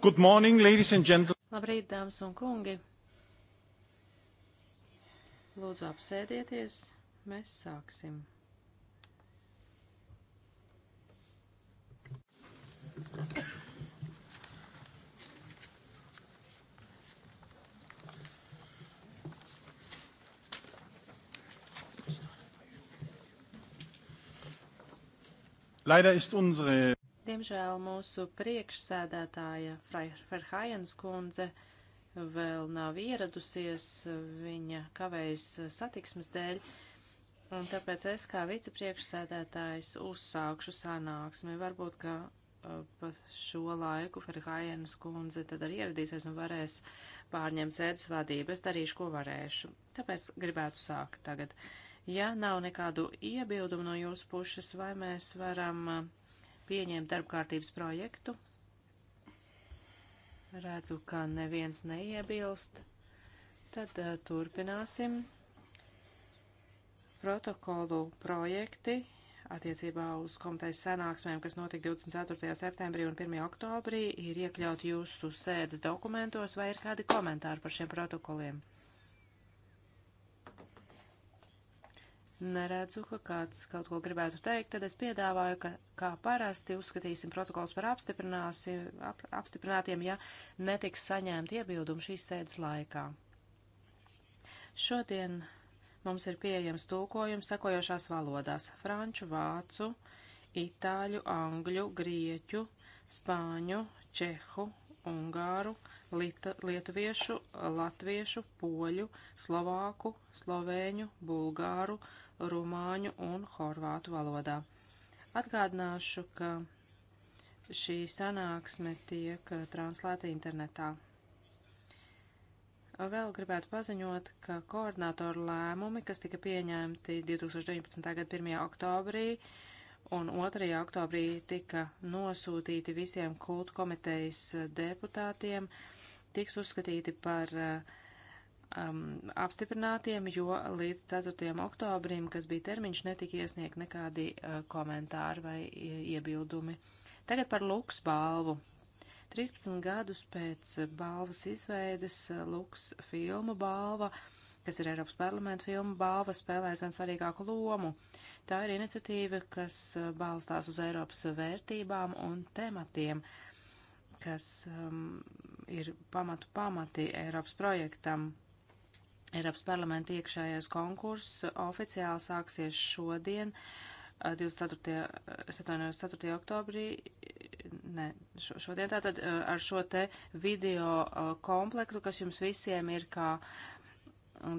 Good morning, ladies and gentlemen. Labrīt, dāmas un kungi. Lūdzu, apsēdieties. Mēs sāksim. Leider ist unsere Diemžēl mūsu priekšsēdētāja Ferhajens kundze vēl nav ieradusies, viņa kavējas satiksmes dēļ, un tāpēc es kā vicepriekšsēdētājs uzsākšu sanāksmi. Varbūt, ka uh, pa šo laiku Ferhajenas kundze tad arī ieradīsies un varēs pārņemt sēdes vadību. Es darīšu, ko varēšu. Tāpēc gribētu sākt tagad. Ja nav nekādu iebildumu no jūsu pušas, vai mēs varam uh, pieņēma darbkārtības projektu. Redzu, ka neviens neiebilst. Tad uh, turpināsim protokolu projekti attiecībā uz komitejas sanāksmēm, kas notika 24. septembrī un 1. oktobrī, ir iekļaut jūsu sēdes dokumentos vai ir kādi komentāri par šiem protokoliem? neredzu, ka kāds kaut ko gribētu teikt, tad es piedāvāju, ka kā parasti uzskatīsim protokols par ap, apstiprinātiem, ja netiks saņemti iebildumi šīs sēdes laikā. Šodien mums ir pieejams tulkojums sekojošās valodās - franču, vācu, itāļu, angļu, grieķu, spāņu, čehu, ungāru, lita, lietuviešu, latviešu, poļu, slovāku, slovēņu, bulgāru, rumāņu un horvātu valodā. Atgādināšu, ka šī sanāksme tiek translēta internetā. Vēl gribētu paziņot, ka koordinātoru lēmumi, kas tika pieņemti 2019. gada 1. oktobrī un 2. oktobrī tika nosūtīti visiem kultu komitejas deputātiem, tiks uzskatīti par uh, um, apstiprinātiem, jo līdz 4. oktobrim, kas bija termiņš, netika iesniegt nekādi uh, komentāri vai iebildumi. Tagad par Luks balvu. 13 gadus pēc balvas izveides uh, Luks filmu balva, kas ir Eiropas parlamenta filmu balva, spēlēs vien svarīgāku lomu. Tā ir iniciatīva, kas uh, balstās uz Eiropas vērtībām un tematiem, kas um, ir pamatu pamati Eiropas projektam, Eiropas parlamenta iekšējais konkurss oficiāli sāksies šodien, 24. 4. oktobrī, ne, šodien tātad ar šo te video komplektu, kas jums visiem ir kā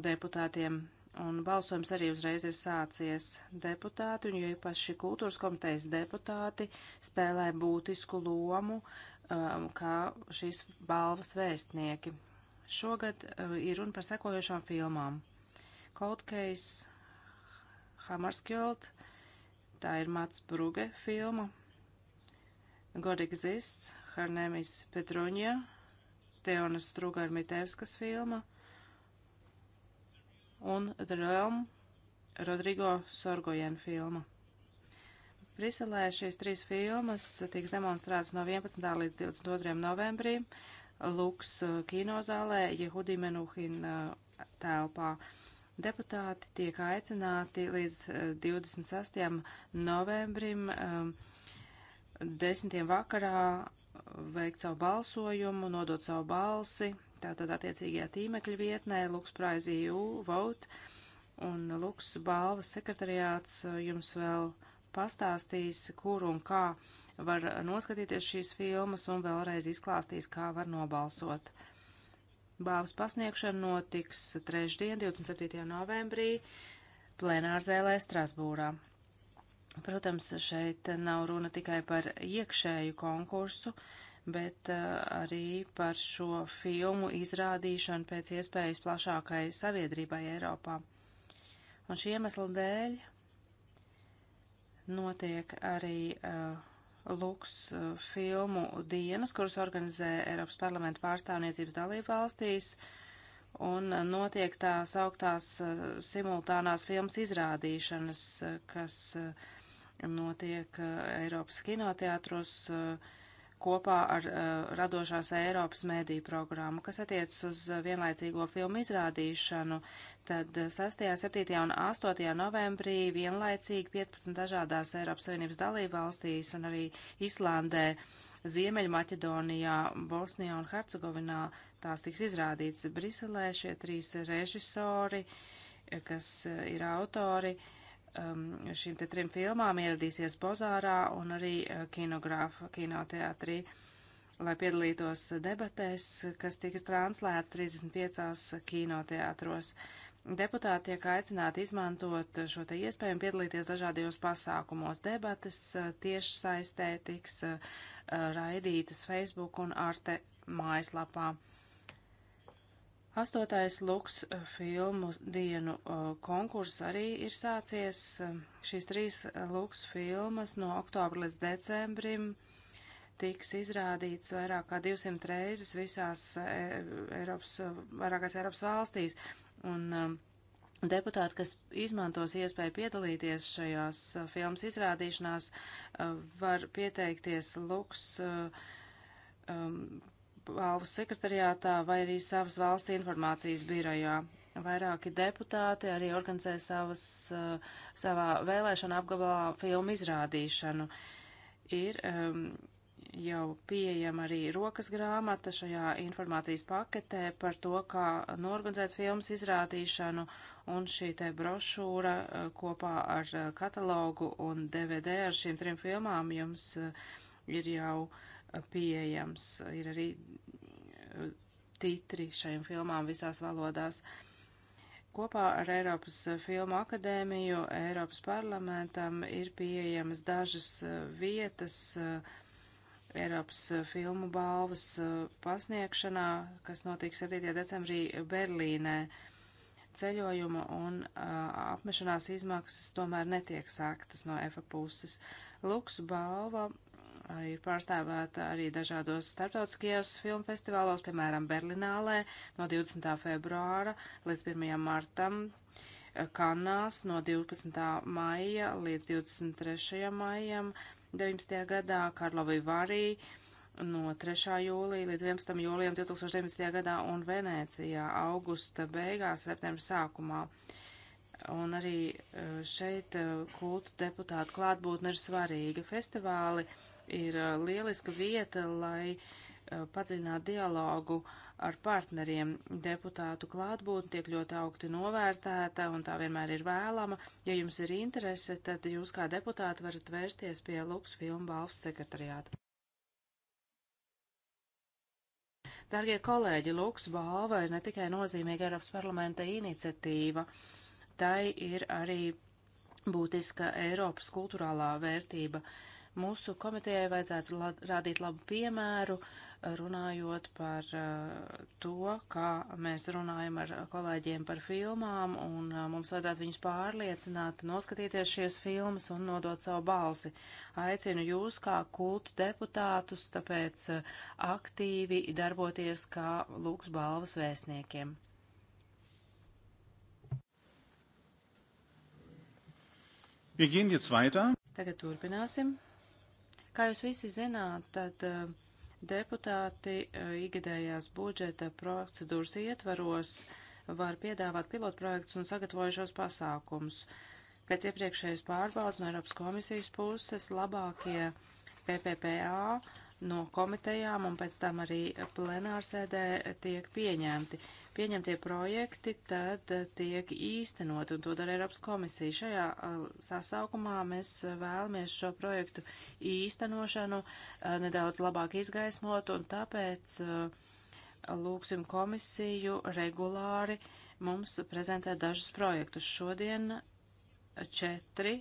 deputātiem. Un balsojums arī uzreiz ir sācies deputāti, un jo īpaši kultūras komitejas deputāti spēlē būtisku lomu, um, kā šīs balvas vēstnieki. Šogad uh, ir runa par sekojošām filmām. Cold Case, Hammarskjöld, tā ir Mats Bruge filma, God Exists, Harnemis Petruņa, Teonas Strugar Mitevskas filma un The Realm Rodrigo Sorgojen filma. Briselē šīs trīs filmas tiks demonstrētas no 11. līdz 22. novembrī, Luks eh, kinozālē, Jehudi Menuhin eh, telpā. Deputāti tiek aicināti līdz 26. Eh, novembrim desmitiem vakarā veikt savu balsojumu, nodot savu balsi, tātad attiecīgajā tīmekļa vietnē lukspraiz.eu e vote, un luks balvas sekretariāts jums vēl pastāstīs, kur un kā uh, var noskatīties šīs filmas un vēlreiz izklāstīs, kā var nobalsot. Bāvas pasniegšana notiks trešdien, 27. novembrī, plenārzēlē Strasbūrā. Protams, šeit nav runa tikai par iekšēju konkursu, bet uh, arī par šo filmu izrādīšanu pēc iespējas plašākai sabiedrībai Eiropā. Un šī iemesla dēļ notiek arī uh, Luks uh, filmu dienas, kuras organizē Eiropas parlamenta pārstāvniecības dalību valstīs, un uh, notiek tās augtās uh, simultānās filmas izrādīšanas, kas notiek Eiropas kinoteātros. Uh, kopā ar uh, radošās Eiropas mēdīju programmu. Kas attiecas uz eh, vienlaicīgo filmu izrādīšanu, tad 6., eh, 7. un 8. novembrī vienlaicīgi 15 dažādās Eiropas Savienības dalībvalstīs un arī Islandē, Ziemeļmaķedonijā, Bosnijā un Hercegovinā tās tiks izrādīts. Briselē šie trīs režisori, kas ir autori, uh, Um, šīm te trim filmām ieradīsies Bozārā un arī uh, kinogrāfa kinoteātrī, lai piedalītos debatēs, kas tiks translētas 35 kinoteātros. Deputāti tiek aicināti izmantot šo te iespēju un piedalīties dažādajos pasākumos. Debates uh, tieši saistē tiks uh, raidītas Facebook un Arte mājaslapā. Astotais Luks eh, filmu dienu eh, konkurss arī ir sācies. Eh, šīs trīs Luks filmas no oktobra līdz decembrim tiks izrādīts vairāk kā 200 reizes visās Eiropas, vairākās Eiropas valstīs. Un deputāti, kas izmantos iespēju piedalīties šajās filmas izrādīšanās, var pieteikties Luks um, balvu sekretariātā vai arī savas valsts informācijas birojā. Vairāki deputāti arī organizē savas, uh, savā vēlēšana apgabalā filmu izrādīšanu. Ir um, jau pieejama arī rokas grāmata šajā informācijas paketē par to, kā norganizēt filmas izrādīšanu, un šī te brošūra uh, kopā ar uh, katalogu un DVD ar šīm trim filmām jums ir jau uh, pieejams. Ir arī eh, titri šajām filmām visās valodās. Kopā ar Eiropas eh, Filmu akadēmiju Eiropas parlamentam ir pieejamas dažas eh, vietas Eiropas filmu balvas pasniegšanā, kas notiks 7. decembrī Berlīnē ceļojuma un a, apmešanās izmaksas tomēr netiek sāktas no EFA puses. Luksu balva ir pārstāvēta arī dažādos starptautiskajos filmu festivālos, piemēram, Berlinālē no 20. februāra līdz 1. martam, Kanās no 12. maija līdz 23. maijam 19. gadā, Karlovī Varī no 3. jūlija līdz 11. jūlijam 2019. gadā un Venēcijā augusta beigās, septembra sākumā. Un arī eh, šeit eh, kultu deputātu klātbūtne ir svarīga. Festivāli uh, ir uh, lieliska vieta, lai uh, padziļinātu dialogu ar partneriem. Deputātu klātbūtne tiek ļoti augti novērtēta un tā vienmēr ir vēlama. Ja jums ir interese, tad jūs kā deputāti varat vērsties pie Lūks filmu balvas sekretariāta. Dargie kolēģi, Lūks balva ir ne tikai nozīmīga Eiropas parlamenta iniciatīva, tai ir arī būtiska Eiropas kultūrālā vērtība. Uh, Mūsu komitejai vajadzētu la rādīt labu piemēru, runājot par uh, to, kā mēs runājam ar kolēģiem par filmām, un uh, mums vajadzētu viņus pārliecināt, noskatīties šies filmas un nodot savu balsi. Aicinu jūs kā kultu deputātus, tāpēc uh, aktīvi darboties kā lūks balvas vēstniekiem. Wir gehen jetzt weiter. Tagad turpināsim. Kā jūs visi zināt, tad eh, deputāti eh, ikgadējās budžeta procedūras ietvaros var piedāvāt pilotprojektus un sagatavojušos pasākumus. Pēc iepriekšējas pārbaudas no Eiropas komisijas puses labākie PPPA no komitejām un pēc tam arī plenārsēdē tiek pieņemti. Pieņemtie projekti tad tiek īstenot, un to dara Eiropas komisija. Šajā uh, sasaukumā mēs vēlamies šo projektu īstenošanu uh, nedaudz labāk izgaismot, un tāpēc uh, lūksim komisiju regulāri mums prezentēt dažus projektus. Šodien četri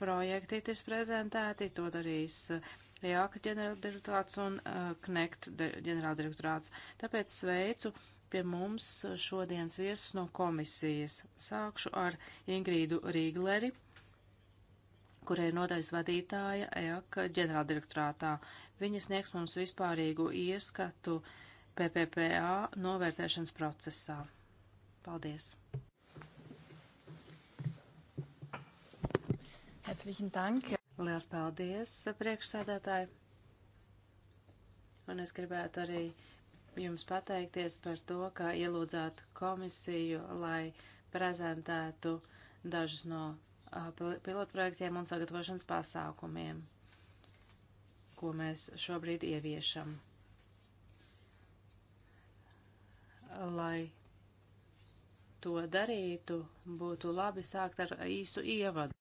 projekti tiks prezentēti, to darīs uh, EAKA ģenerāldirektorāts un uh, eh, KNECT ģenerāldirektorāts. Tāpēc sveicu pie mums eh, šodienas viesus no komisijas. Sākšu ar Ingrīdu Rīgleri, kurai ir nodaļas vadītāja EAKA ģenerāldirektorātā. Viņa sniegs mums vispārīgu ieskatu PPPA novērtēšanas procesā. Paldies! Herzlichen Dank. Liels paldies, priekšsēdētāji! Un es gribētu arī jums pateikties par to, ka ielūdzāt komisiju, lai prezentētu dažus no pilotprojektiem un sagatavošanas pasākumiem, ko mēs šobrīd ieviešam. Lai to darītu, būtu labi sākt ar īsu ievadu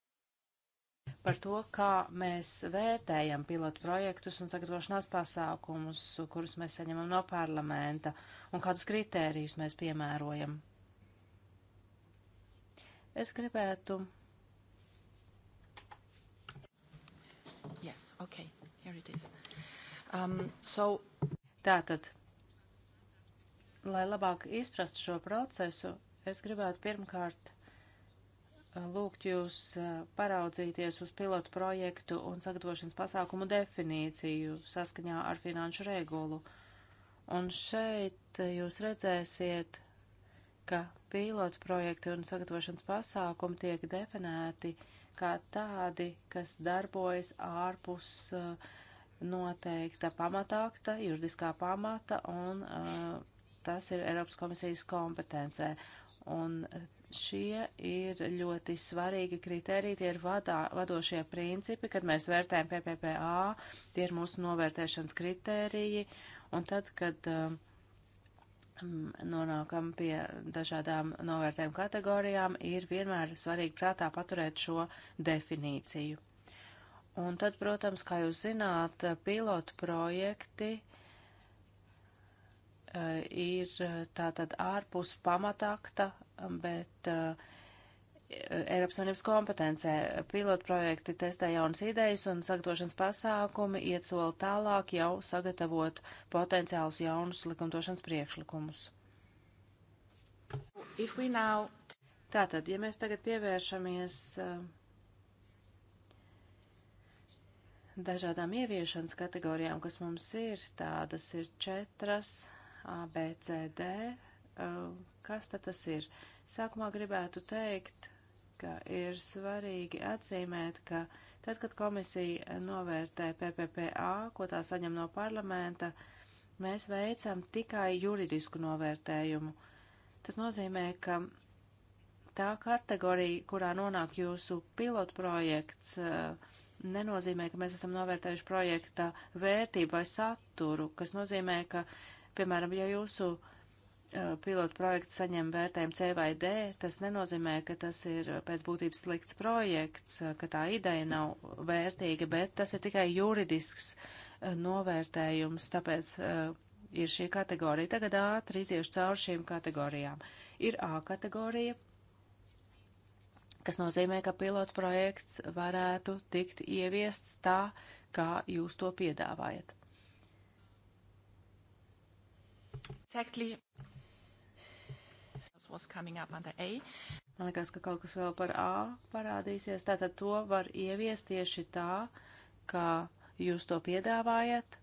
par to, kā mēs vērtējam pilotu projektus un sagatavošanās pasākumus, kurus mēs saņemam no parlamenta, un kādus kritērijus mēs piemērojam. Es gribētu. Yes, okay, here it is. Um, so... Tātad, lai labāk izprastu šo procesu, es gribētu pirmkārt lūgt jūs paraudzīties uz pilotu projektu un sagatavošanas pasākumu definīciju saskaņā ar finanšu regulu. Un šeit jūs redzēsiet, ka pilotu projekti un sagatavošanas pasākumi tiek definēti kā tādi, kas darbojas ārpus noteikta pamatākta, juridiskā pamata, un uh, tas ir Eiropas komisijas kompetencē. Un Šie ir ļoti svarīgi kriteriji, tie ir vadā, vadošie principi, kad mēs vērtējam PPPA, tie ir mūsu novērtēšanas kriteriji, un tad, kad um, nonākam pie dažādām novērtējuma kategorijām, ir vienmēr svarīgi prātā paturēt šo definīciju. Un tad, protams, kā jūs zināt, pilotu projekti uh, ir uh, tātad ārpus pamatakta bet uh, Eiropas Savienības kompetencē. Pilotprojekti testē jaunas idejas un sagatavošanas pasākumi iet soli tālāk jau sagatavot potenciālus jaunus likumdošanas priekšlikumus. Now... Tātad, ja mēs tagad pievēršamies eh, dažādām ieviešanas kategorijām, kas mums ir, tādas ir četras ABCD Eh, kas tad tas ir. Sākumā gribētu teikt, ka ir svarīgi atzīmēt, ka tad, kad komisija novērtē PPPA, ko tā saņem no parlamenta, mēs veicam tikai juridisku novērtējumu. Tas nozīmē, ka tā kategorija, kurā nonāk jūsu pilotprojekts, eh, nenozīmē, ka mēs esam novērtējuši projekta vērtību vai saturu, kas nozīmē, ka, piemēram, ja jūsu uh, Uh, pilotu projekts saņem vērtējumu C vai D, tas nenozīmē, ka tas ir pēc būtības slikts projekts, uh, ka tā ideja nav vērtīga, bet tas ir tikai juridisks uh, novērtējums, tāpēc uh, ir šī kategorija. Tagad ātri iziešu cauri šīm kategorijām. Ir A kategorija, kas nozīmē, ka pilotu projekts varētu tikt ieviests tā, kā jūs to piedāvājat. Exactly was coming up under A. Man liekas, ka kaut kas vēl par A parādīsies. Tātad to var ieviest tieši tā, kā jūs to piedāvājat.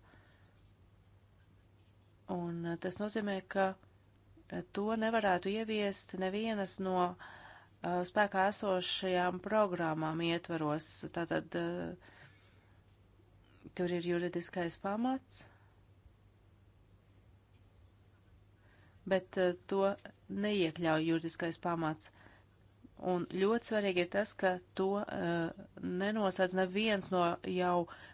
Un eh, tas nozīmē, ka eh, to nevarētu ieviest nevienas no uh, spēkā esošajām programmām ietvaros. Tātad uh, tur ir juridiskais pamats bet uh, to neiekļauj juridiskais pamats. Un ļoti svarīgi ir tas, ka to uh, nenosadz neviens no jau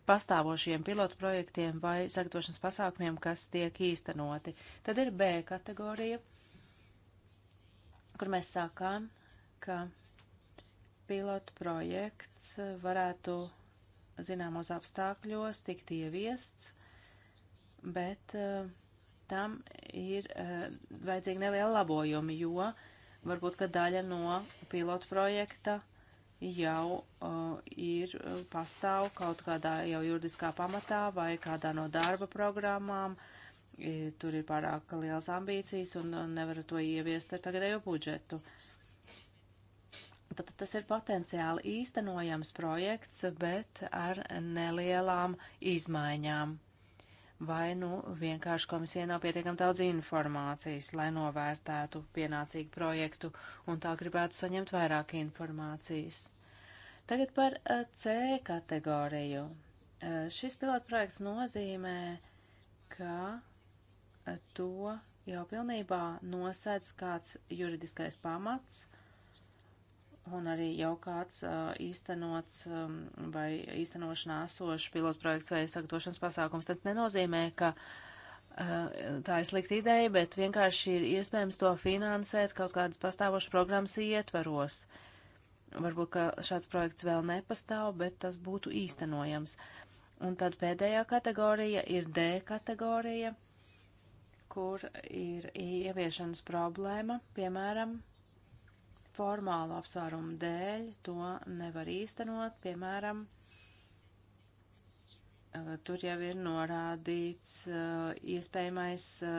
pastāvošiem pilotu projektiem vai sagatavošanas pasākumiem, kas tiek īstenoti. Tad ir B kategorija, kur mēs sākām, ka pilotu projekts varētu zināmos apstākļos tikt ieviests, bet uh, tam ir uh, vajadzīgi nelieli labojumi, jo varbūt, ka daļa no pilotu projekta jau uh, ir eh, pastāv kaut kādā jau juridiskā pamatā vai kādā no darba programmām. I, tur ir pārāk liels ambīcijas un, un nevar to ieviest ar tagadējo budžetu. Tātad tas ir potenciāli īstenojams projekts, bet ar nelielām izmaiņām vai nu vienkārši komisija nav pietiekami daudz informācijas, lai novērtētu pienācīgu projektu un tā gribētu saņemt vairāk informācijas. Tagad par eh, C kategoriju. Eh, šis pilotprojekts nozīmē, ka eh, to jau pilnībā nosēdz kāds juridiskais pamats – un arī jau kāds uh, īstenots um, vai īstenošanā esošs pilotprojekts vai sagatavošanas pasākums, tad nenozīmē, ka uh, tā ir slikta ideja, bet vienkārši ir iespējams to finansēt kaut kādas pastāvošas programmas ietvaros. Varbūt, ka šāds projekts vēl nepastāv, bet tas būtu īstenojams. Un tad pēdējā kategorija ir D kategorija, kur ir ieviešanas problēma, piemēram, formālu apsvērumu dēļ to nevar īstenot, piemēram, eh, tur jau ir norādīts eh, iespējamais eh,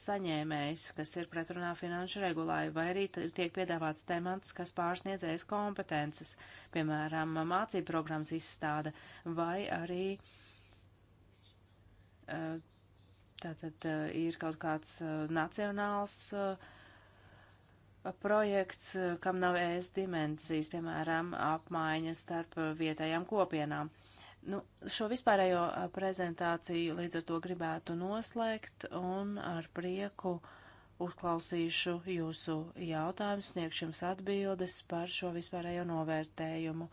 saņēmējs, kas ir pretrunā finanšu regulāju, vai arī tiek piedāvāts temats, kas pārsniedzējas kompetences, piemēram, mācību programmas izstāde, vai arī tātad ir kaut kāds nacionāls uh, projekts, eh, kam nav ēst dimensijas, piemēram, apmaiņas starp eh, vietējām kopienām. Nu, šo vispārējo eh, prezentāciju līdz ar to gribētu noslēgt un ar prieku uzklausīšu jūsu jautājumus, sniegšu jums atbildes par šo vispārējo novērtējumu.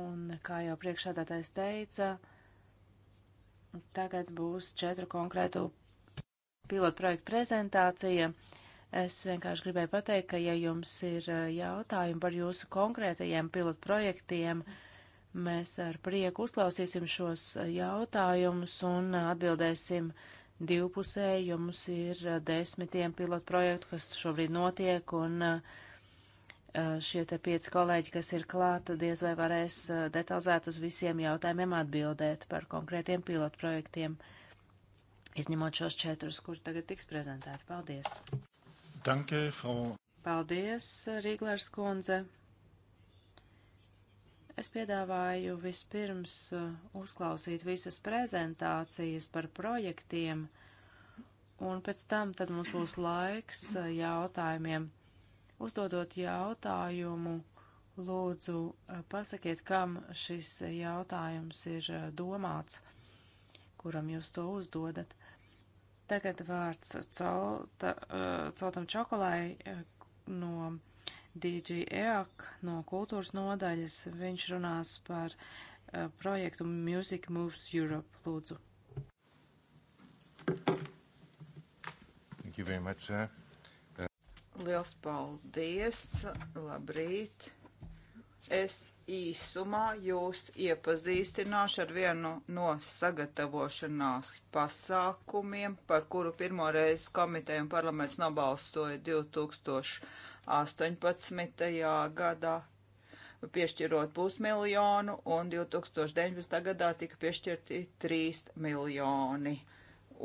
Un, kā jau priekšādātais teica, tagad būs četru konkrētu pilotu projektu prezentācija. Uh, Es vienkārši gribēju pateikt, ka, ja jums ir eh, jautājumi par jūsu konkrētajiem pilotprojektiem, mēs ar prieku uzklausīsim šos eh, jautājumus un eh, atbildēsim divpusēji, jo mums ir desmitiem pilotprojektu, kas šobrīd notiek, un šie te pieci kolēģi, kas ir klāt, diez vai varēs detalizēt uz visiem jautājumiem atbildēt par konkrētiem pilotprojektiem izņemot šos četrus, kur tagad tiks prezentēti. Paldies! Danke, Frau. Paldies, Rīglers kundze. Es piedāvāju vispirms uh, uzklausīt visas prezentācijas par projektiem, un pēc tam tad mums būs laiks uh, jautājumiem. Uzdodot jautājumu, lūdzu uh, pasakiet, kam šis jautājums ir domāts, kuram jūs to uzdodat. Tagad vārds colta, eh, coltam čokolai eh, no DG EAC, no kultūras nodaļas. Viņš runās par eh, projektu Music Moves Europe. Lūdzu. Thank you very much. Uh, Liels paldies! Labrīt! Es īsumā jūs iepazīstināšu ar vienu no sagatavošanās pasākumiem, par kuru pirmoreiz komiteja un parlaments nobalsoja 2018. gadā, piešķirot pusmiljonu, un 2019. gadā tika piešķirti 3 miljoni.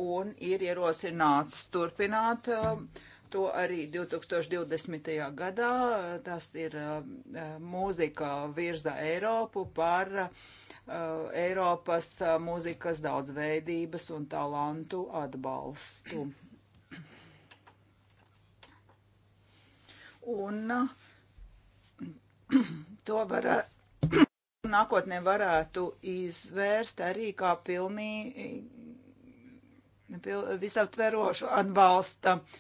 Un ir ierosināts turpināt uh, to arī 2020. gadā. Tas ir uh, uh, mūzika virza Eiropu par uh, Eiropas mūzikas daudzveidības un talantu atbalstu. Un to varētu nākotnē varētu izvērst arī kā pilnīgi pil, visaptverošu atbalsta uh,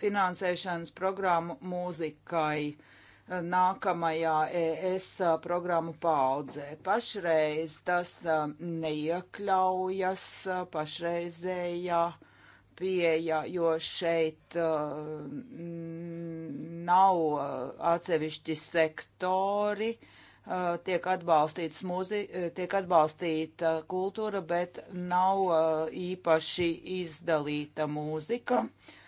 finansēšanas programmu mūzikai eh, nākamajā ES eh, programmu paudzē. Pašreiz tas eh, neiekļaujas pašreizējā pieeja, jo šeit nav atsevišķi sektori, tiek, mūzi, tiek atbalstīta kultūra, bet nav īpaši izdalīta mūzika. Mm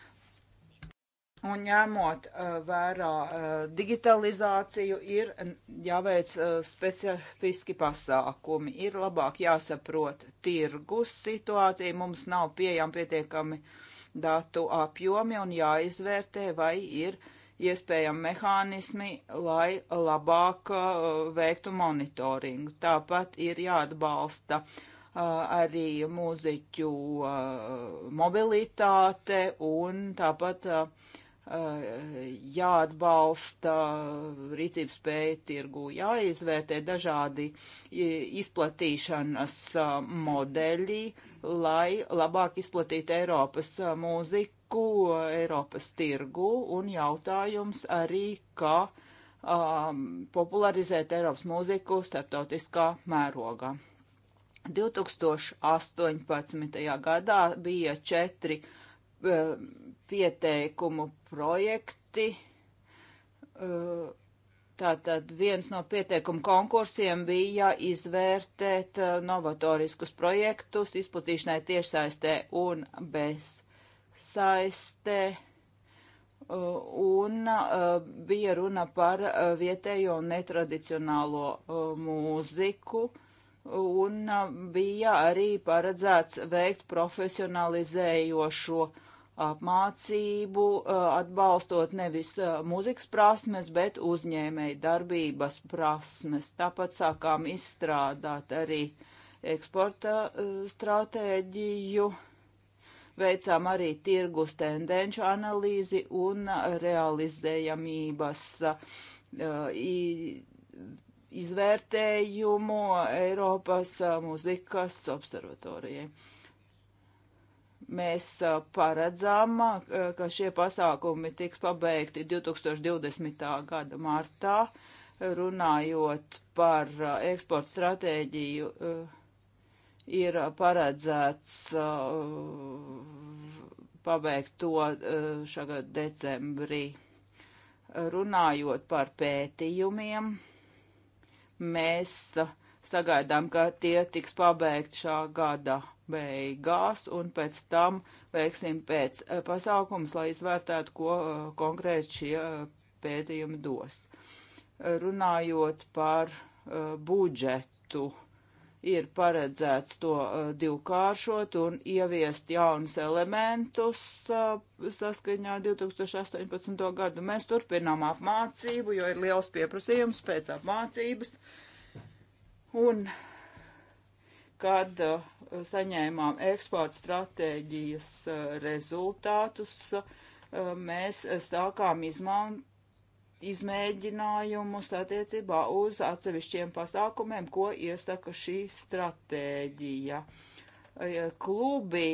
un ņemot eh, vērā eh, digitalizāciju, ir jāveic eh, specifiski pasākumi. Ir labāk jāsaprot tirgus situācija, mums nav pieejami pietiekami datu apjomi un jāizvērtē, vai ir iespējami mehānismi, lai labāk veiktu monitoringu. Tāpat ir jāatbalsta arī mūziķu mobilitāte un tāpat uh, Eh, jāatbalsta, rīcības spēja tirgu jāizvērtē dažādi izplatīšanas eh, modeļi, lai labāk izplatītu Eiropas eh, mūziku, Eiropas tirgu un jautājums arī, kā um, popularizēt Eiropas mūziku starptautiskā mērogā. 2018. gadā bija četri um, pieteikumu projekti. Uh, Tātad viens no pieteikumu konkursiem bija izvērtēt uh, novatoriskus projektus izplatīšanai tiešsaistē un bez saistē. Uh, un bija runa par vietējo un netradicionālo mūziku un bija arī paredzēts veikt profesionalizējošo šo apmācību, atbalstot nevis mūzikas prasmes, bet uzņēmēju darbības prasmes. Tāpat sākām izstrādāt arī eksporta stratēģiju, veicām arī tirgus tendenču analīzi un realizējamības izvērtējumu Eiropas muzikas observatorijai. Mēs paredzam, ka šie pasākumi tiks pabeigti 2020. gada martā, runājot par eksporta stratēģiju. Ir paredzēts pabeigt to šagad decembrī. Runājot par pētījumiem, mēs sagaidām, ka tie tiks pabeigti šā gada beigās, un pēc tam veiksim pēc eh, pasākums, lai izvērtētu, ko eh, konkrēti šie eh, pētījumi dos. Runājot par budžetu, ir paredzēts to divkāršot un ieviest jaunus elementus saskaņā 2018. gadu. Mēs turpinām apmācību, jo ir liels pieprasījums pēc apmācības. Un kad uh, saņēmām eksporta stratēģijas eh, rezultātus, eh, mēs sākām izmantot izmēģinājumus attiecībā uz atsevišķiem pasākumiem, ko iesaka šī stratēģija. Eh, klubi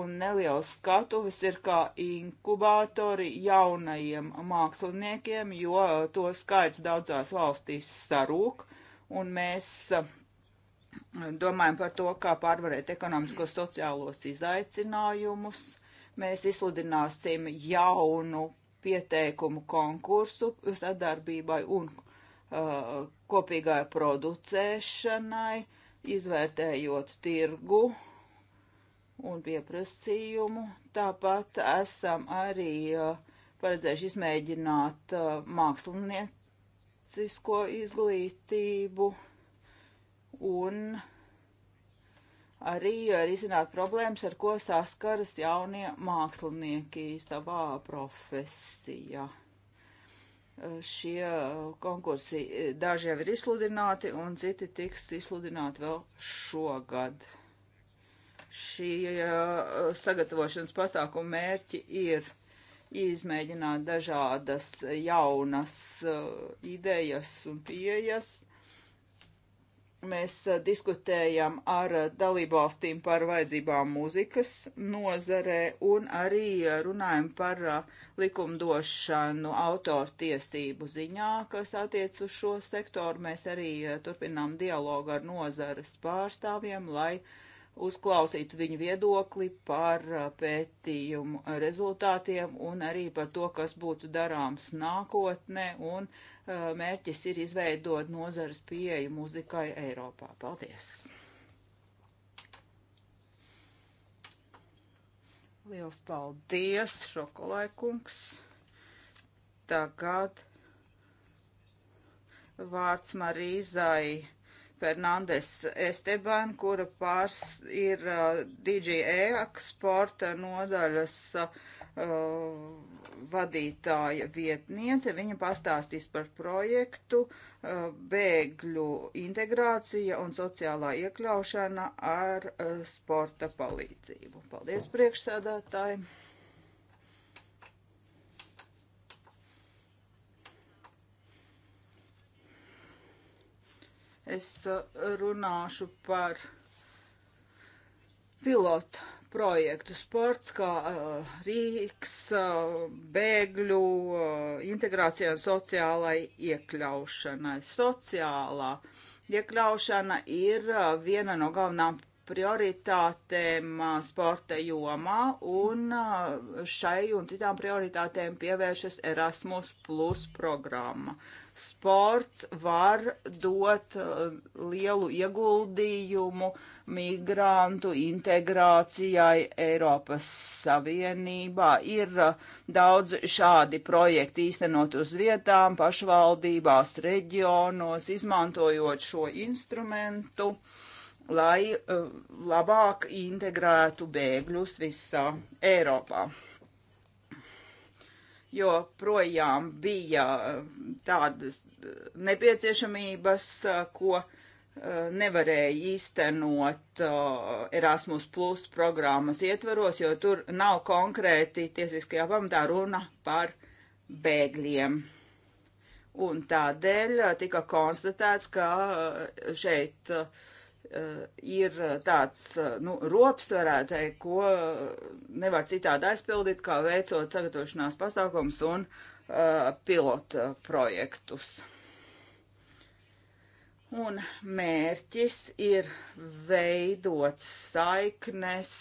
un neliels skatuves ir kā inkubatori jaunajiem māksliniekiem, jo to skaits daudzās valstīs sarūk, un mēs domājam par to, kā pārvarēt ekonomiskos sociālos izaicinājumus. Mēs izsludināsim jaunu pieteikumu konkursu sadarbībai un uh, kopīgai producēšanai, izvērtējot tirgu un pieprasījumu. Tāpat esam arī uh, paredzējuši izmēģināt uh, māksliniecisko izglītību un arī eh, risināt problēmas, ar ko saskaras jaunie mākslinieki savā profesijā. Eh, šie eh, konkursi daži jau ir izsludināti, un citi tiks izsludināti vēl šogad. Šie sagatavošanas pasākumu mērķi ir izmēģināt dažādas jaunas idejas un pieejas Mēs diskutējam ar dalībvalstīm par vajadzībām mūzikas nozarē un arī runājam par likumdošanu autoru tiesību ziņā, kas attiec uz šo sektoru. Mēs arī turpinām dialogu ar nozares pārstāvjiem, lai uh, uzklausīt viņu viedokli par uh, pētījumu rezultātiem un arī par to, kas būtu darāms nākotnē, un uh, mērķis ir izveidot nozares pieeju muzikai Eiropā. Paldies! Liels paldies, Šokolaikungs! Tagad vārds Marīzai. Fernandes Esteban, kura pārs ir uh, DG eksporta nodaļas uh, vadītāja vietniece. Viņa pastāstīs par projektu uh, bēgļu integrācija un sociālā iekļaušana ar uh, sporta palīdzību. Paldies priekšsēdētājiem! Es uh, runāšu par pilotu projektu sports, kā uh, Rīgas uh, bēgļu uh, integrācijai un sociālai iekļaušanai. Sociālā iekļaušana ir uh, viena no galvenām prioritātēm sporta jomā un šai un citām prioritātēm pievēršas Erasmus Plus programma. Sports var dot lielu ieguldījumu migrantu integrācijai Eiropas Savienībā. Ir daudz šādi projekti īstenot uz vietām, pašvaldībās, reģionos, izmantojot šo instrumentu. Uh, lai eh, labāk integrētu bēgļus visā Eiropā jo projām bija eh, tādas eh, nepieciešamības, ko nevarēja īstenot Erasmus Plus programmas ietveros, jo tur nav konkrēti tiesiskajā pamatā runa par bēgļiem. Un tādēļ tika konstatēts, ka šeit uh, Eh, ir eh, tāds, eh, nu, rops varētu teikt, ko nevar citādi aizpildīt, kā veicot sagatavošanās pasākums un uh, pilota projektus. Un mērķis ir veidot saiknes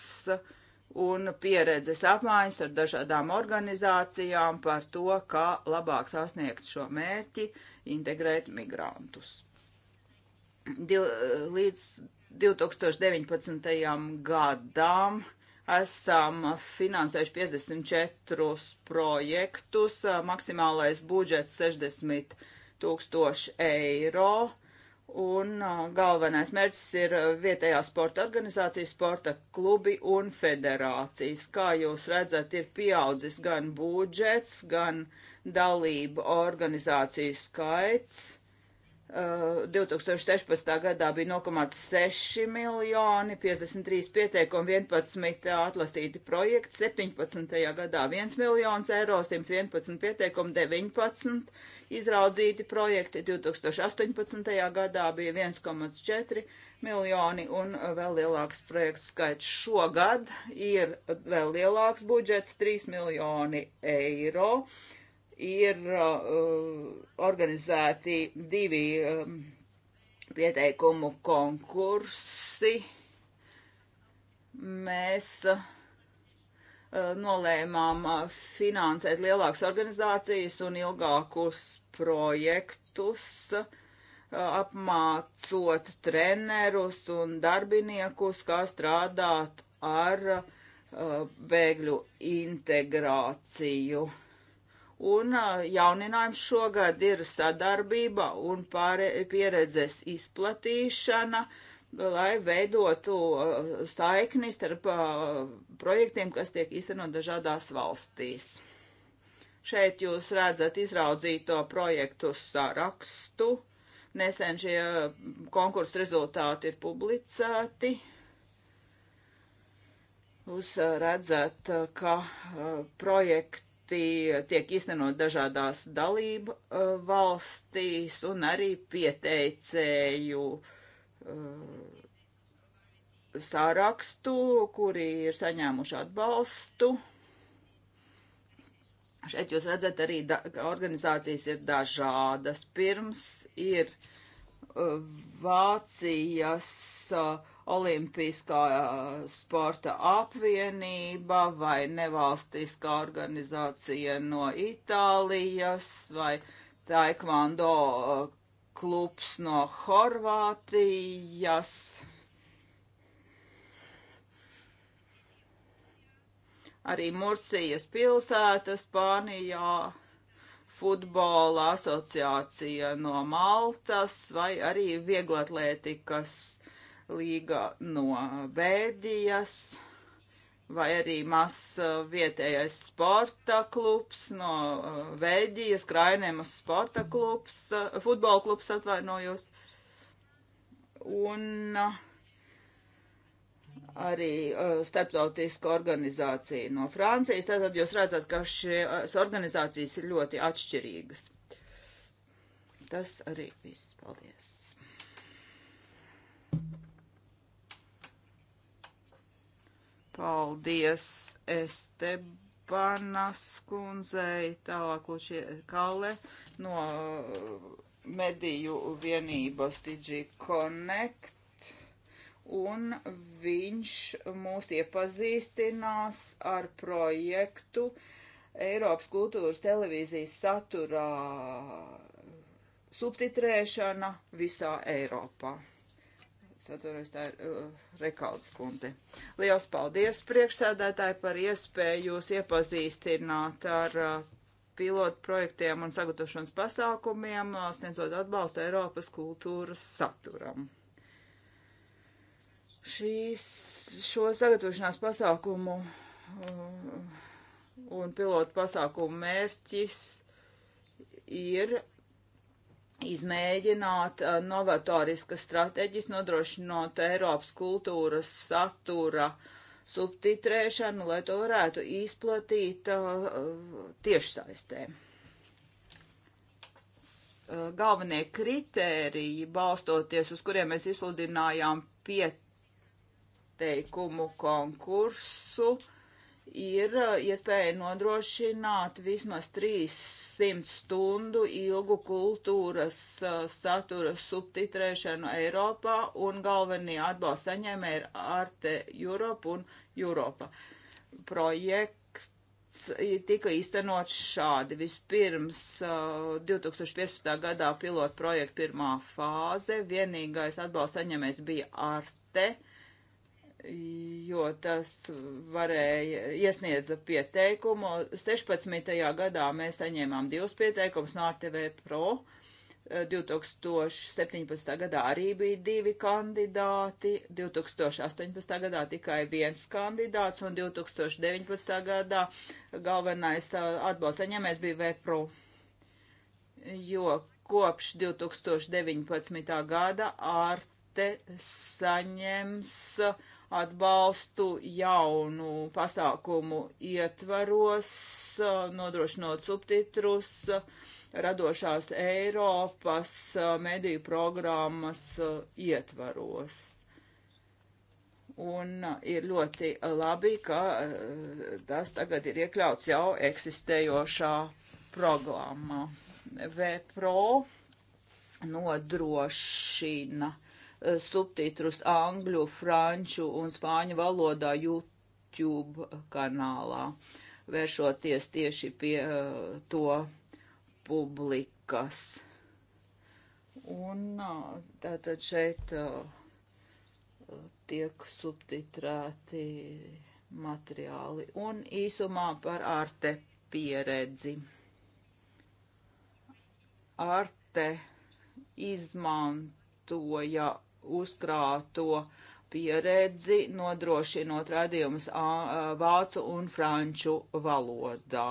un pieredzes apmaiņas ar dažādām organizācijām par to, kā labāk sasniegt šo mērķi, integrēt migrantus div, līdz 2019. gadam esam finansējuši 54 projektus, maksimālais budžets 60 tūkstoši eiro. Un uh, galvenais mērķis ir vietējā sporta organizācija, sporta klubi un federācijas. Kā jūs redzat, ir pieaudzis gan budžets, gan dalību organizāciju skaits 2016. Eh, gadā bija 0,6 miljoni, 53 pieteikumi, 11 atlasīti projekti, 17. gadā 1 miljons eiro, 111 pieteikumi, 19 izraudzīti projekti, 2018. gadā bija 1,4 miljoni un vēl lielāks projekts skaits šogad ir vēl lielāks budžets - 3 miljoni eiro. Uh, ir uh, organizēti divi um, pieteikumu konkursi. Mēs uh, nolēmām uh, finansēt lielākas organizācijas un ilgākus projektus, uh, apmācot trenerus un darbiniekus, kā strādāt ar uh, bēgļu integrāciju. Un jauninājums šogad ir sadarbība un pāre, pieredzes izplatīšana, lai veidotu saikni starp projektiem, kas tiek īstenot dažādās valstīs. Šeit jūs redzat izraudzīto projektu sarakstu. Nesen šie konkursu rezultāti ir publicēti. Jūs redzat, ka projekti projekti tiek īstenot dažādās dalību uh, valstīs un arī pieteicēju uh, sārakstu, kuri ir saņēmuši atbalstu. Šeit jūs redzat arī, da, organizācijas ir dažādas. Pirms ir uh, Vācijas uh, Olimpiskā sporta apvienība vai nevalstiskā organizācija no Itālijas vai Taekwondo klubs no Horvātijas. Arī Mursijas pilsēta Spānijā futbola asociācija no Maltas vai arī vieglatlētikas līga no Bēdijas, vai arī mazs uh, vietējais sporta klubs no uh, Vēģijas, Krainēmas sporta klubs, uh, futbola klubs atvainojos. Un arī starptautiska organizācija no Francijas. Tātad jūs redzat, ka šīs organizācijas ir ļoti atšķirīgas. Tas arī viss. Paldies! Paldies Estebanas kundzei, tālāk Lučie Kale no uh, mediju vienības DG Connect. Un viņš mūs iepazīstinās ar projektu Eiropas kultūras televīzijas saturā subtitrēšana visā Eiropā. Es atceros, tā ir uh, Rekalds kundze. Liels paldies priekšsēdētāji par iespēju jūs iepazīstināt ar uh, pilotu projektiem un sagatavošanas pasākumiem, uh, sniedzot atbalstu Eiropas kultūras saturam. Šīs, šo sagatavošanās pasākumu uh, un pilotu pasākumu mērķis ir izmēģināt uh, novatoriskas stratēģijas, nodrošinot Eiropas kultūras satura subtitrēšanu, lai to varētu izplatīt uh, tiešsaistē. Uh, galvenie kritēriji, balstoties uz kuriem mēs izsludinājām pieteikumu konkursu, uh, ir uh, iespēja nodrošināt vismaz 300 stundu ilgu kultūras uh, satura subtitrēšanu Eiropā, un galvenie atbalsta saņēmēji ir Arte Europa un Europa. Projekts tika īstenots šādi. Vispirms 2015. Uh, gadā pilotu projekta pirmā fāze, vienīgais atbalsta saņēmējs bija Arte jo tas varēja iesniedza pieteikumu. 16. gadā mēs saņēmām divus pieteikumus no RTV Pro. 2017. Eh, gadā arī bija divi kandidāti, 2018. gadā tikai viens kandidāts un 2019. gadā galvenais eh, atbalsts saņēmējs bija Vepro. Jo kopš 2019. gada ārte saņems uh, atbalstu jaunu pasākumu ietvaros, eh, nodrošinot subtitrus, eh, radošās Eiropas eh, mediju programmas ietvaros. Un ir ļoti labi, ka tas tagad ir iekļauts jau eksistējošā programmā. VPRO nodrošina Eh, subtitrus angļu, franču un spāņu valodā YouTube kanālā, vēršoties tieši pie uh, to publikas. Un uh, tātad šeit uh, tiek subtitrēti materiāli un īsumā par ārte pieredzi. Arte izmantoja uzkrāto pieredzi, nodrošinot radījumus vācu un franču valodā.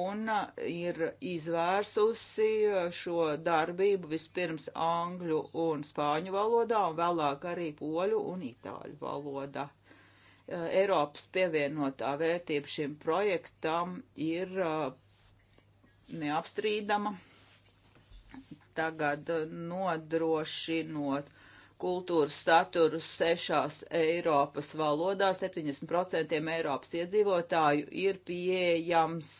Un ir izvērsusi šo darbību vispirms angļu un spāņu valodā, un vēlāk arī poļu un itāļu valodā. Eiropas pievienotā vērtība šim projektam ir neapstrīdama. Tagad nodrošinot kultūras saturu sešās Eiropas valodās. 70% Eiropas iedzīvotāju ir pieejams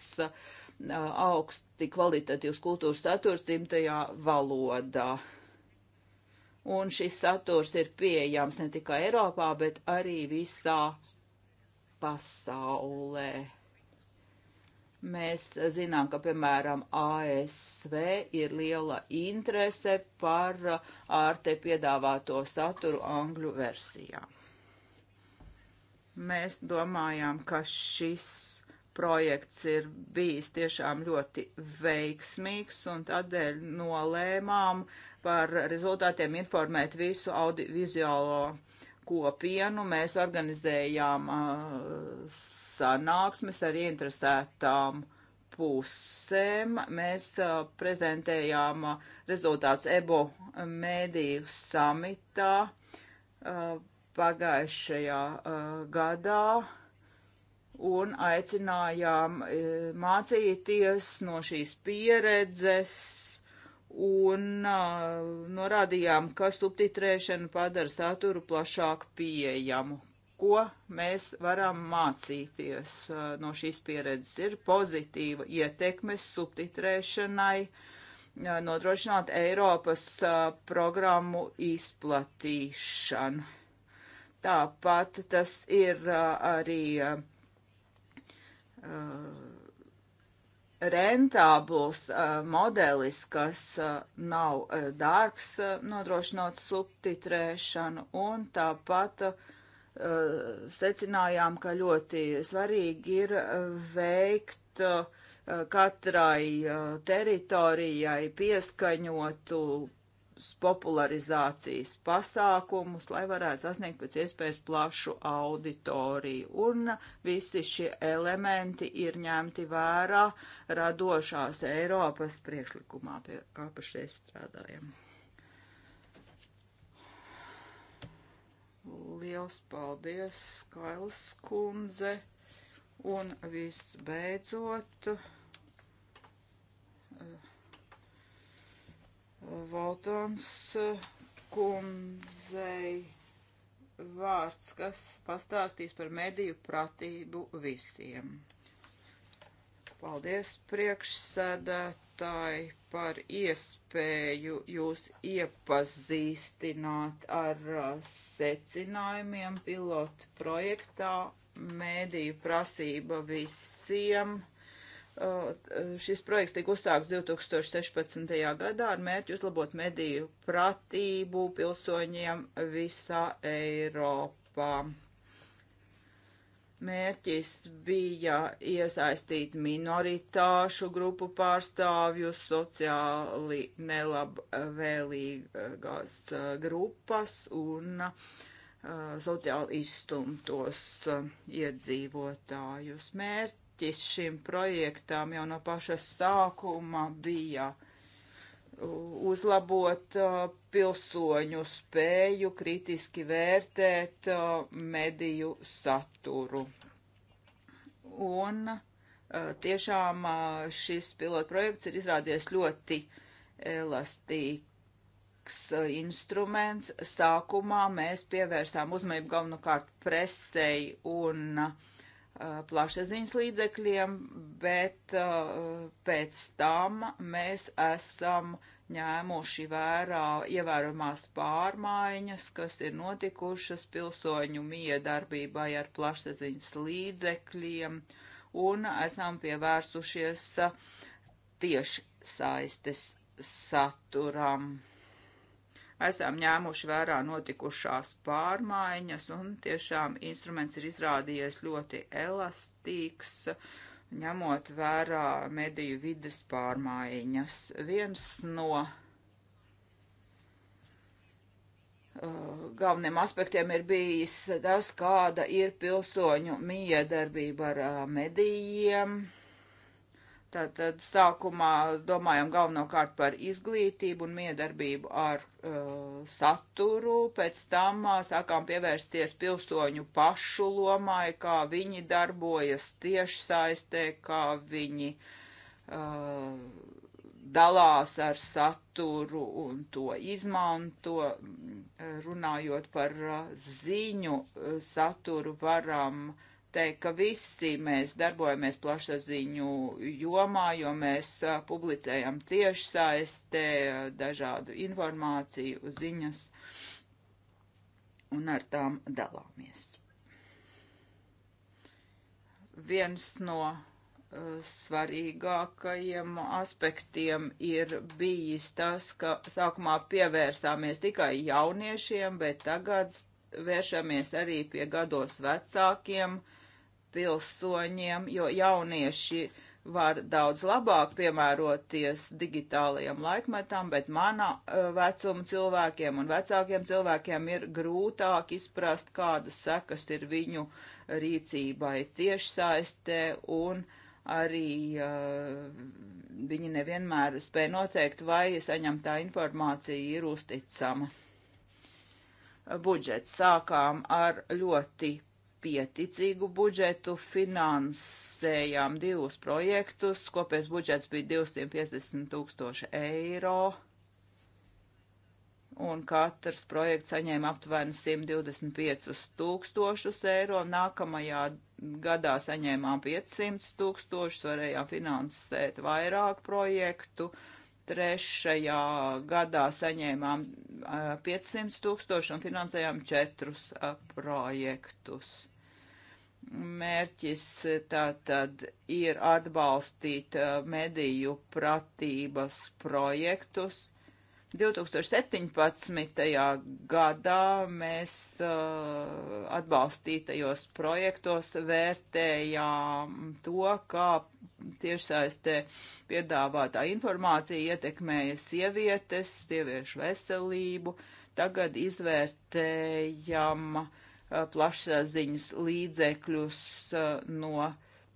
augsti kvalitatīvs kultūras saturs dzimtajā valodā. Un šis saturs ir pieejams ne tikai Eiropā, bet arī visā pasaulē Mēs zinām, ka, piemēram, ASV ir liela interese par ārte piedāvāto saturu angļu versijā. Mēs domājām, ka šis projekts ir bijis tiešām ļoti veiksmīgs, un tādēļ nolēmām par rezultātiem informēt visu audiovizuālo kopienu. Mēs organizējām uh, sanāksmes ar interesētām pusēm. Mēs uh, prezentējām uh, rezultātus EBO mēdīju samitā uh, pagājušajā gadā un aicinājām mācīties no šīs pieredzes un norādījām, ka subtitrēšana padara saturu plašāk pieejamu, ko mēs varam mācīties uh, no šīs pieredzes. Ir pozitīva ietekme subtitrēšanai, uh, nodrošināt Eiropas uh, programmu izplatīšanu. Tāpat tas ir arī rentābls modelis, kas nav dārgs, nodrošinot subtitrēšanu, un tāpat uh, Eh, secinājām, ka ļoti svarīgi ir eh, veikt eh, katrai teritorijai pieskaņotu popularizācijas pasākumus, lai varētu sasniegt pēc iespējas plašu auditoriju. Un visi šie elementi ir ņemti vērā radošās Eiropas priekšlikumā, pie kā pašreiz strādājam. Liels paldies, Kailas kundze. Un visbeidzot, eh, Valtons eh, kundzei vārds, kas pastāstīs par mediju pratību visiem. Paldies, priekšsēdēt priekšsēdētāji, par iespēju jūs iepazīstināt ar uh, secinājumiem pilotu projektā Mēdīju prasība visiem. Uh, šis projekts tika uzsākts 2016. gadā ar mērķi uzlabot mediju pratību pilsoņiem visā Eiropā. Mērķis bija iesaistīt minoritāšu grupu pārstāvjus, sociāli nelabvēlīgās eh, grupas un uh, sociāli izstumtos uh, iedzīvotājus. Mērķis šim projektām jau no paša sākuma bija uh, uzlabot uh, pilsoņu spēju kritiski vērtēt uh, mediju saturu. Un uh, tiešām šis pilotprojekts ir izrādies ļoti elastīgs svarīgs instruments. Sākumā mēs pievērsām uzmanību galvenokārt presei un uh, Uh, plašsaziņas līdzekļiem, bet uh, pēc tam mēs esam ņēmuši vērā ievērumās pārmaiņas, kas ir notikušas pilsoņu miedarbībai ar plašsaziņas līdzekļiem, un esam pievērsušies tieši saistes saturam esam ņēmuši vērā notikušās pārmaiņas, un tiešām instruments ir izrādījies ļoti elastīgs, ņemot vērā mediju vides pārmaiņas. Viens no uh, galveniem aspektiem ir bijis tas, kāda ir pilsoņu miedarbība ar uh, medijiem Tātad sākumā domājam galvenokārt par izglītību un miedarbību ar uh, saturu, pēc tam uh, sākām pievērsties pilsoņu pašu lomai, kā viņi darbojas tiešsaistē, kā viņi uh, dalās ar saturu un to izmanto. Mm, runājot par uh, ziņu uh, saturu varam uh, teikt, ka visi mēs darbojamies plašsaziņu jomā, jo mēs publicējam tiešsaistē dažādu informāciju, ziņas un ar tām dalāmies. Viens no uh, svarīgākajiem aspektiem ir bijis tas, ka sākumā pievērsāmies tikai jauniešiem, bet tagad vēršamies arī pie gados vecākiem uh, pilsoņiem, jo jaunieši var daudz labāk piemēroties digitālajiem laikmetam, bet mana eh, vecuma cilvēkiem un vecākiem cilvēkiem ir grūtāk izprast, kādas sekas ir viņu rīcībai tiešsaistē un arī uh, viņi nevienmēr spēja noteikt, vai saņemtā informācija ir uzticama budžets sākām ar ļoti pieticīgu budžetu finansējām divus projektus. Kopējais budžets bija 250 tūkstoši eiro. Un katrs projekts saņēma aptuveni 125 tūkstošus eiro. Nākamajā gadā saņēmām 500 tūkstošus, varējām finansēt vairāk projektu. Uh, gadā saņēmām 500 tūkstoši un finansējām četrus projektus. Mērķis tātad ir atbalstīt mediju pratības projektus 2017. gadā mēs uh, atbalstītajos projektos vērtējām to, kā tiešsaistē piedāvātā informācija ietekmēja sievietes, sieviešu veselību. Tagad izvērtējam uh, plašsaziņas līdzekļus uh, no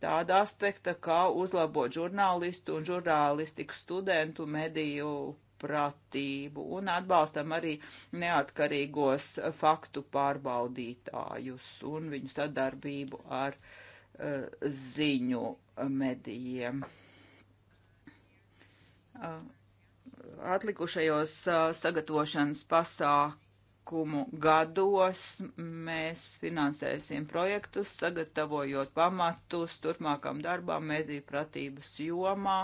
tāda aspekta, kā uzlabot žurnālistu un žurnālistikas studentu mediju pratību un atbalstam arī neatkarīgos faktu pārbaudītājus un viņu sadarbību ar uh, ziņu medijiem. Uh, atlikušajos uh, sagatavošanas pasākumos pasākumu gados mēs finansēsim projektus, sagatavojot pamatus turpmākam darbam mediju pratības jomā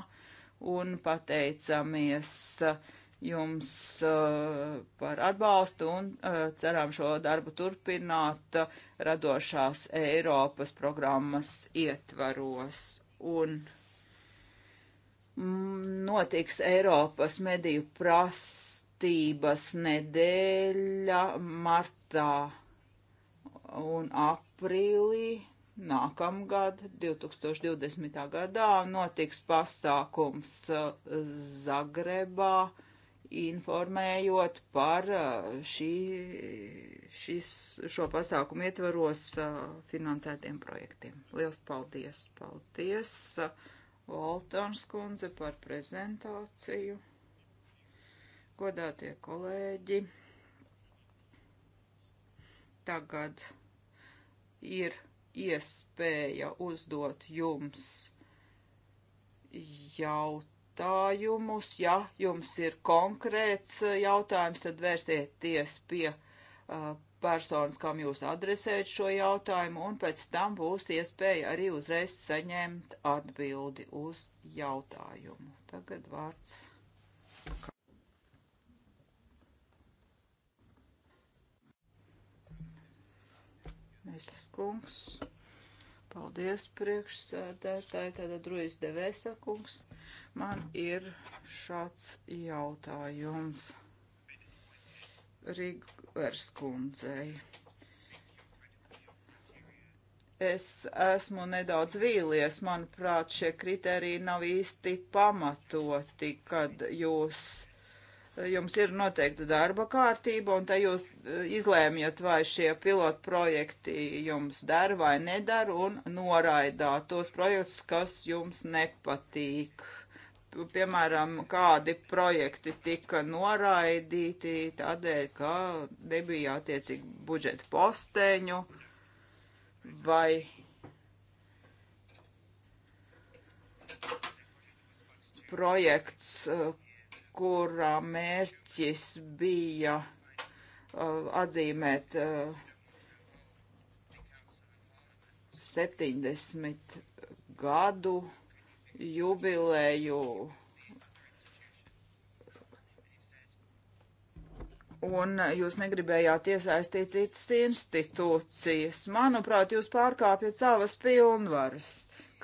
un pateicamies uh, jums uh, par atbalstu un uh, ceram šo darbu turpināt radošās Eiropas programmas ietvaros. Un mm, notiks Eiropas mediju prastības nedēļa martā un aprīlī nākamgad, 2020. gadā, notiks pasākums uh, Zagrebā, informējot par uh, šī, šis, šo pasākumu ietvaros uh, finansētiem projektiem. Liels paldies! Paldies, Valtons kundze, par prezentāciju. Godātie kolēģi! Tagad ir iespēja uzdot jums jautājumus. Ja jums ir konkrēts eh, jautājums, tad vērsieties pie uh, personas, kam jūs adresējat šo jautājumu, un pēc tam būs iespēja arī uzreiz saņemt atbildi uz jautājumu. Tagad vārds. Visas kungs. Paldies, priekšsēdētāji. Tātad Rujas Devēsa kungs. Man ir šāds jautājums Rigvers kundzei. Es esmu nedaudz vīlies, manuprāt, šie kriteriji nav īsti pamatoti, kad jūs jums ir noteikta darba kārtība, un te jūs eh, izlēmjat, vai šie pilotu projekti jums der vai nedar, un noraidāt tos projektus, kas jums nepatīk. Piemēram, kādi projekti tika noraidīti tādēļ, ka nebija attiecīgi budžeta posteņu vai projekts, eh, kurā mērķis bija uh, atzīmēt uh, 70 gadu jubilēju. Un jūs negribējāt iesaistīt citas institūcijas. Manuprāt, jūs pārkāpjat savas pilnvaras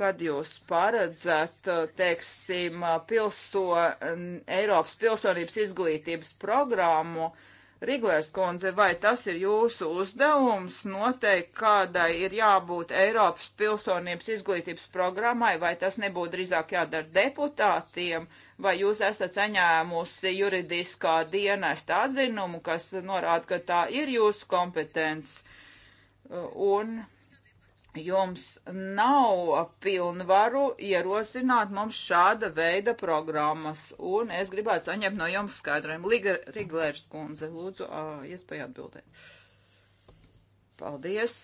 kad jūs paredzat, eh, teiksim, eh, pilson, Eiropas pilsonības izglītības programmu, Riglērs kundze, vai tas ir jūsu uzdevums noteikt, kādai ir jābūt Eiropas pilsonības izglītības programmai, vai tas nebūtu drīzāk jādara deputātiem, vai jūs esat saņēmusi juridiskā dienesta atzinumu, kas norāda, ka tā ir jūsu kompetence? Un jums nav pilnvaru ierosināt mums šāda veida programmas, un es gribētu saņemt no jums skaidrojumu. Liga Riglērs kundze, lūdzu, ā, iespēju atbildēt. Paldies!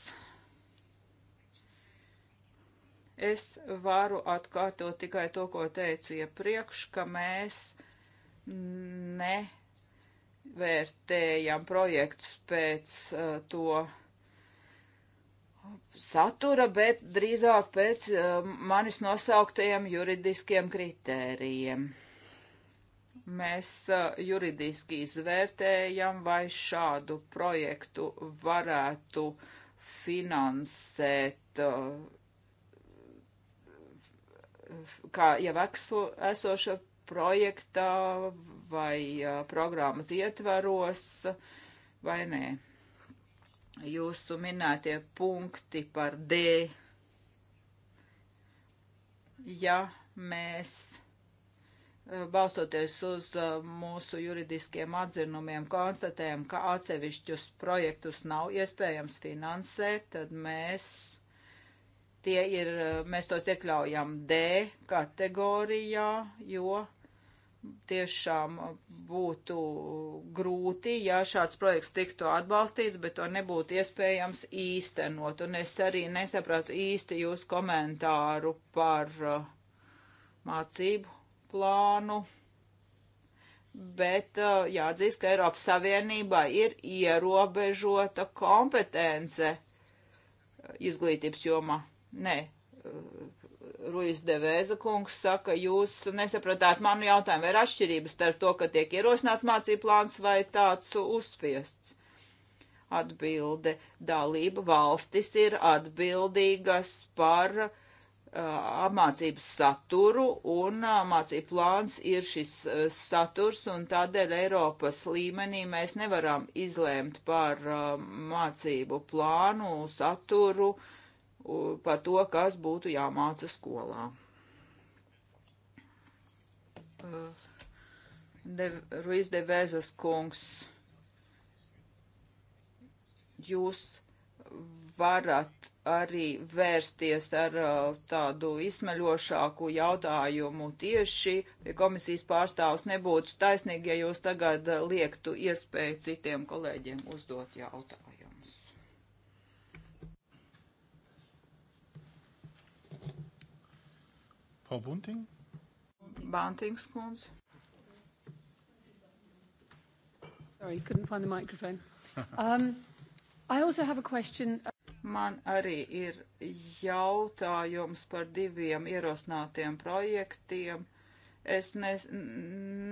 Es varu atkārtot tikai to, ko teicu iepriekš, ka mēs ne vērtējam projektus pēc uh, to satura, bet drīzāk pēc eh, manis nosauktajiem juridiskiem kritērijiem. Mēs eh, juridiski izvērtējam, vai šādu projektu varētu finansēt eh, kā jau ekso, esoša projekta vai programmas ietvaros vai nē jūsu minētie punkti par D. Ja mēs e, balstoties uz e, mūsu juridiskiem atzinumiem konstatējam, ka atsevišķus projektus nav iespējams finansēt, tad mēs, tie ir, e, mēs tos iekļaujam D kategorijā, jo tiešām būtu grūti, ja šāds projekts tiktu atbalstīts, bet to nebūtu iespējams īstenot. Un es arī nesapratu īsti jūsu komentāru par uh, mācību plānu. Bet uh, jāatzīst, ka Eiropas Savienībā ir ierobežota kompetence izglītības jomā. Nē, uh, Ruijas Devēza kungs saka, jūs nesapratāt manu jautājumu, vai ir atšķirības starp to, ka tiek ierosināts mācību plāns vai tāds uzspiests. Atbilde dalība valstis ir atbildīgas par uh, apmācības saturu un uh, mācību plāns ir šis uh, saturs un tādēļ Eiropas līmenī mēs nevaram izlēmt par uh, mācību plānu, saturu, uh, par to, kas būtu jāmāca skolā. Uh, de, Ruiz de Vēzas kungs, jūs varat arī vērsties ar uh, tādu izsmeļošāku jautājumu tieši pie komisijas pārstāvs. Nebūtu taisnīgi, ja jūs tagad uh, liektu iespēju citiem kolēģiem uzdot jautājumu. Frau Bunting? Bantings kundze. Sorry, couldn't find the microphone. Um, I also have a question. Man arī ir jautājums par diviem ierosinātiem projektiem. Es ne,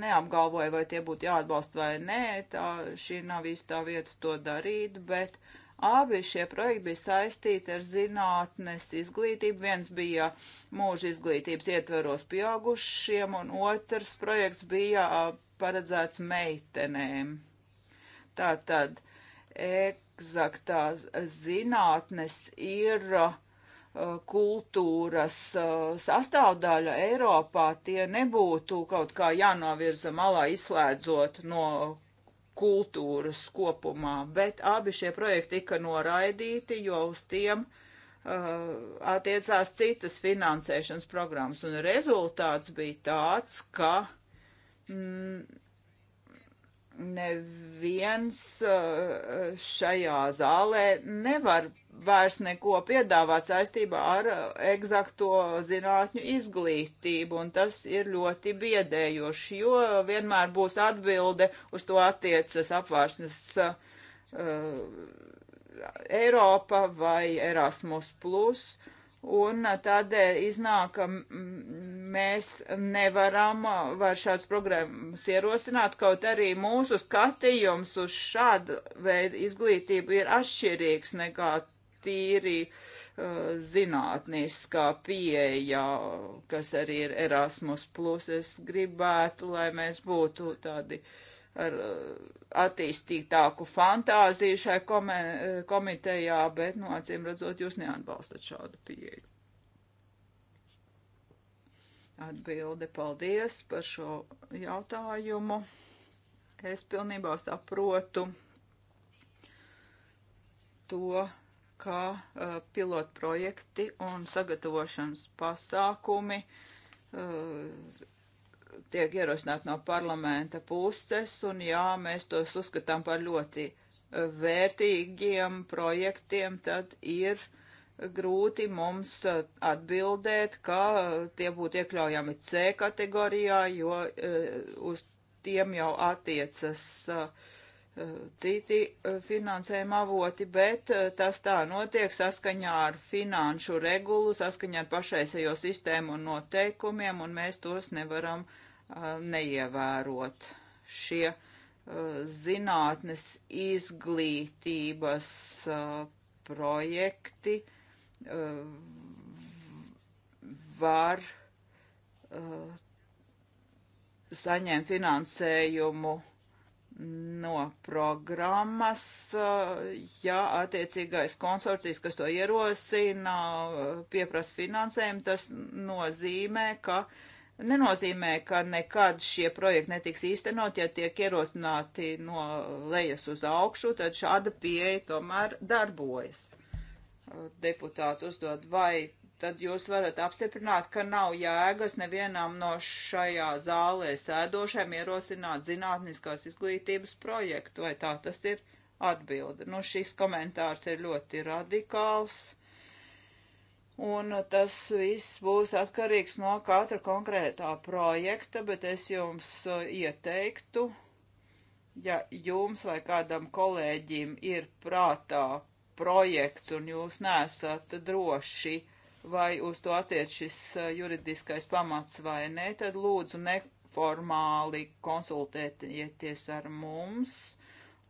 neapgalvoju, vai tie būtu jāatbalsta vai nē, tā šī nav īstā vieta to darīt, bet Abi šie projekti bija saistīti ar zinātnes izglītību. Viens bija mūža izglītības ietveros pieaugušiem, un otrs projekts bija paredzēts meitenēm. Tātad eksaktā zinātnes ir uh, kultūras uh, sastāvdaļa Eiropā, tie nebūtu kaut kā jānovirza malā, izslēdzot no kultūras kopumā, bet abi šie projekti tika noraidīti, jo uz tiem uh, attiecās citas finansēšanas programmas, un rezultāts bija tāds, ka mm, neviens eh, šajā zālē nevar vairs neko piedāvāt saistībā ar egzakto eh, zinātņu izglītību, un tas ir ļoti biedējoši, jo vienmēr būs atbilde, uz to attiecas apvārsnes uh, Eiropa vai Erasmus. Plus, uh, Un tādēļ iznāk, ka mēs nevaram var šādas programmas ierosināt, kaut arī mūsu skatījums uz šādu veidu izglītību ir atšķirīgs nekā tīri uh, zinātniskā pieeja, kas arī ir Erasmus. Plus. Es gribētu, lai mēs būtu tādi uh, ar uh, attīstītāku fantāziju šai uh, komitejā, bet, nu, acīm redzot, jūs neatbalstat šādu pieeju. Atbilde paldies par šo jautājumu. Es pilnībā saprotu to, kā uh, pilotprojekti un sagatavošanas pasākumi uh, tiek ierosināti no parlamenta puses, un jā, mēs tos uzskatām par ļoti eh, vērtīgiem projektiem, tad ir grūti mums eh, atbildēt, ka eh, tie būtu iekļaujami C kategorijā, jo uz tiem jau attiecas uh, citi eh, finansējuma avoti, bet eh, tas tā notiek saskaņā ar finanšu regulu, saskaņā ar pašreizējo sistēmu un noteikumiem, un mēs tos nevaram eh, neievērot. Šie zinātnes izglītības projekti var saņemt finansējumu no programmas, eh, ja attiecīgais konsorcijas, kas to ierosina, eh, pieprasa finansējumu, tas nozīmē, ka nenozīmē, ka nekad šie projekti netiks īstenot, ja tiek ierosināti no lejas uz augšu, tad šāda pieeja tomēr darbojas. Eh, deputāti uzdod, vai tad jūs varat apstiprināt, ka nav jēgas nevienam no šajā zālē sēdošiem ierosināt zinātniskās izglītības projektu, vai tā tas ir atbilde. Nu, šis komentārs ir ļoti radikāls, un tas viss būs atkarīgs no katra konkrētā projekta, bet es jums uh, ieteiktu, ja jums vai kādam kolēģim ir prātā projekts un jūs nesat droši, uh, vai uz to attiec šis eh, juridiskais pamats vai nē, tad lūdzu neformāli konsultēties ar mums,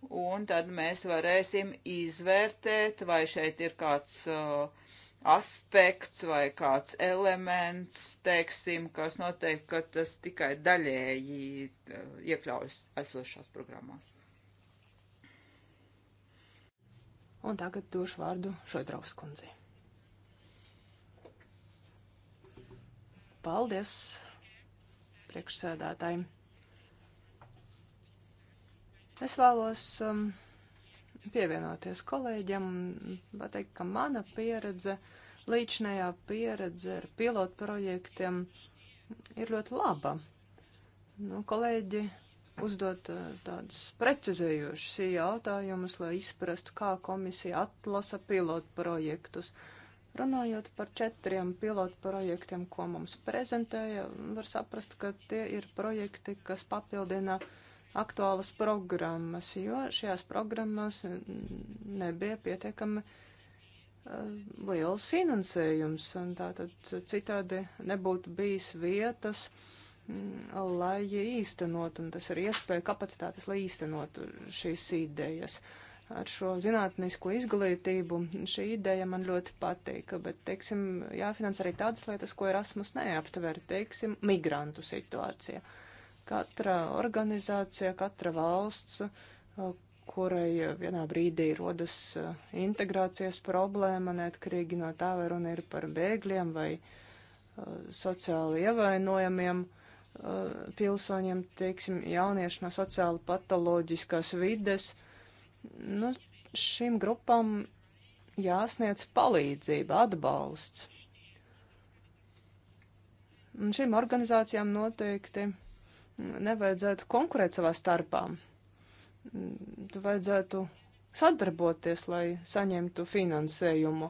un tad mēs varēsim izvērtēt, vai šeit ir kāds uh, aspekts vai kāds elements, teiksim, kas noteikti, ka tas tikai daļēji uh, iekļaujas esošās programmās. Un tagad došu vārdu Šoidrauskundzei. Paldies priekšsēdētājiem. Es vēlos um, pievienoties kolēģiem un pateikt, ka mana pieredze, līdšanējā pieredze ar pilotu projektiem ir ļoti laba. Nu, kolēģi uzdot uh, tādus precizējošus jautājumus, lai izprastu, kā komisija atlasa pilotu projektus. Uh, Runājot par četriem pilotu projektiem, ko mums prezentēja, var saprast, ka tie ir projekti, kas papildina aktuālas programmas, jo šajās programmas nebija pietiekami uh, liels finansējums, un tātad citādi nebūtu bijis vietas, m, mm, lai īstenot, un tas ir iespēja kapacitātes, lai īstenot šīs idejas. Uh, ar šo zinātnisko izglītību. Šī ideja man ļoti patīk, bet, teiksim, jāfinansē arī tādas lietas, ko Erasmus neaptver, teiksim, migrantu situācija. Katra organizācija, katra valsts, kurai vienā brīdī rodas integrācijas problēma, neatkarīgi no tā, vai runa ir par bēgļiem vai sociāli ievainojamiem pilsoņiem, teiksim, jaunieši no sociāli patoloģiskās vides, uh, nu, šīm grupām jāsniedz palīdzība, atbalsts. Un šīm organizācijām noteikti nevajadzētu konkurēt savā starpā. Tu mm, vajadzētu sadarboties, lai saņemtu finansējumu.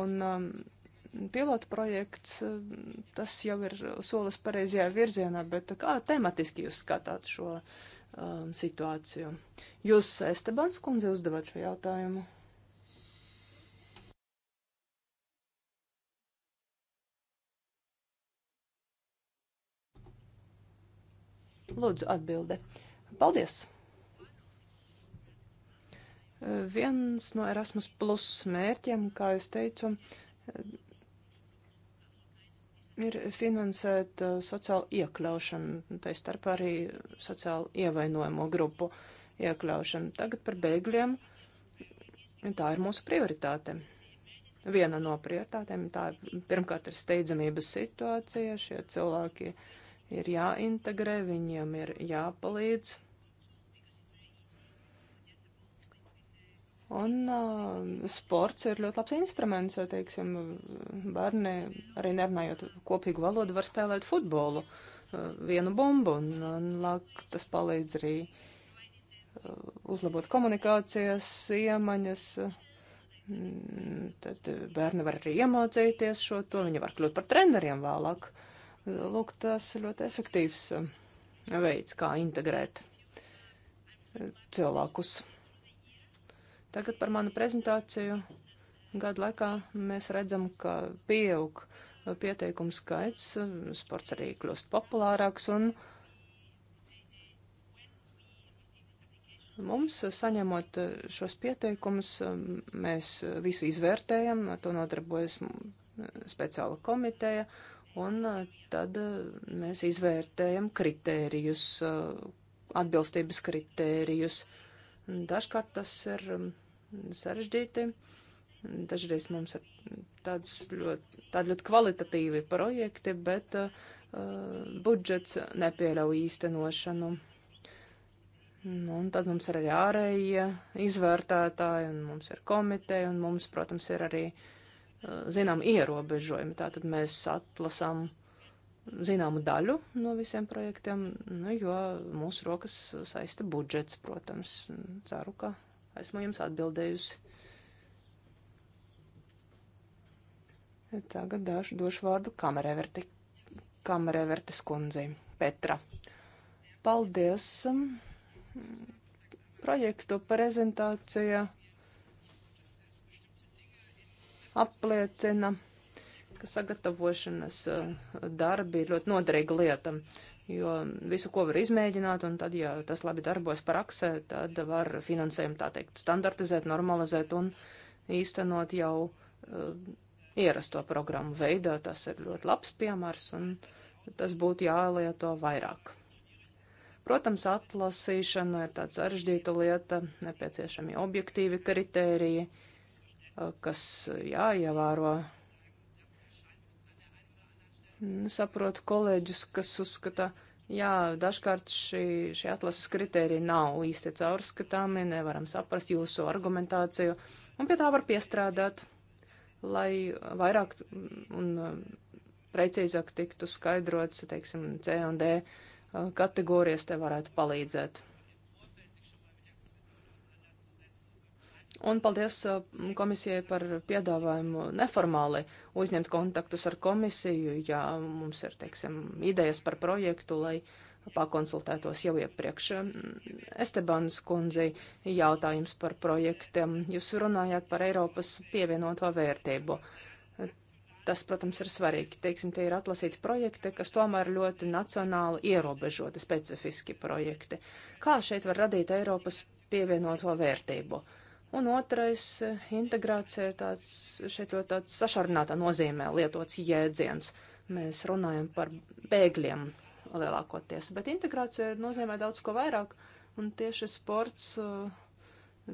Un um, pilota projekts, tas jau ir solis pareizajā virzienā, bet kā tematiski jūs skatāt šo uh, um, situāciju. Jūs, Estebans kundze, uzdevat šo jautājumu. Lūdzu, atbilde. Paldies! Viens no Erasmus Plus mērķiem, kā es teicu, ir finansēt uh, sociālu iekļaušanu, tā starp arī sociālu ievainojumu grupu iekļaušanu. Tagad par bēgļiem. Tā ir mūsu prioritāte. Viena no prioritātēm tā pirmkārt ir steidzamības situācija. Šie cilvēki ir jāintegrē, viņiem ir jāpalīdz Un uh, sports ir ļoti labs instruments, jo, teiksim, bērni arī nerunājot kopīgu valodu var spēlēt futbolu uh, vienu bumbu, un, un lāk, tas palīdz arī uh, uzlabot komunikācijas iemaņas. Mm, tad bērni var arī iemācīties šo to, viņi var kļūt par treneriem vēlāk. Lūk, tas ļoti efektīvs uh, veids, kā integrēt uh, cilvēkus. Tagad par manu prezentāciju. Gadu laikā mēs redzam, ka pieaug pieteikumu skaits, sports arī kļūst populārāks un mums, saņemot šos pieteikumus, mēs visu izvērtējam, ar to nodarbojas speciāla komiteja un tad mēs izvērtējam kritērijus, atbilstības kritērijus. Uh, Dažkārt tas ir um, sarežģīti. Dažreiz mums ir tāds ļoti, tādi ļoti kvalitatīvi projekti, bet uh, budžets nepieļauj īstenošanu. Nu, un tad mums ir arī ārējie izvērtētāji, un mums ir komiteja, un mums, protams, ir arī, uh, zinām, ierobežojumi. Tātad mēs atlasām zināmu daļu no visiem projektiem, nu, jo mūsu rokas saista budžets, protams. Ceru, ka esmu jums atbildējusi. Tagad dažu došu vārdu kamerēverti, kamerēvertes kundzei, Petra. Paldies! Um, projektu prezentācija apliecina ka sagatavošanas eh, darbi ir ļoti noderīga lieta, jo visu, ko var izmēģināt, un tad, ja tas labi darbos praksē, tad var finansējumu tā teikt standartizēt, normalizēt un īstenot jau uh, ierasto programmu veidā. Tas ir ļoti labs piemērs, un tas būtu jālieto vairāk. Protams, atlasīšana ir tāda sarežģīta lieta, nepieciešami objektīvi kriteriji, eh, kas jāievēro. Ja Nu, Saprotu kolēģus, kas uzskata, jā, dažkārt šī, šī atlases kritērija nav īsti caurskatāmi, nevaram saprast jūsu argumentāciju, un pie tā var piestrādāt, lai vairāk un mm, precīzāk tiktu skaidrots, teiksim, C un D uh, kategorijas te varētu palīdzēt. Un paldies uh, komisijai par piedāvājumu neformāli uzņemt kontaktus ar komisiju, ja mums ir, teiksim, idejas par projektu, lai pakonsultētos jau iepriekš. Estebans kundzei jautājums par projektiem. Jūs runājāt par Eiropas pievienoto vērtību. Tas, protams, ir svarīgi. Teiksim, tie ir atlasīti projekti, kas tomēr ļoti nacionāli ierobežoti, specifiski projekti. Kā šeit var radīt Eiropas pievienoto vērtību? Uh, Un otrais eh, - integrācija ir tāds, šeit ļoti tāds sašarinātā nozīmē lietots jēdziens. Mēs runājam par bēgļiem lielākoties, bet integrācija nozīmē daudz ko vairāk, un tieši sports, eh,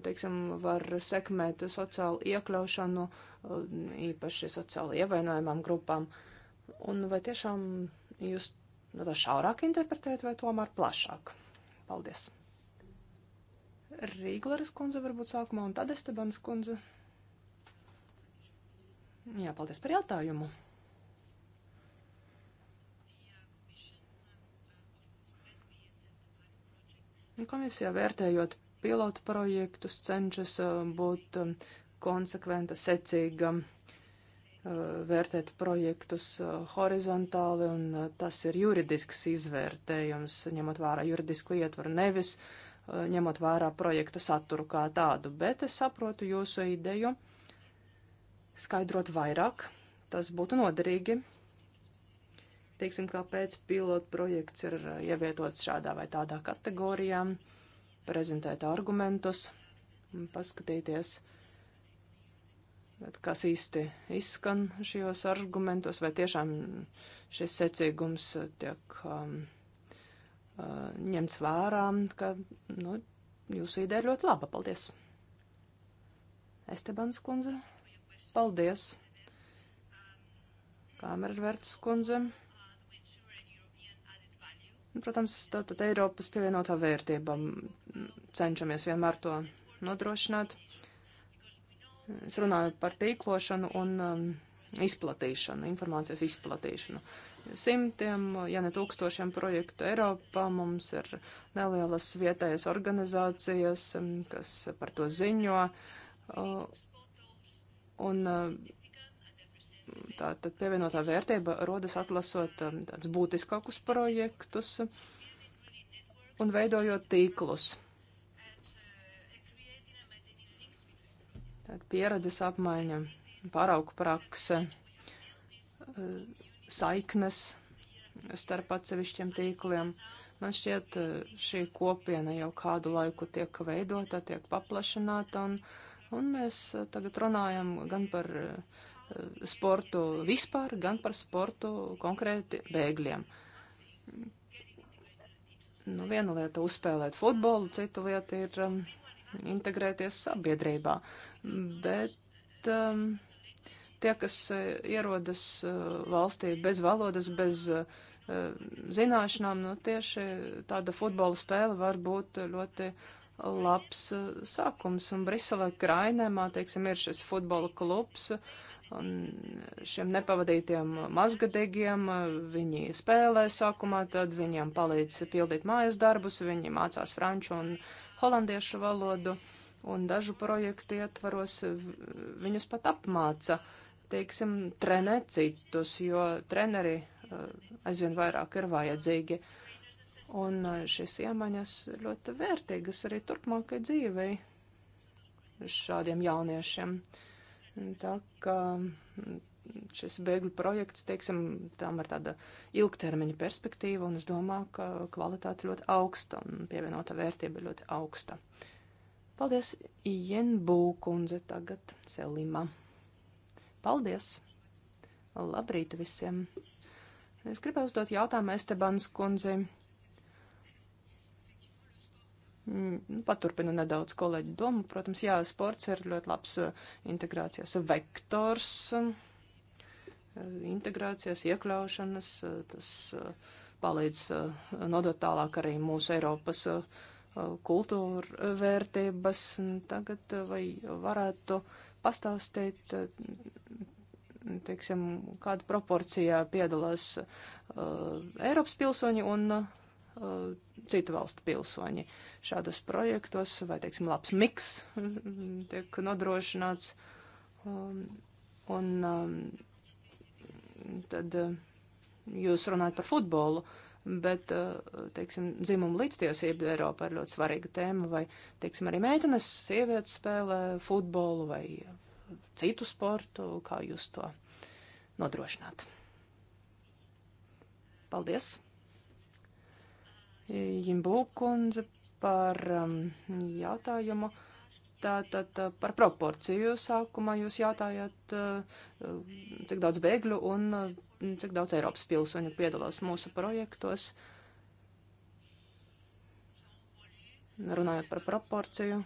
teiksim, var sekmēt sociālu iekļaušanu, eh, īpaši sociāli ievainojumām grupām. Un vai tiešām jūs no tā šaurāk interpretējat vai tomēr plašāk? Paldies! Rīgleres kundze varbūt sākumā un tad Estebanas kundze. Jā, paldies par jautājumu. Nu, Komisija vērtējot pilotu projektus cenšas uh, būt um, konsekventa, secīga, uh, vērtēt projektus uh, horizontāli, un tas ir juridisks izvērtējums, ņemot vērā juridisku ietvaru, nevis uh, Eh, ņemot vērā projekta saturu kā tādu, bet es saprotu jūsu ideju skaidrot vairāk, tas būtu noderīgi. Teiksim, kāpēc pilotu projekts ir eh, ievietots šādā vai tādā kategorijā, prezentēt argumentus, paskatīties, kas īsti izskan šajos argumentos, vai tiešām šis secīgums tiek um, Uh, ņemts vērā, ka nu, jūsu ideja ir ļoti laba. Paldies! Estebans kundze, paldies! Kāmervērts kundze. Nu, protams, tātad Eiropas pievienotā vērtība mm, cenšamies vienmēr to nodrošināt. Es runāju par tīklošanu un um, izplatīšanu, informācijas izplatīšanu. Uh, simtiem, ja ne tūkstošiem projektu Eiropā. Mums ir nelielas vietējas organizācijas, kas par to ziņo. Un tā tad pievienotā vērtība rodas atlasot tāds būtiskākus projektus un veidojot tīklus. Tad pieredzes apmaiņa, paraugu prakse. Uh, saiknes starp atsevišķiem tīkliem. Man šķiet, eh, šī kopiena jau kādu laiku tiek veidota, tiek paplašināta, un, un mēs eh, tagad runājam gan par eh, sportu vispār, gan par sportu konkrēti bēgļiem. Nu, viena lieta uzspēlēt futbolu, cita lieta ir um, integrēties sabiedrībā, bet um, Tie, kas eh, ierodas eh, valstī bez valodas, bez eh, zināšanām, nu tieši tāda futbola spēle var būt ļoti labs sākums. Un Briselē Krainēmā, teiksim, ir šis futbola klubs, un šiem nepavadītiem mazgadīgiem viņi spēlē sākumā, tad viņiem palīdz pildīt mājas darbus, viņi mācās franču un holandiešu valodu, un dažu projektu ietvaros viņus pat apmāca. Uh, teiksim, trenēt citus, jo treneri eh, aizvien vairāk ir vajadzīgi. Un eh, šis iemaņas ļoti vērtīgas arī turpmākai dzīvei šādiem jauniešiem. Tā kā mm, šis bēgļu projekts, teiksim, tam ir tāda ilgtermiņa perspektīva, un es domāju, ka kvalitāte ļoti augsta un pievienotā vērtība ļoti augsta. Paldies, Ienbū kundze, tagad Selima. Paldies! Labrīt visiem! Es gribēju uzdot jautājumu Estebans kundzei. Mm, nu, paturpinu nedaudz kolēģi domu. Protams, jā, sports ir ļoti labs eh, integrācijas vektors, eh, integrācijas iekļaušanas. Eh, tas palīdz nodot tālāk arī mūsu Eiropas kultūra vērtības. Tagad vai varētu pastāstīt, teiksim, kāda proporcijā piedalās uh, Eiropas pilsoņi un uh, citu valstu pilsoņi šādos projektos, vai, teiksim, labs miks tiek nodrošināts. Um, un um, tad uh, jūs runājat par futbolu. Uh, bet, uh, teiksim, dzimuma līdztiesība Eiropā ir ļoti svarīga tēma, vai, teiksim, arī meitenes, sievietes spēlē futbolu vai uh, citu sportu, kā jūs to nodrošināt. Paldies! Jimbu kundze par um, jautājumu. Tātad tā, uh, par proporciju sākumā jūs jautājat, uh, cik daudz bēgļu un uh, Nu, cik daudz Eiropas pilsoņu piedalās mūsu projektos. Runājot par proporciju.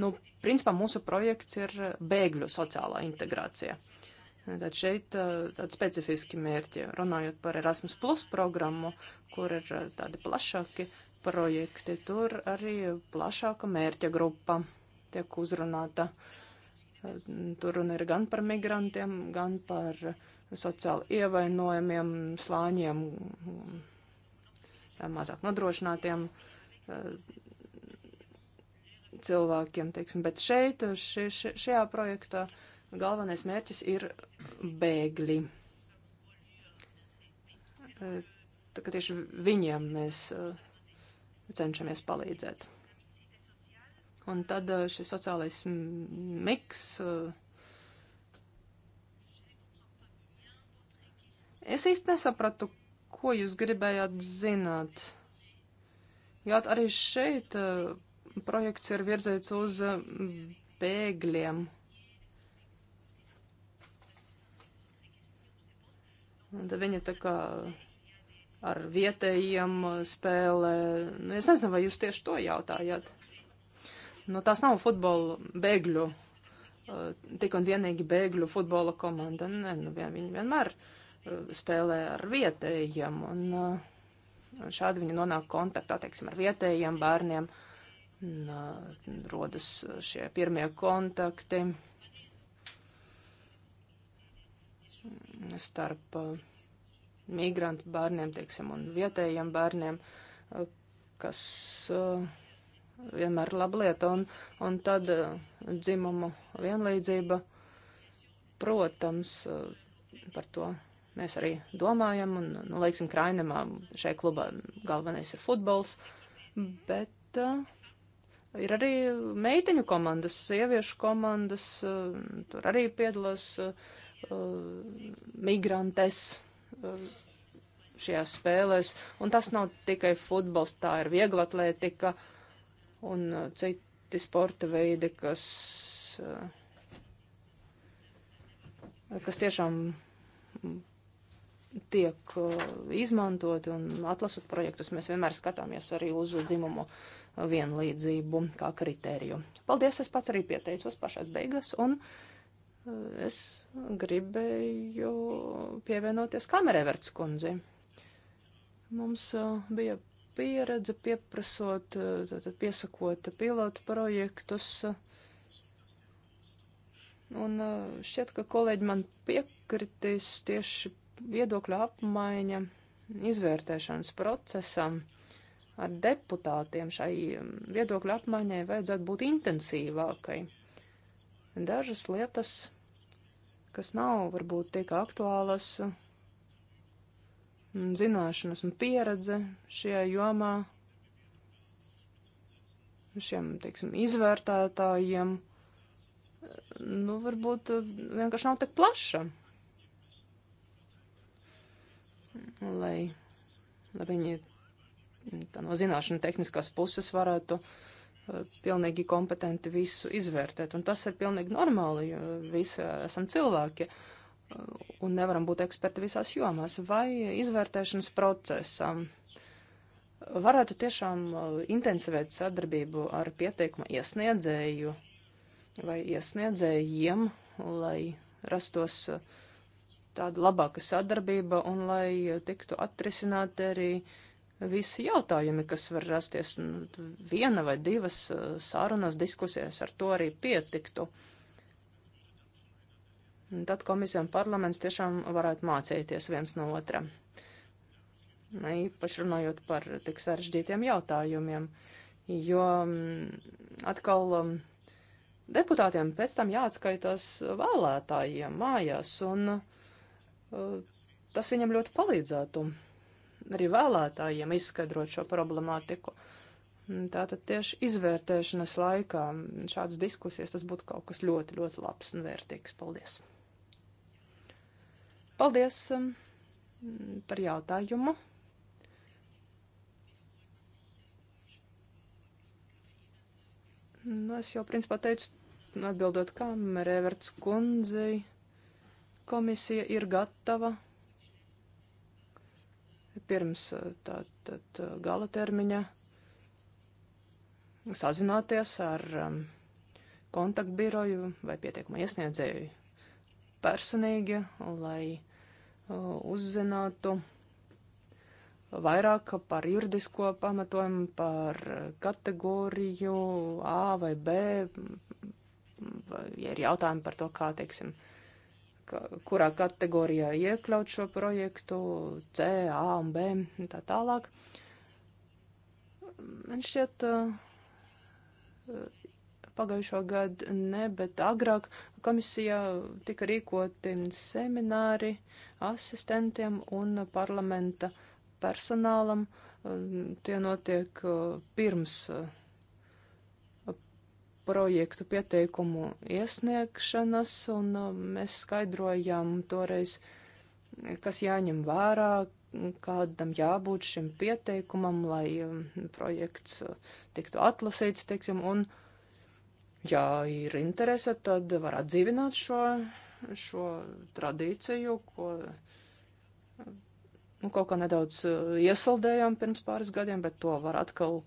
Nu, principā mūsu projekts ir bēgļu sociālā integrācija. Tad šeit uh, tādi specifiski mērķi, runājot par Erasmus Plus programmu, kur ir uh, tādi plašāki projekti, tur arī plašāka mērķa grupa tiek uzrunāta. Uh, Tur runa ir gan par migrantiem, gan par sociāli ievainojumiem, slāņiem, mazāk nodrošinātiem eh, cilvēkiem, teiksim. Bet šeit, ši, ši, šajā projektā, galvenais mērķis ir bēgļi. Eh, tā kā tieši viņiem mēs eh, cenšamies palīdzēt. Un tad eh, šis sociālais miks. Eh, es īsti nesapratu, ko jūs gribējāt zināt. Jā, arī šeit eh, projekts ir virzīts uz bēgļiem. Un viņa tā kā ar vietējiem spēlē. Nu, es nezinu, vai jūs tieši to jautājat. Nu, tās nav futbola bēgļu, eh, tik un vienīgi bēgļu futbola komanda. Nē, nu, vien, viņi vienmēr eh, spēlē ar vietējiem, un eh, šādi viņi nonāk kontaktā, teiksim, ar vietējiem bērniem. Un, rodas šie pirmie kontakti starp migrantu bērniem, teiksim, un vietējiem bērniem, kas uh, vienmēr laba lieta, un, un tad eh, dzimumu vienlīdzība, protams, eh, par to mēs arī domājam, un, nu, laiksim, Krainamā šai klubā galvenais ir futbols, bet uh, ir arī meiteņu komandas, sieviešu komandas, uh, tur arī piedalās uh, migrantes. Uh, Šajās spēlēs, un tas nav tikai futbols, tā ir viegla atlētika, uh, un uh, citi sporta veidi, kas, uh, kas tiešām tiek uh, izmantoti un atlasot projektus, mēs vienmēr skatāmies arī uz dzimumu vienlīdzību kā kritēriju. Paldies, es pats arī pieteicos pašās beigas un es gribēju pievienoties kamerēverts kundzi. Mums bija pieredze, pieprasot, eh, tātad piesakot pilotu projektus. Un eh, šķiet, ka kolēģi man piekritīs tieši viedokļa apmaiņa izvērtēšanas procesam ar deputātiem šai mm, viedokļa apmaiņai vajadzētu būt intensīvākai. Dažas lietas, kas nav varbūt tik aktuālas, zināšanas un pieredze šajā jomā šiem, teiksim, izvērtētājiem, nu, varbūt eh, vienkārši nav tik plaša, lai, lai viņi tā no zināšana tehniskās puses varētu eh, pilnīgi kompetenti visu izvērtēt. Un tas ir pilnīgi normāli, jo visi eh, esam cilvēki. Uh, un nevaram būt eksperti visās jomās, vai izvērtēšanas procesam varētu tiešām uh, intensivēt sadarbību ar pieteikuma iesniedzēju vai iesniedzējiem, lai rastos uh, tāda labāka sadarbība un lai uh, tiktu atrisināti arī visi jautājumi, kas var rasties nu, viena vai divas sārunas diskusijas, ar to arī pietiktu. Uh, Un tad komisija un parlaments tiešām varētu mācīties viens no otra. Nu, īpaši runājot par tik sarežģītiem jautājumiem, jo mm, atkal mm, deputātiem pēc tam jāatskaitās vēlētājiem mājās, un mm, tas viņam ļoti palīdzētu arī vēlētājiem izskaidrot šo problemātiku. Tātad tieši izvērtēšanas laikā šādas diskusijas tas būtu kaut kas ļoti, ļoti labs un vērtīgs. Paldies! Paldies um, par jautājumu. Nu, es jau principā teicu, atbildot kamerē, Everts kundzei, komisija ir gatava pirms uh, tātad gala termiņa sazināties ar um, kontaktbiroju vai pietiekumu iesniedzēju personīgi, lai Uh, uzzinātu vairāk par juridisko pamatojumu, par kategoriju A vai B, vai, ja ir jautājumi par to, kā, teiksim, ka, kurā kategorijā iekļaut šo projektu, C, A un B un tā tālāk. Man šķiet, uh, pagājušo gadu ne, bet agrāk komisijā tika rīkoti semināri asistentiem un parlamenta personālam. Tie notiek uh, pirms uh, projektu pieteikumu iesniegšanas, un uh, mēs skaidrojām toreiz, kas jāņem vērā, kādam jābūt šim pieteikumam, lai um, projekts tiktu atlasīts, teiksim, un uh, Ja ir interese, tad var atdzīvināt šo, šo tradīciju, ko nu, kaut kā nedaudz uh, iesaldējām pirms pāris gadiem, bet to var atkal,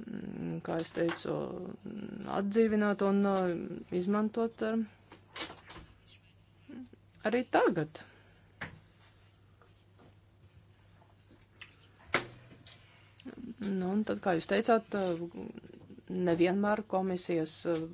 mm, kā es teicu, atdzīvināt un uh, izmantot ar, um, arī tagad. Nu, un tad, kā jūs teicāt, uh, nevienmēr komisijas eh,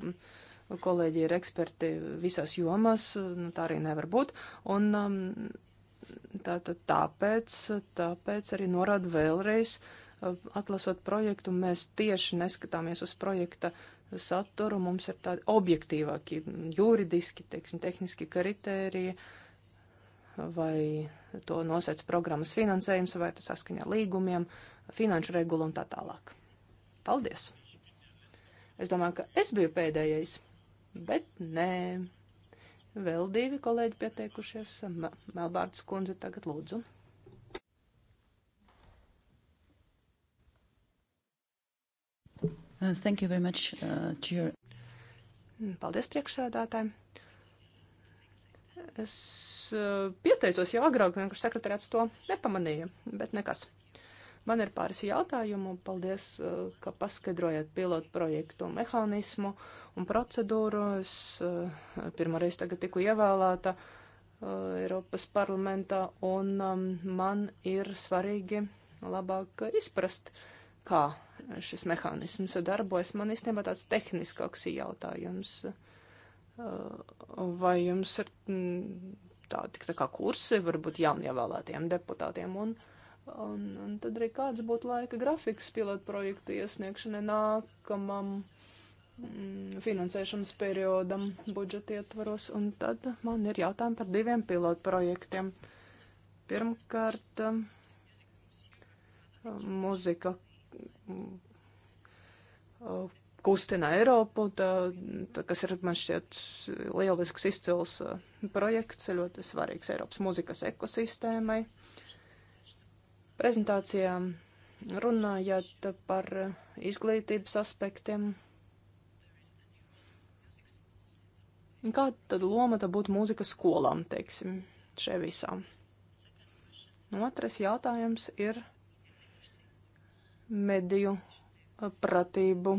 kolēģi ir eksperti visās jomās, nu, tā arī nevar būt. Un tā, um, tā, tāpēc, tāpēc arī norādu vēlreiz, eh, atlasot projektu, mēs tieši neskatāmies uz projekta saturu, mums ir tādi objektīvāki juridiski, teiksim, tehniski kriteriji, vai to nosēc programmas finansējums, vai tas saskaņā līgumiem, finanšu regulu un tā tālāk. Paldies! Es domāju, ka es biju pēdējais, bet nē. Vēl divi kolēģi pieteikušies. Melbārds kundze tagad lūdzu. Uh, thank you very much, uh, Chair. Paldies priekšsēdātājiem. Es uh, pieteicos jau agrāk, vienkārši sekretariāts to nepamanīja, bet nekas. Uh, Man ir pāris jautājumu. Paldies, uh, ka paskaidrojat pilotu projektu mehānismu un procedūru. Es uh, pirmoreiz tagad tiku ievēlēta uh, Eiropas parlamentā, un um, man ir svarīgi labāk izprast, kā šis mehānisms darbojas. Man īstenībā tāds tehniskāks jautājums. Vai jums ir mm, tādi tā kā kursi varbūt jaunievēlētiem deputātiem? Un, uh, Un, un tad arī kāds būtu laika grafiks pilotu projektu iesniegšanai nākamam mm, finansēšanas periodam budžeta ietvaros. Un tad man ir jautājumi par diviem pilotu projektiem. Pirmkārt, muzika kustina Eiropu, tā, tā, kas ir, man šķiet, lielisks, izcils projekts, ļoti svarīgs Eiropas muzikas ekosistēmai. Uh, prezentācijā runājāt par izglītības aspektiem. Kāda tad loma tad būtu mūzikas skolām, teiksim, šajā visā? Nu, otrais jautājums ir mediju pratību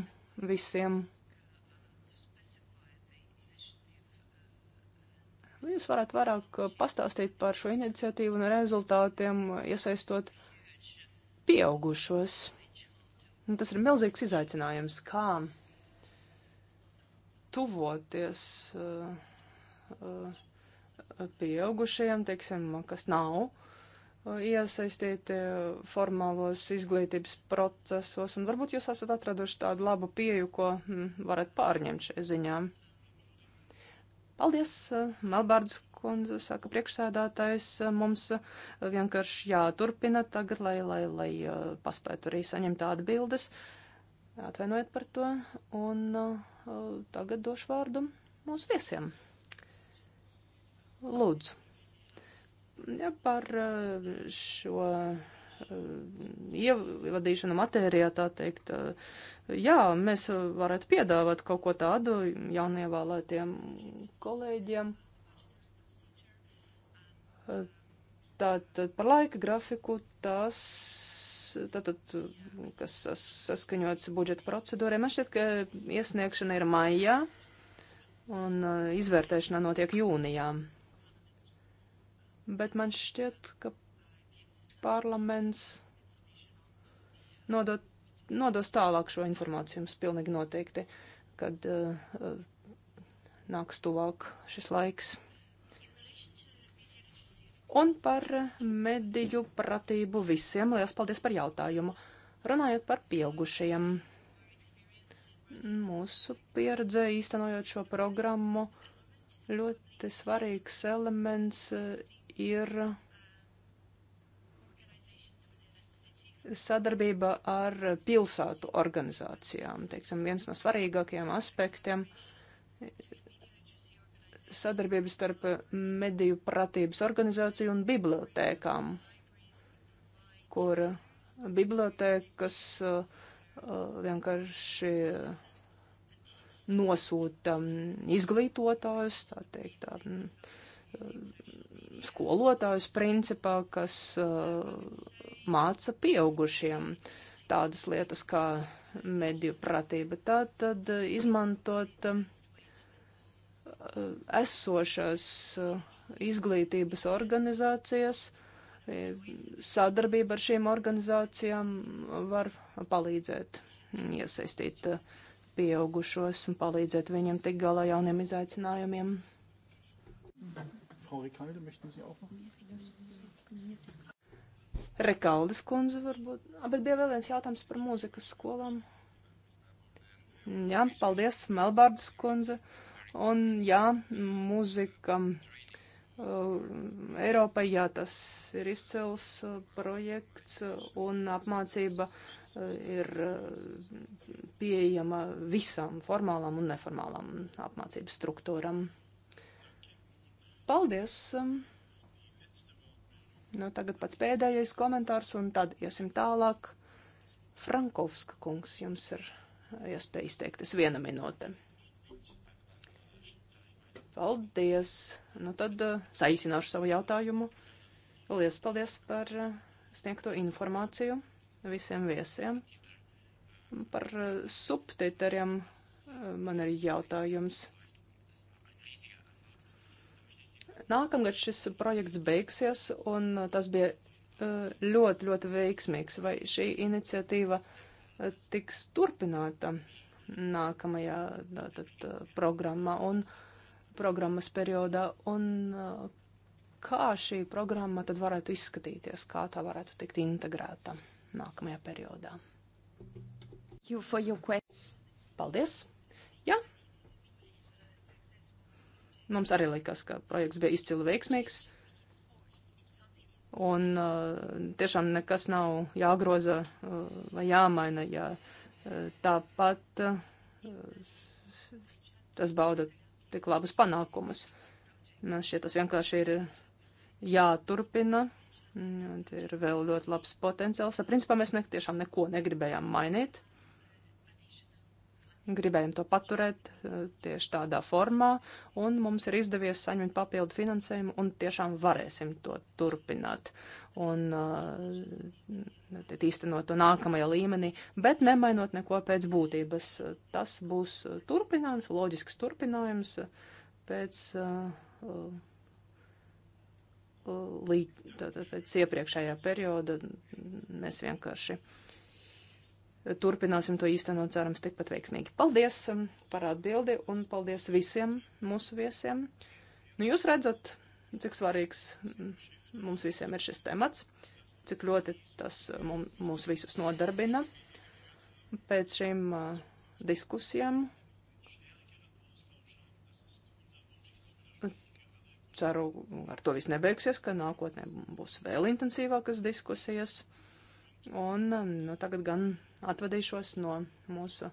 visiem. Jūs varētu vairāk pastāstīt par šo iniciatīvu un rezultātiem, iesaistot uh, pieaugušos. Un nu, tas ir milzīgs izaicinājums, kā tuvoties uh, uh, pieaugušajiem, teiksim, kas nav uh, iesaistīti formālos izglītības procesos, un varbūt jūs esat atraduši tādu labu pieju, ko mm, varat pārņemt šai ziņām. Paldies, eh, Melbārdas kundze, saka priekšsēdātājs. Eh, mums eh, vienkārši jāturpina tagad, lai, lai, lai paspētu arī saņemt atbildes. Atvainojiet par to. Un uh, tagad došu vārdu mūsu viesiem. Lūdzu. Ja par šo Eh, ievadīšana matērijā, tā teikt. Eh, jā, mēs varētu piedāvāt kaut ko tādu jaunievēlētiem kolēģiem. Eh, tātad par laika grafiku tas, tātad, kas saskaņots budžeta procedūriem, man šķiet, ka iesniegšana ir maijā un izvērtēšana notiek jūnijā. Bet man šķiet, ka parlaments nodot, nodos tālāk šo informāciju jums pilnīgi noteikti, kad uh, nāks tuvāk šis laiks. Un par mediju pratību visiem. Lielas paldies par jautājumu. Runājot par pieaugušajiem. Mūsu pieredze īstenojot šo programmu ļoti svarīgs elements eh, ir sadarbība ar pilsētu organizācijām. Teiksim, viens no svarīgākajiem aspektiem - sadarbība starp mediju pratības organizāciju un bibliotēkām, kur bibliotēkas uh, uh, vienkārši nosūta um, izglītotājus, tā teikt, tā, um, skolotājus principā, kas uh, māca pieaugušiem tādas lietas kā mediju pratība. Tā tad eh, izmantot eh, esošās eh, izglītības organizācijas, sadarbība ar šīm organizācijām var palīdzēt mm, iesaistīt pieaugušos un palīdzēt viņiem tik galā jauniem izaicinājumiem. Frau Rikalde, möchten Sie auch noch? Rekaldes kundze varbūt. A, bet bija vēl viens jautājums par mūzikas skolām. Jā, paldies, Melbārdas kundze. Un jā, mūzika uh, Eiropai, jā, tas ir izcils uh, projekts uh, un apmācība uh, ir uh, pieejama visām formālām un neformālām apmācības struktūram. Paldies! Um, Nu, tagad pats pēdējais komentārs, un tad iesim tālāk. Frankovska kungs, jums ir iespēja izteikties viena minūte. Paldies! Nu, tad eh, saīsināšu savu jautājumu. Lielas paldies par eh, sniegto informāciju visiem viesiem. Par eh, subtitriem man ir jautājums. Nākamgad šis projekts beigsies, un uh, tas bija uh, ļoti, ļoti veiksmīgs. Vai šī iniciatīva uh, tiks turpināta nākamajā tātad, programmā un programmas periodā, un kā šī programma tad varētu izskatīties, kā tā varētu tikt integrēta nākamajā periodā? You Paldies! Jā, ja, Mums arī likās, ka projekts bija izcili veiksmīgs. Un uh, tiešām nekas nav jāgroza uh, vai jāmaina, ja uh, tāpat uh, tas bauda tik labus panākumus. Man nu, šķiet, tas vienkārši ir jāturpina. Un ir vēl ļoti labs potenciāls. Ar principā mēs ne, tiešām neko negribējām mainīt. Uh, gribējām to paturēt e, tieši tādā formā, un mums ir izdevies saņemt papildu finansējumu, un tiešām varēsim to turpināt un e, īstenot to nākamajā līmenī, bet nemainot neko pēc būtības. Tas būs turpinājums, loģisks turpinājums pēc, e, līd, pēc iepriekšējā perioda. Mēs vienkārši turpināsim to īstenot, cerams, tikpat veiksmīgi. Paldies um, par atbildi un paldies visiem mūsu viesiem. Nu, jūs redzat, cik svarīgs mm, mums visiem ir šis temats, cik ļoti tas uh, mūs visus nodarbina. Pēc šīm uh, diskusijām ceru, ar to viss nebeigsies, ka nākotnē būs vēl intensīvākas diskusijas. Un um, nu, tagad gan atvadīšos no mūsu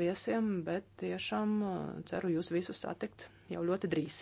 viesiem, bet tiešām uh, ceru jūs visus satikt jau ļoti drīz.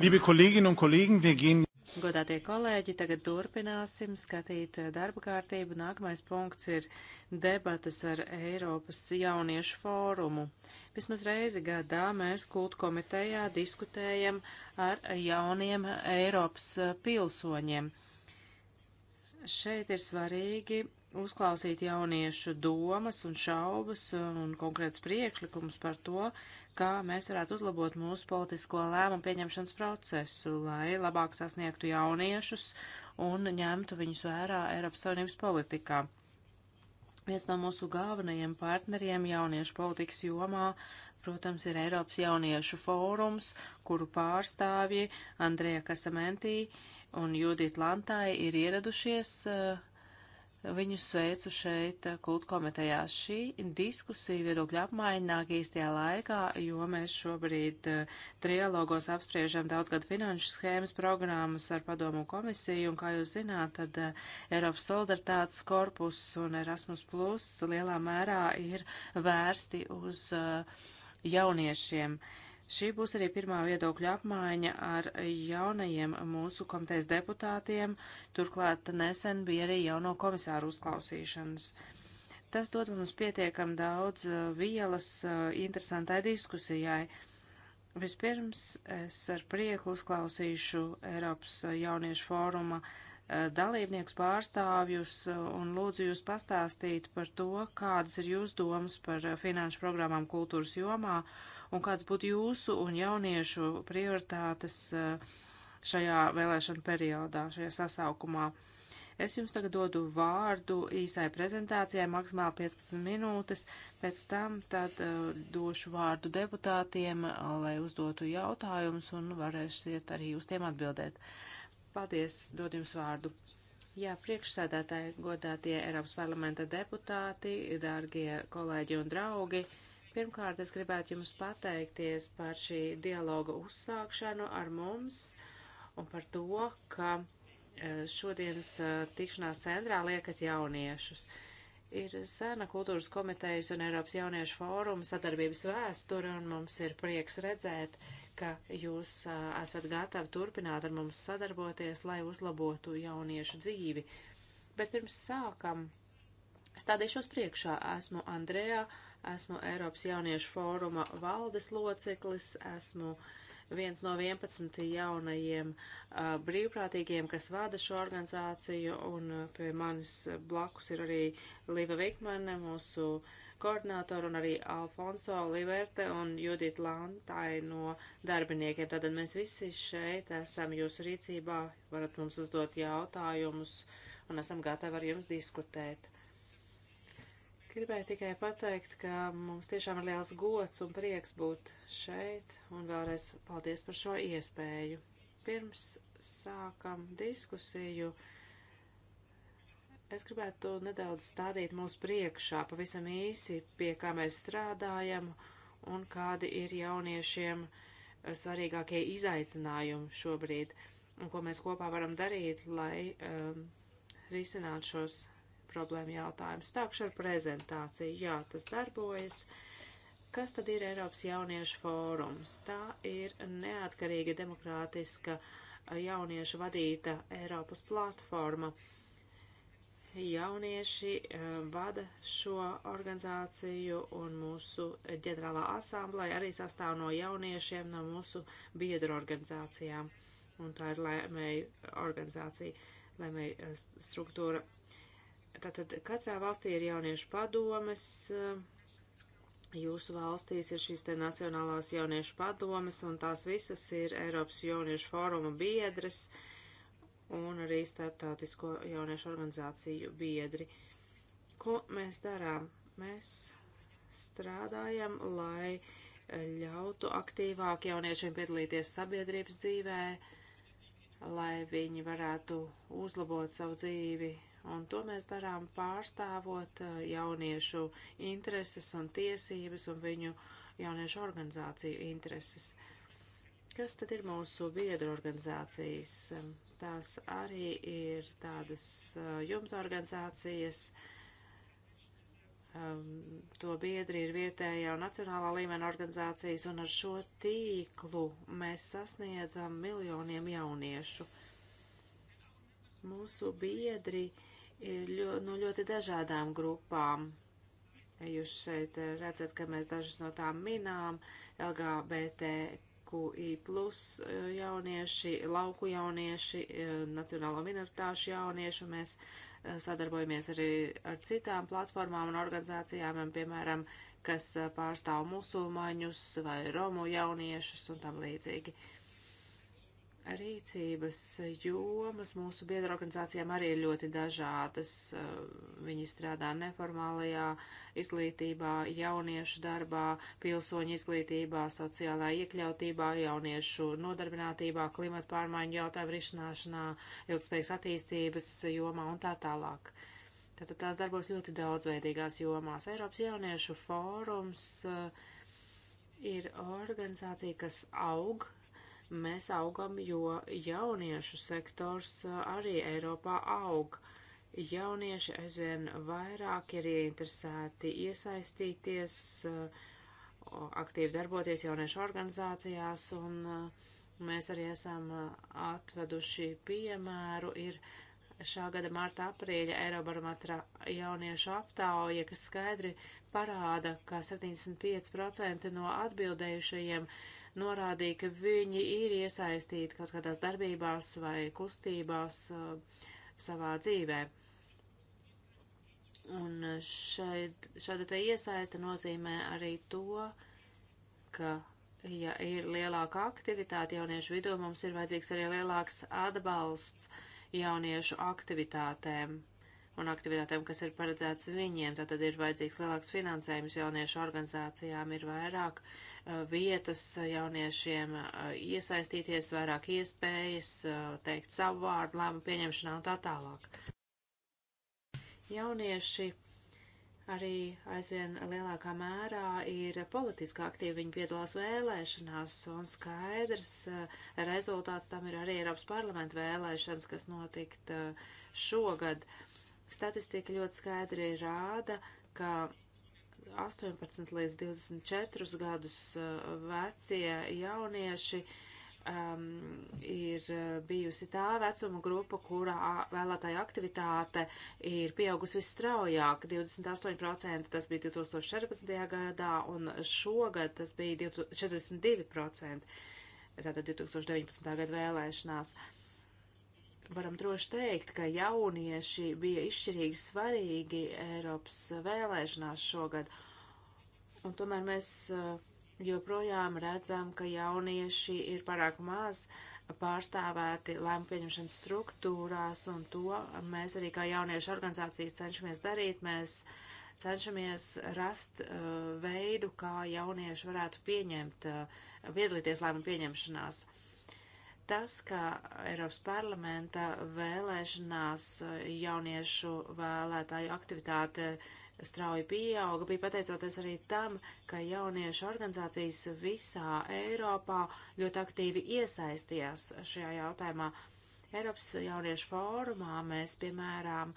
Liebe Kolleginnen un Kollegen, wir gehen. Godātie kolēģi, tagad turpināsim skatīt darba kārtību. Nākamais punkts ir debatas ar Eiropas jauniešu fórumu. Vismaz reizi gadā mēs kultu komitejā diskutējam ar jauniem Eiropas pilsoņiem. Šeit ir svarīgi uzklausīt jauniešu domas un šaubas un konkrētus priekšlikumus par to, kā mēs varētu uzlabot mūsu politisko lēmumu pieņemšanas procesu, lai labāk sasniegtu jauniešus un ņemtu viņus vērā Eiropas Savienības politikā. Viens no mūsu galvenajiem partneriem jauniešu politikas jomā, protams, ir Eiropas jauniešu fórums, kuru pārstāvji Andrija Kasamentī un Judita Lantāja ir ieradušies uh, Viņu sveicu šeit eh, kultu komitejā. Šī diskusija viedokļa apmaiņā nāk īstajā laikā, jo mēs šobrīd uh, trialogos apspriežam daudzgadu finanšu schēmas programmas ar padomu komisiju, un, kā jūs zināt, tad uh, Eiropas solidaritātes korpus un Erasmus Plus lielā mērā ir vērsti uz uh, jauniešiem. Uh, Šī būs arī pirmā viedokļa apmaiņa ar jaunajiem mūsu komitejas deputātiem, turklāt nesen bija arī jauno komisāru uzklausīšanas. Tas dod mums pietiekam daudz uh, vielas uh, interesantai diskusijai. Vispirms es ar prieku uzklausīšu Eiropas jauniešu fóruma uh, dalībniekus pārstāvjus un lūdzu jūs pastāstīt par to, kādas ir jūsu domas par finanšu programmām kultūras jomā un kāds būtu jūsu un jauniešu prioritātes eh, šajā vēlēšana periodā, šajā sasaukumā. Es jums tagad dodu vārdu īsai prezentācijai, maksimāli 15 minūtes, pēc tam tad uh, došu vārdu deputātiem, eh, lai uzdotu jautājumus un varēsiet arī uz tiem atbildēt. Paldies, dod jums vārdu. Jā, priekšsēdētāji, godātie Eiropas parlamenta deputāti, dārgie kolēģi un draugi. Uh, Pirmkārt, es gribētu jums pateikties par šī dialoga uzsākšanu ar mums un par to, ka eh, šodienas eh, tikšanās centrā liekat jauniešus. Ir sena kultūras komitejas un Eiropas jauniešu fóruma sadarbības vēsture, un mums ir prieks redzēt, ka jūs eh, esat gatavi turpināt ar mums sadarboties, lai uzlabotu jauniešu dzīvi. Bet pirms sākam, stādīšos priekšā, esmu Andrejā Esmu Eiropas jauniešu fóruma valdes loceklis, esmu viens no 11 jaunajiem uh, brīvprātīgiem, kas vada šo organizāciju, un uh, pie manis blakus ir arī Līva Vikmane, mūsu koordinātori, un arī Alfonso Liverte un Judita Lantai no darbiniekiem. Tātad mēs visi šeit esam jūsu rīcībā, varat mums uzdot jautājumus, un esam gatavi ar jums diskutēt gribēju tikai pateikt, ka mums tiešām ir liels gods un prieks būt šeit, un vēlreiz paldies par šo iespēju. Pirms sākam diskusiju, es gribētu nedaudz stādīt mūsu priekšā pavisam īsi, pie kā mēs strādājam un kādi ir jauniešiem svarīgākie izaicinājumi šobrīd, un ko mēs kopā varam darīt, lai um, risinātu šos problēma jautājums. Stākšu ar prezentāciju. Jā, tas darbojas. Kas tad ir Eiropas jauniešu fórums? Tā ir neatkarīga demokrātiska jauniešu vadīta Eiropas platforma. Jaunieši eh, vada šo organizāciju un mūsu ģenerālā asamblēja arī sastāv no jauniešiem no mūsu biedru organizācijām. Un tā ir lēmēju organizācija, lēmēju eh, struktūra Tātad katrā valstī ir jauniešu padomes, eh, jūsu valstīs ir šīs te nacionālās jauniešu padomes, un tās visas ir Eiropas jauniešu fóruma biedras un arī starptautisko jauniešu organizāciju biedri. Ko mēs darām? Mēs strādājam, lai eh, ļautu aktīvāk jauniešiem piedalīties sabiedrības dzīvē, lai viņi varētu uzlabot savu dzīvi Un to mēs darām pārstāvot uh, jauniešu intereses un tiesības un viņu jauniešu organizāciju intereses. Kas tad ir mūsu biedru organizācijas? Um, tās arī ir tādas uh, jumta organizācijas. Um, to biedri ir vietējā un nacionālā līmeņa organizācijas, un ar šo tīklu mēs sasniedzam miljoniem jauniešu. Uh, Mūsu biedri ir ļo, no ļoti dažādām grupām. Jūs šeit redzat, ka mēs dažas no tām minām - LGBTQI plus e, jaunieši, lauku jaunieši, e, nacionālo minoritāšu jaunieši. Mēs e, sadarbojamies arī ar citām platformām un organizācijām, un, piemēram, kas pārstāv musulmaņus vai romu jauniešus un tam līdzīgi. Uh, rīcības jomas mūsu biedru organizācijām arī ir ļoti dažādas. Eh, viņi strādā neformālajā izglītībā, jauniešu darbā, pilsoņu izglītībā, sociālā iekļautībā, jauniešu nodarbinātībā, klimata pārmaiņu jautājumu risināšanā, ilgspējas attīstības jomā un tā tālāk. Tātad tās darbos ļoti daudzveidīgās jomās. Eiropas jauniešu fórums eh, ir organizācija, kas aug mēs augam, jo jauniešu sektors uh, arī Eiropā aug. Jaunieši aizvien vairāk ir ieinteresēti iesaistīties, uh, aktīvi darboties jauniešu organizācijās, un uh, mēs arī esam atveduši piemēru. Ir šā gada marta aprīļa Eirobarometra jauniešu aptauja, kas skaidri parāda, ka 75% no atbildējušajiem uh, norādīja, ka viņi ir iesaistīti kaut kādās darbībās vai kustībās uh, savā dzīvē. Un šeit, šāda te iesaista nozīmē arī to, ka, ja ir lielāka aktivitāte jauniešu vidū, mums ir vajadzīgs arī lielāks atbalsts jauniešu aktivitātēm un aktivitātēm, kas ir paredzēts viņiem. Tātad ir vajadzīgs lielāks finansējums jauniešu organizācijām, ir vairāk vietas jauniešiem iesaistīties, vairāk iespējas, teikt savu vārdu lēmu pieņemšanā un tā tālāk. Jaunieši arī aizvien lielākā mērā ir politiski aktīvi, viņi piedalās vēlēšanās, un skaidrs rezultāts tam ir arī Eiropas parlamenta vēlēšanas, kas notikt šogad. Statistika ļoti skaidri rāda, ka 18 līdz 24 gadus eh, vecie jaunieši um, ir eh, bijusi tā vecuma grupa, kurā vēlētāja aktivitāte ir pieaugusi visstraujāk - 28%, tas bija 2014. gadā, un šogad tas bija 42%, tātad 2019. gada vēlēšanās. Uh, varam droši teikt, ka jaunieši bija izšķirīgi svarīgi Eiropas vēlēšanās šogad. Un tomēr mēs eh, joprojām redzam, ka jaunieši ir pārāk maz pārstāvēti lēmu pieņemšanas struktūrās, un to mēs arī kā jauniešu organizācijas cenšamies darīt. Mēs cenšamies rast uh, veidu, kā jaunieši varētu pieņemt, uh, eh, piedalīties lēmu pieņemšanās. Uh, Tas, kā Eiropas parlamenta vēlēšanās jauniešu vēlētāju aktivitāte strauji pieauga, bija pateicoties arī tam, ka jauniešu organizācijas visā Eiropā ļoti aktīvi iesaistījās šajā jautājumā. Eiropas jauniešu fórumā mēs, piemēram,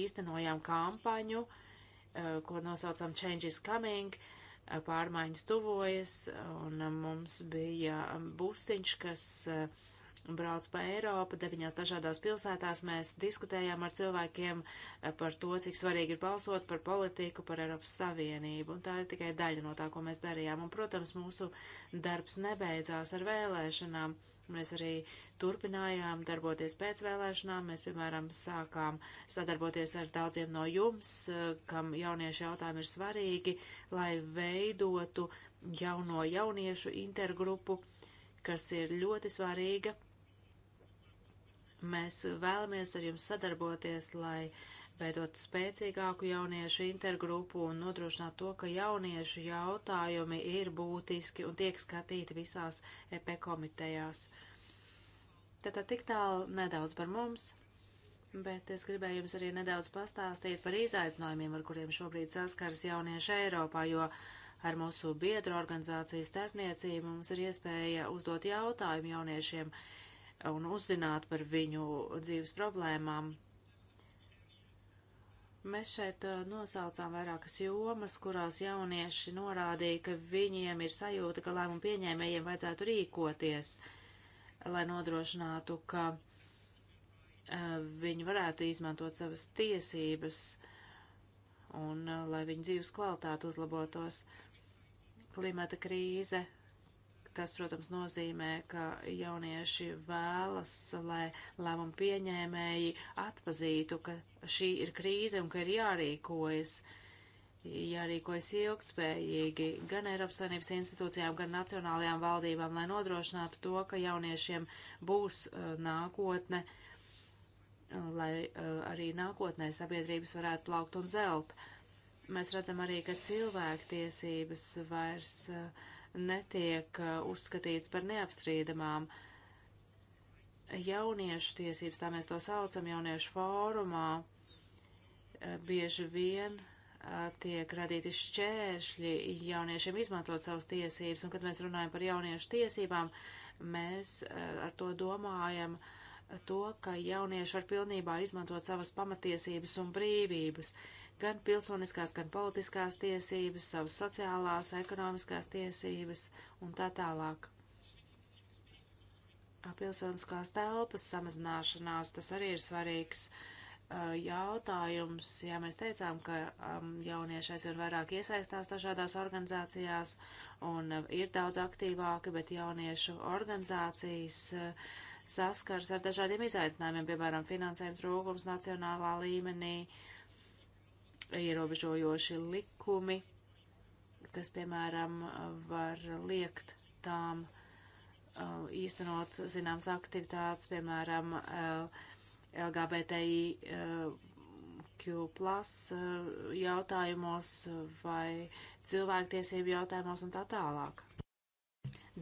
īstenojām kampaņu, eh, ko nosaucam Change is Coming, eh, pārmaiņas tuvojas, un mums bija busiņš, kas uh, brauc pa Eiropu, deviņās dažādās pilsētās mēs diskutējām ar cilvēkiem eh, par to, cik svarīgi ir balsot par politiku, par Eiropas Savienību, un tā ir tikai daļa no tā, ko mēs darījām. Un, protams, mūsu darbs nebeidzās ar vēlēšanām. Mēs arī turpinājām darboties pēc vēlēšanām. Mēs, piemēram, sākām sadarboties ar daudziem no jums, eh, kam jauniešu jautājumi ir svarīgi, lai veidotu jauno jauniešu intergrupu, kas ir ļoti svarīga Mēs vēlamies ar jums sadarboties, lai veidot spēcīgāku jauniešu intergrupu un nodrošināt to, ka jauniešu jautājumi ir būtiski un tiek skatīti visās EP komitejās. Tātad tik tālu nedaudz par mums, bet es gribēju jums arī nedaudz pastāstīt par izaicinājumiem, ar kuriem šobrīd saskars jaunieši Eiropā, jo ar mūsu biedru organizāciju starpniecību mums ir iespēja uzdot jautājumu jauniešiem. Uh, un uzzināt par viņu dzīves problēmām. Mēs šeit uh, nosaucām vairākas jomas, kurās jaunieši norādīja, ka viņiem ir sajūta, ka lēmumu pieņēmējiem vajadzētu rīkoties, lai nodrošinātu, ka uh, viņi varētu izmantot savas tiesības un uh, lai viņu dzīves kvalitāte uzlabotos. Klimata krīze Tas, protams, nozīmē, ka jaunieši vēlas, lai lēmumu pieņēmēji atpazītu, ka šī ir krīze un ka ir jārīkojas, jārīkojas ilgtspējīgi gan Eiropas Savienības institūcijām, gan nacionālajām valdībām, lai nodrošinātu to, ka jauniešiem būs uh, nākotne, lai uh, arī nākotnē sabiedrības varētu plaukt un zelt. Mēs redzam arī, ka cilvēktiesības vairs uh, netiek uh, uzskatīts par neapstrīdamām. Jauniešu tiesības, tā mēs to saucam, jauniešu fórumā uh, bieži vien uh, tiek radīti šķēršļi jauniešiem izmantot savas tiesības, un kad mēs runājam par jauniešu tiesībām, mēs ar to domājam to, ka jaunieši var pilnībā izmantot savas pamatiesības un brīvības. Uh, gan pilsoniskās, gan politiskās tiesības, savas sociālās, ekonomiskās tiesības un tā tālāk. Pilsoniskās telpas samazināšanās, tas arī ir svarīgs uh, jautājums. Jā, mēs teicām, ka um, jaunieši aizvien vairāk iesaistās dažādās organizācijās un uh, ir daudz aktīvāki, bet jauniešu organizācijas uh, saskars ar dažādiem izaicinājumiem, piemēram, finansējuma trūkums nacionālā līmenī, uh, ierobežojoši likumi, kas, piemēram, var liekt tām uh, īstenot zināmas aktivitātes, piemēram, uh, LGBTIQ uh, plus jautājumos vai cilvēktiesību jautājumos un tā tālāk.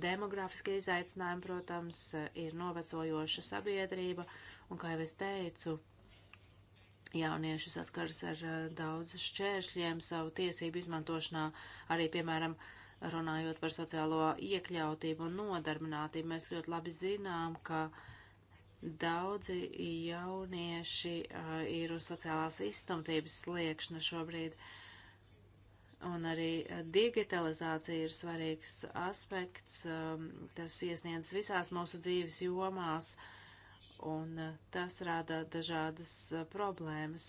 Demografiskie izaicinājumi, protams, ir novecojoša sabiedrība, un, kā jau es teicu, Jaunieši saskars ar eh, daudz šķēršļiem savu tiesību izmantošanā, arī, piemēram, runājot par sociālo iekļautību un nodarbinātību. Mēs ļoti labi zinām, ka daudzi jaunieši uh, ir uz sociālās izstumtības sliekšņa šobrīd. Un arī eh, digitalizācija ir svarīgs aspekts. Um, tas iesniedz visās mūsu dzīves jomās. Uh, un eh, tas rāda dažādas eh, problēmas.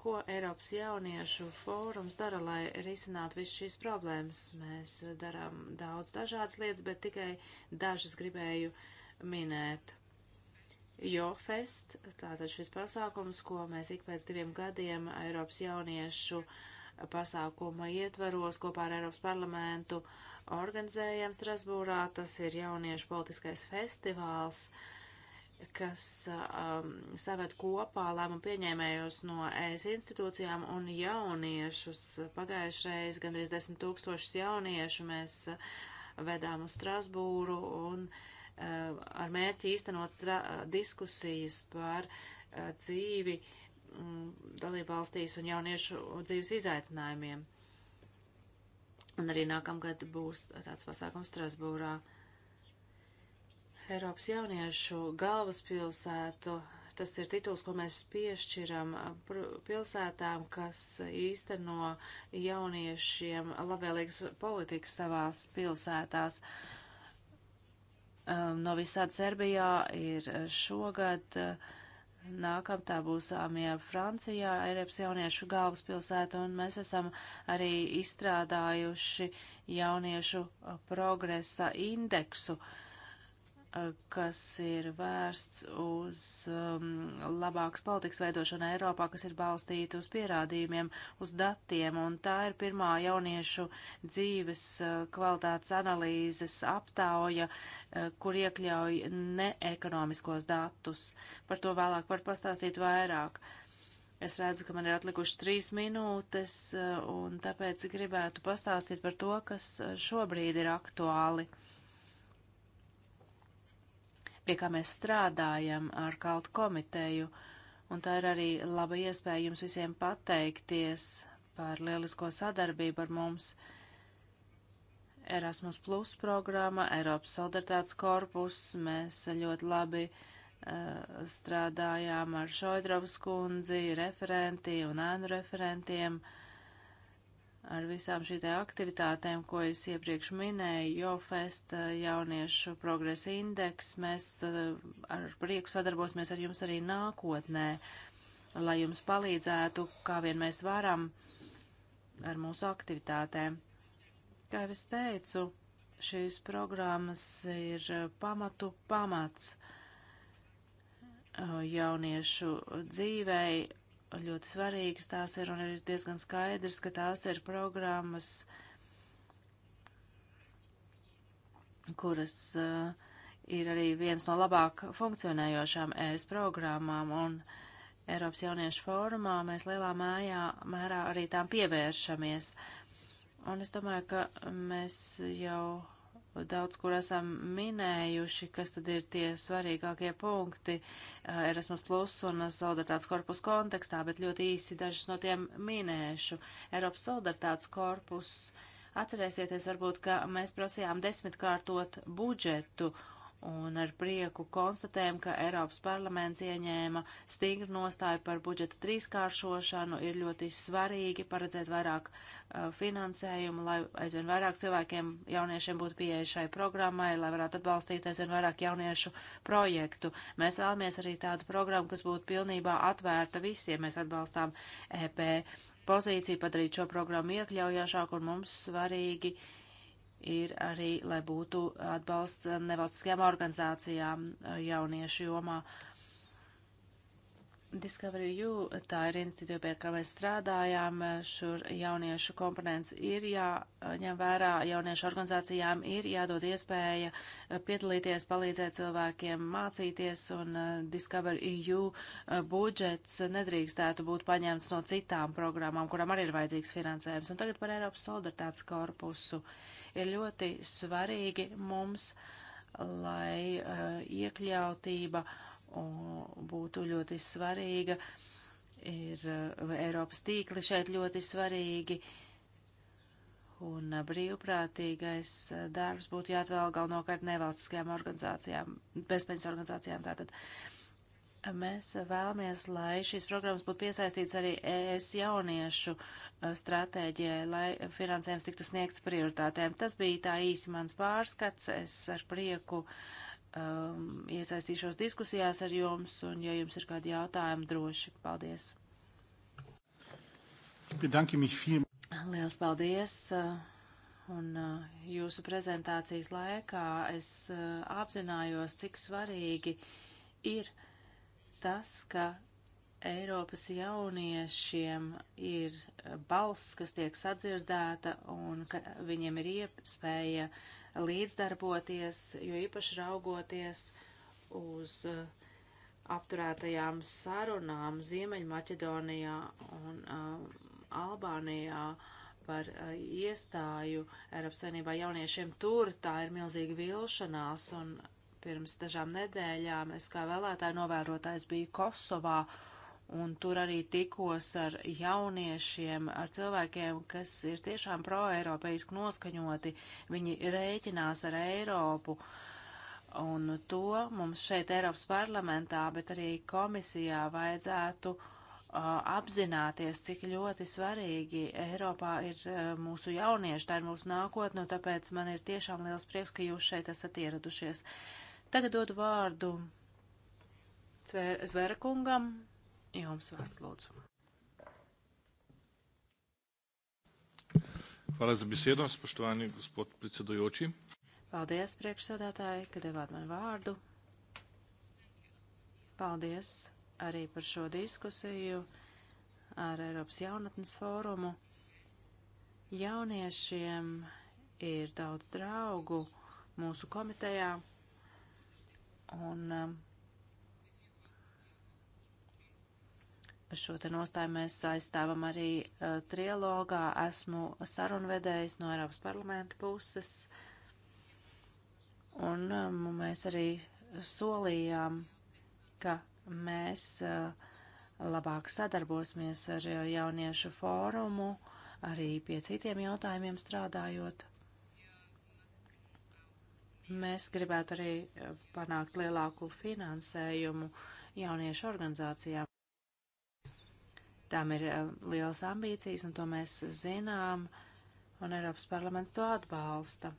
Ko Eiropas jauniešu fórums dara, lai risinātu visu šīs problēmas? Mēs eh, darām daudz dažādas lietas, bet tikai dažas gribēju minēt. JoFest, tātad šis pasākums, ko mēs ik pēc diviem gadiem Eiropas jauniešu pasākuma ietvaros kopā ar Eiropas parlamentu organizējam Strasbūrā, tas ir jauniešu politiskais festivāls. Uh, kas um, saved kopā lēmumu pieņēmējus no ES institūcijām un jauniešus. Pagājušreiz gandrīz desmit tūkstošus jauniešu mēs uh, vedām uz Strasbūru un uh, ar mērķi īstenot uh, diskusijas par uh, dzīvi um, dalībvalstīs un jauniešu dzīves izaicinājumiem. Un arī nākamgad būs tāds pasākums Strasbūrā. Uh, Eiropas jauniešu galvaspilsētu. Tas ir tituls, ko mēs piešķiram pilsētām, kas īsteno jauniešiem labvēlīgas politikas savās pilsētās. Um, Novi Sad Serbijā ir šogad uh, Nākamā tā būs Amija Francijā, Eiropas jauniešu galvaspilsēta, un mēs esam arī izstrādājuši jauniešu uh, progresa indeksu, kas ir vērsts uz um, labākas politikas veidošanu Eiropā, kas ir balstīta uz pierādījumiem, uz datiem, un tā ir pirmā jauniešu dzīves uh, kvalitātes analīzes aptauja, uh, kur iekļauj neekonomiskos datus. Par to vēlāk var pastāstīt vairāk. Es redzu, ka man ir atlikuši trīs minūtes, uh, un tāpēc gribētu pastāstīt par to, kas uh, šobrīd ir aktuāli. Uh, pie kā mēs strādājam ar kaltu komiteju, un tā ir arī laba iespēja jums visiem pateikties par lielisko sadarbību ar mums. Erasmus Plus programma, Eiropas solidaritātes korpus, mēs ļoti labi uh, strādājām ar Šoidrovas kundzi, referenti un ēnu referentiem. Uh, ar visām šītā aktivitātēm, ko es iepriekš minēju, JoFest, eh, jauniešu progresa indeks, mēs eh, ar prieku sadarbosimies ar jums arī nākotnē, lai jums palīdzētu, kā vien mēs varam ar mūsu aktivitātēm. Kā jau es teicu, šīs programmas ir eh, pamatu pamats jauniešu dzīvei ļoti svarīgas tās ir un ir diezgan skaidrs, ka tās ir programmas, kuras uh, ir arī viens no labāk funkcionējošām ES programmām un Eiropas jauniešu fórumā mēs lielā mājā, mērā arī tām pievēršamies. Un es domāju, ka mēs jau daudz, kur esam minējuši, kas tad ir tie svarīgākie punkti Erasmus Plus un Solidaritātes korpus kontekstā, bet ļoti īsi dažas no tiem minēšu. Eiropas Solidaritātes korpus, atcerēsieties varbūt, ka mēs prasījām desmitkārtot budžetu un ar prieku konstatējam, ka Eiropas parlaments ieņēma stingru nostāju par budžeta trīskāršošanu. Ir ļoti svarīgi paredzēt vairāk uh, finansējumu, lai aizvien vairāk cilvēkiem, jauniešiem būtu pieeja šai programmai, lai varētu atbalstīt aizvien vairāk jauniešu projektu. Mēs vēlamies arī tādu programmu, kas būtu pilnībā atvērta visiem. Mēs atbalstām EP pozīciju, padarīt šo programmu iekļaujošāku un mums svarīgi uh, ir arī, lai būtu atbalsts nevalstiskajām organizācijām eh, jauniešu jomā. Discovery U, tā ir institūta, pie kā mēs strādājām, eh, šur jauniešu komponents ir jāņem vērā, jauniešu organizācijām ir jādod iespēja eh, piedalīties, palīdzēt cilvēkiem mācīties, un Discovery U budžets nedrīkstētu būt paņemts no citām programmām, kurām arī ir vajadzīgs finansējums. Un tagad par Eiropas solidaritātes korpusu. Uh, ir ļoti svarīgi mums, lai uh, iekļautība uh, būtu ļoti svarīga. Ir uh, Eiropas tīkli šeit ļoti svarīgi. Un eh, brīvprātīgais darbs būtu jāatvēl galvenokārt nevalstiskajām organizācijām, bezpējas organizācijām. Tātad Mēs vēlamies, lai šīs programmas būtu piesaistīts arī ES jauniešu e, stratēģijai, lai finansējums tiktu sniegts prioritātēm. Tas bija tā īsi mans pārskats. Es ar prieku um, iesaistīšos diskusijās ar jums, un ja jums ir kādi jautājumi, droši. Paldies! Liels paldies! E, un e, jūsu prezentācijas laikā es apzinājos, cik svarīgi ir tas, ka Eiropas jauniešiem ir balss, kas tiek sadzirdēta un ka viņiem ir iespēja līdzdarboties, jo īpaši raugoties uz uh, apturētajām sarunām Ziemeļmaķedonijā un um, Albānijā par uh, iestāju Eiropas Savienībā jauniešiem tur tā ir milzīga vilšanās un Pirms dažām nedēļām es kā vēlētāju novērotājs biju Kosovā, un tur arī tikos ar jauniešiem, ar cilvēkiem, kas ir tiešām proeiropeiski noskaņoti. Viņi rēķinās ar Eiropu. Un to mums šeit Eiropas parlamentā, bet arī komisijā vajadzētu apzināties, cik ļoti svarīgi Eiropā ir mūsu jaunieši, tā ir mūsu nākotne, un tāpēc man ir tiešām liels prieks, ka jūs šeit esat ieradušies. Tagad dodu vārdu Zvera kungam. Jums vārds, lūdzu. Hvala za besedo, spoštovani gospod predsedujoči. Paldies, priekšsēdētāji, ka devāt man vārdu. Paldies arī par šo diskusiju ar Eiropas jaunatnes fórumu. Jauniešiem ir daudz draugu mūsu komitejā. Un um, šo te nostāju mēs aizstāvam arī uh, trilogā. Esmu sarunvedējis no Eiropas parlamenta puses. Un um, mēs arī solījām, ka mēs uh, labāk sadarbosimies ar uh, jauniešu fórumu, arī pie citiem jautājumiem strādājot. Mēs gribētu arī eh, panākt lielāku finansējumu jauniešu organizācijām. Tām ir eh, lielas ambīcijas, un to mēs zinām, un Eiropas parlaments to atbalsta.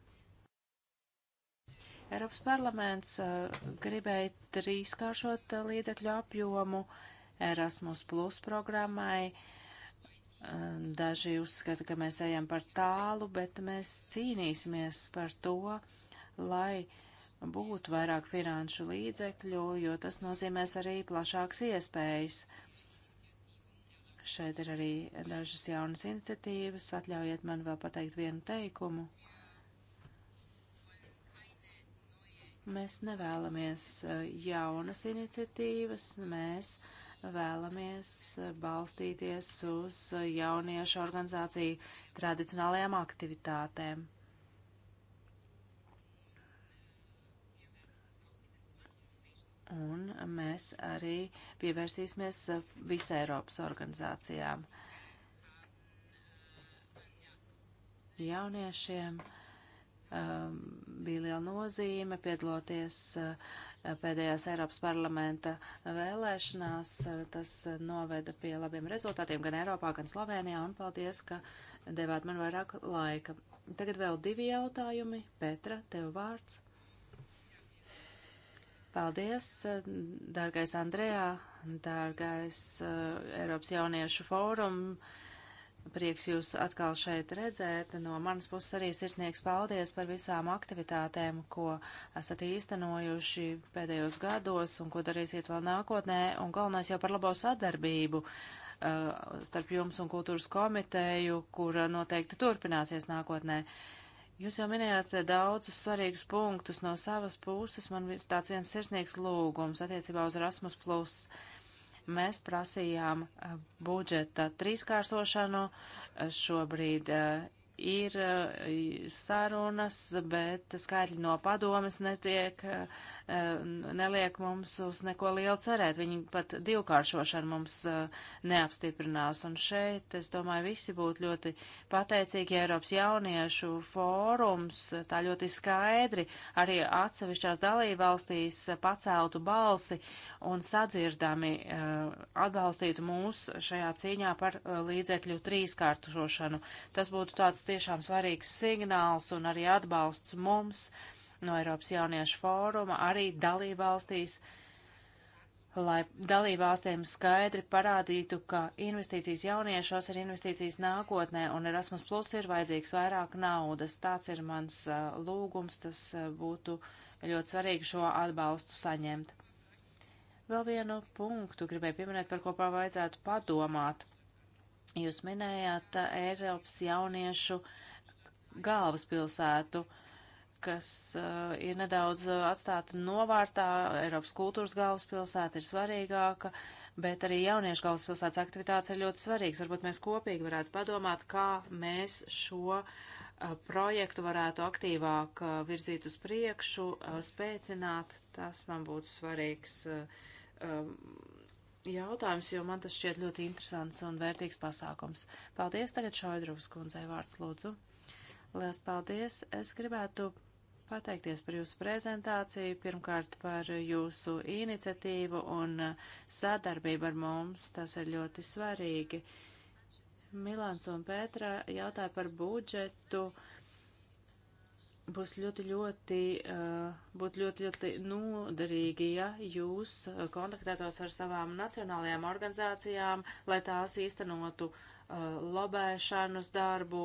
Eiropas parlaments eh, gribēja trīskāršot līdzekļu apjomu Erasmus Plus programmai. Daži uzskata, ka mēs ejam par tālu, bet mēs cīnīsimies par to, lai būtu vairāk finanšu līdzekļu, jo tas nozīmēs arī plašāks iespējas. Šeit ir arī dažas jaunas iniciatīvas. Atļaujiet man vēl pateikt vienu teikumu. Mēs nevēlamies eh, jaunas iniciatīvas, mēs vēlamies eh, balstīties uz eh, jauniešu organizāciju tradicionālajām aktivitātēm. un mēs arī pievērsīsimies uh, visai Eiropas organizācijām. Jauniešiem um, bija liela nozīme piedaloties uh, pēdējās Eiropas parlamenta vēlēšanās. Uh, tas uh, noveda pie labiem rezultātiem gan Eiropā, gan Slovenijā, un paldies, ka devāt man vairāk laika. Tagad vēl divi jautājumi. Petra, tev vārds. Paldies, dārgais Andrejā, dārgais eh, Eiropas jauniešu fórumu. Prieks jūs atkal šeit redzēt. No manas puses arī sirsnieks paldies par visām aktivitātēm, ko esat īstenojuši pēdējos gados un ko darīsiet vēl nākotnē. Un galvenais jau par labo sadarbību uh, starp jums un kultūras komiteju, kura noteikti turpināsies nākotnē. Uh, Jūs jau minējāt eh, daudzus svarīgus punktus no savas puses. Man ir tāds viens sirsnīgs lūgums attiecībā uz Erasmus. Mēs prasījām eh, budžeta trīskārsošanu. Šobrīd eh, ir eh, sarunas, bet skaitļi no padomes netiek, eh, neliek mums uz neko lielu cerēt. Viņi pat divkāršošanu mums eh, neapstiprinās. Un šeit, es domāju, visi būtu ļoti pateicīgi, ja Eiropas jauniešu fórums tā ļoti skaidri arī atsevišķās dalībvalstīs paceltu balsi un sadzirdami atbalstītu mūs šajā cīņā par līdzekļu trīskārtušošanu. Tas būtu tāds tiešām svarīgs signāls un arī atbalsts mums no Eiropas jauniešu fóruma, arī dalībvalstīs, lai dalībvalstīm skaidri parādītu, ka investīcijas jauniešos ir investīcijas nākotnē un Erasmus Plus ir vajadzīgs vairāk naudas. Tāds ir mans uh, lūgums, tas uh, būtu ļoti svarīgi šo atbalstu saņemt. Vēl vienu punktu gribēju pieminēt, par ko vajadzētu padomāt. Jūs minējāt Eiropas jauniešu galvaspilsētu, kas uh, ir nedaudz uh, atstāta novārtā. Eiropas kultūras galvaspilsēta ir svarīgāka, bet arī jauniešu galvaspilsētas aktivitātes ir ļoti svarīgas. Varbūt mēs kopīgi varētu padomāt, kā mēs šo uh, projektu varētu aktīvāk uh, virzīt uz priekšu, uh, spēcināt. Tas man būtu svarīgs. Uh, um, jautājums, jo man tas šķiet ļoti interesants un vērtīgs pasākums. Paldies tagad Šoidruvas kundzei vārds lūdzu. Lielas paldies! Es gribētu pateikties par jūsu prezentāciju, pirmkārt par jūsu iniciatīvu un sadarbību ar mums. Tas ir ļoti svarīgi. Milāns un Pētra jautāja par budžetu. Uh, būs ļoti, ļoti, eh, būtu ļoti, ļoti noderīgi, ja jūs eh, kontaktētos ar savām nacionālajām organizācijām, lai tās īstenotu eh, lobēšanas darbu,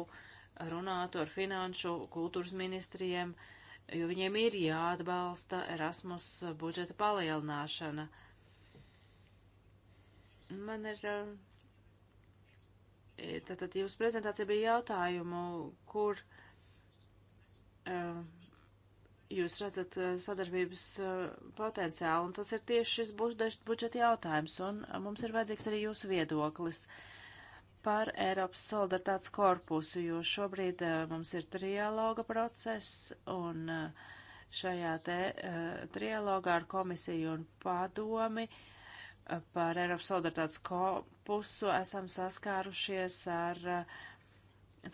runātu ar finanšu, kultūras ministriem, jo viņiem ir jāatbalsta Erasmus budžeta palielināšana. Man ir Tātad jūsu prezentācija bija jautājumu, kur uh, jūs redzat eh, sadarbības eh, potenciālu, un tas ir tieši šis budžeta jautājums, un eh, mums ir vajadzīgs arī jūsu viedoklis par Eiropas solidaritātes korpusu, jo šobrīd mums ir trialoga process, un šajā te trialogā ar komisiju un padomi par Eiropas solidaritātes korpusu esam saskārušies ar uh,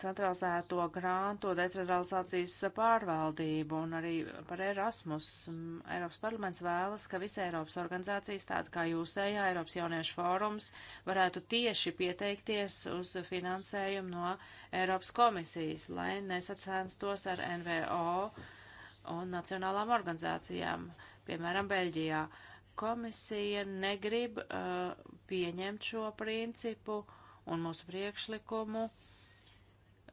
centralizēto grāntu decentralizācijas pārvaldību un arī par Erasmus. Eiropas parlaments vēlas, ka visa Eiropas organizācijas, tāda kā jūsējā Eiropas jauniešu fórums, varētu tieši pieteikties uz finansējumu no Eiropas komisijas, lai nesacenstos ar NVO un nacionālām organizācijām, piemēram, Beļģijā. Komisija negrib uh, pieņemt šo principu un mūsu priekšlikumu uh,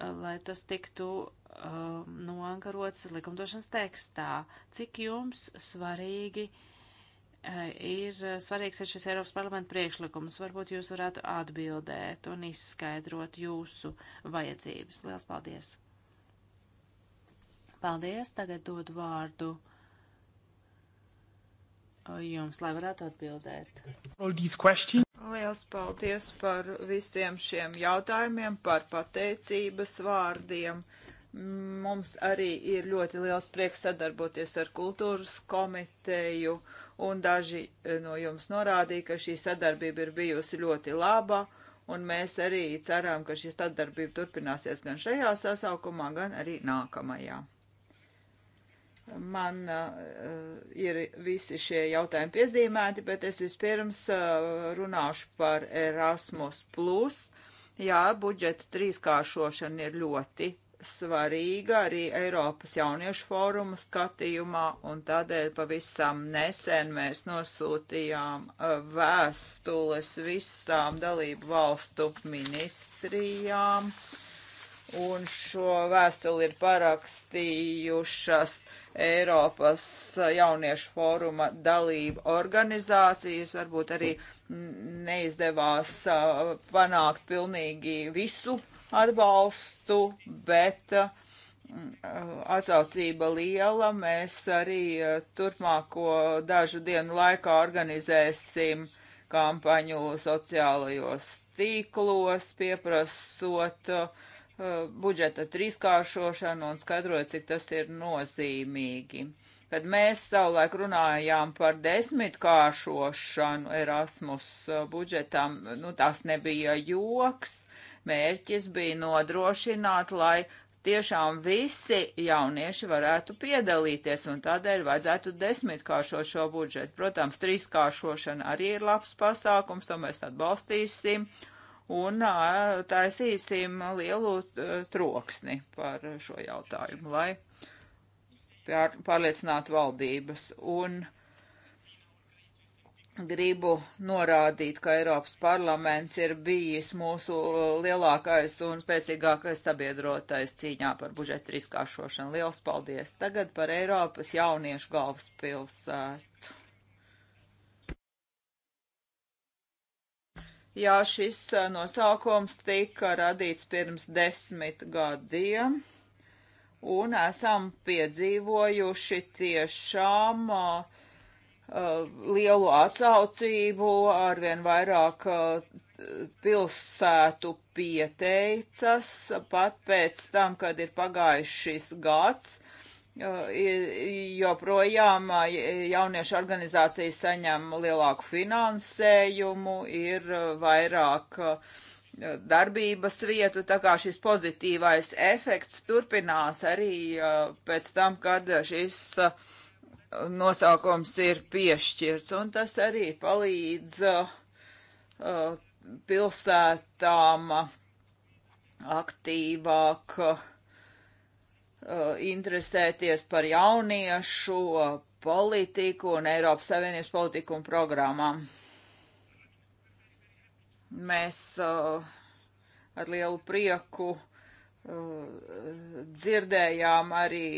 lai tas tiktu uh, noankarots likumdošanas tekstā. Cik jums svarīgi uh, ir, eh, svarīgs ir šis Eiropas parlamenta priekšlikums? Varbūt jūs varētu atbildēt un izskaidrot jūsu vajadzības. Lielas paldies! Paldies! Tagad dod vārdu. Eh, jums, lai varētu atbildēt. Liels paldies par visiem šiem jautājumiem, par pateicības vārdiem. Mums arī ir ļoti liels prieks sadarboties ar kultūras komiteju, un daži eh, no jums norādīja, ka šī sadarbība ir bijusi ļoti laba, un mēs arī ceram, ka šī sadarbība turpināsies gan šajā sasaukumā, gan arī nākamajā. Man uh, ir visi šie jautājumi piezīmēti, bet es vispirms uh, runāšu par Erasmus. Jā, budžeta trīskāršošana ir ļoti svarīga arī Eiropas jauniešu fóruma skatījumā, un tādēļ pavisam nesen mēs nosūtījām eh, vēstules visām dalību valstu ministrijām. Uh, un šo vēstuli ir parakstījušas Eiropas jauniešu fóruma dalību organizācijas. Varbūt arī neizdevās panākt pilnīgi visu atbalstu, bet atsaucība liela. Mēs arī turpmāko dažu dienu laikā organizēsim kampaņu sociālajos tīklos, pieprasot uh, budžeta trīskāršošanu un skaidrojot, cik tas ir nozīmīgi. Kad mēs savulaik runājām par desmitkāršošanu Erasmus uh, budžetam, nu tas nebija joks. Mērķis bija nodrošināt, lai tiešām visi jaunieši varētu piedalīties, un tādēļ vajadzētu desmitkāršot šo budžetu. Protams, trīskāršošana arī ir labs pasākums, to mēs atbalstīsim. Uh, un taisīsim lielu troksni par šo jautājumu, lai pārliecinātu valdības. Un gribu norādīt, ka Eiropas parlaments ir bijis mūsu lielākais un spēcīgākais sabiedrotais cīņā par budžeta riskāšošanu. Liels paldies! Tagad par Eiropas jauniešu galvaspilsētu. Jā, šis nosaukums tika radīts pirms desmit gadiem, un esam piedzīvojuši tiešām uh, lielu atsaucību, arvien vairāk uh, pilsētu pieteicas, pat pēc tam, kad ir pagājušis gads, uh, Uh, joprojām uh, jauniešu organizācijas saņem lielāku finansējumu, ir uh, vairāk darbības vietu, tā kā šis pozitīvais efekts turpinās arī pēc tam, kad šis nosaukums ir piešķirts, un tas arī palīdz pilsētām aktīvāk uh, Uh, interesēties par jauniešu uh, politiku un Eiropas Savienības politiku un programmām. Mēs uh, ar lielu prieku dzirdējām arī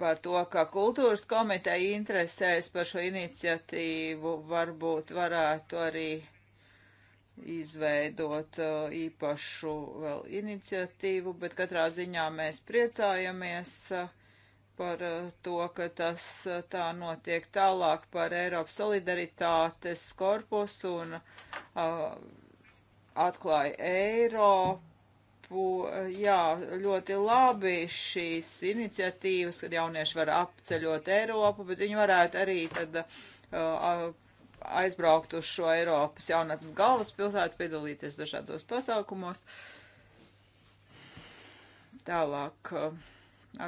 par to, ka kultūras komiteja interesēs par šo iniciatīvu, varbūt varētu arī uh, izveidot uh, īpašu vēl iniciatīvu, bet katrā ziņā mēs priecājamies uh, par uh, to, ka tas tā notiek tālāk par Eiropas solidaritātes korpusu un atklāja Eiropu. Jā, ļoti labi šīs iniciatīvas, kad jaunieši var apceļot Eiropu, bet viņi varētu arī tad uh, aizbraukt uz šo Eiropas jaunatnes galvaspilsētu, piedalīties dažādos pasākumos. Tālāk uh,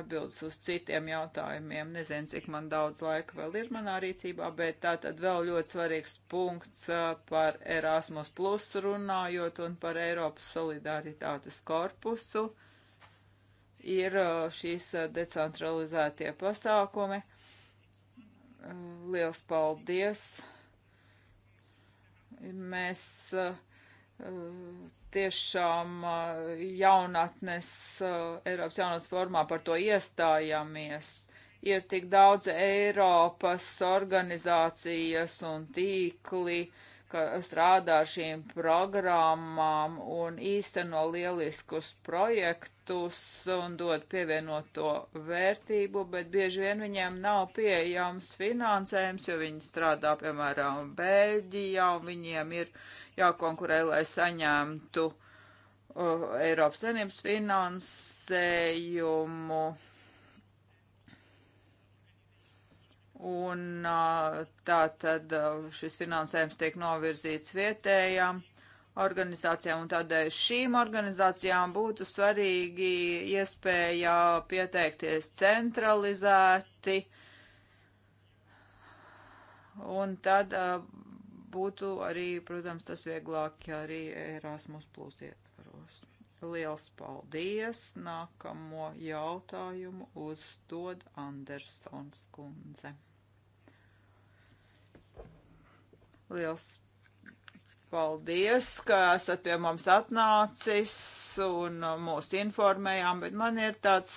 atbildes uz citiem jautājumiem. Nezinu, cik man daudz laika vēl ir manā rīcībā, bet tā tad vēl ļoti svarīgs punkts uh, par Erasmus Plus runājot un par Eiropas solidaritātes korpusu ir uh, šīs decentralizētie pasākumi. Liels paldies! mēs uh, tiešām uh, jaunatnes, uh, Eiropas jaunatnes formā par to iestājāmies. Ir tik daudz Eiropas organizācijas un tīkli, uh, ka strādā ar šīm programmām un īsteno lieliskus projektus un dod pievienoto vērtību, bet bieži vien viņiem nav pieejams finansējums, jo viņi strādā, piemēram, Beļģijā, un viņiem ir jākonkurē, lai saņemtu uh, Eiropas Savienības finansējumu Un uh, tā tad uh, šis finansējums tiek novirzīts vietējām organizācijām, un tādēļ šīm organizācijām būtu svarīgi iespēja pieteikties centralizēti, un tad uh, būtu arī, protams, tas vieglāk, ja arī Erasmus plus ietvaros. Liels paldies! Nākamo jautājumu uzdod Andersons kundze. Liels paldies, ka esat pie mums atnācis un mūs informējām, bet man ir tāds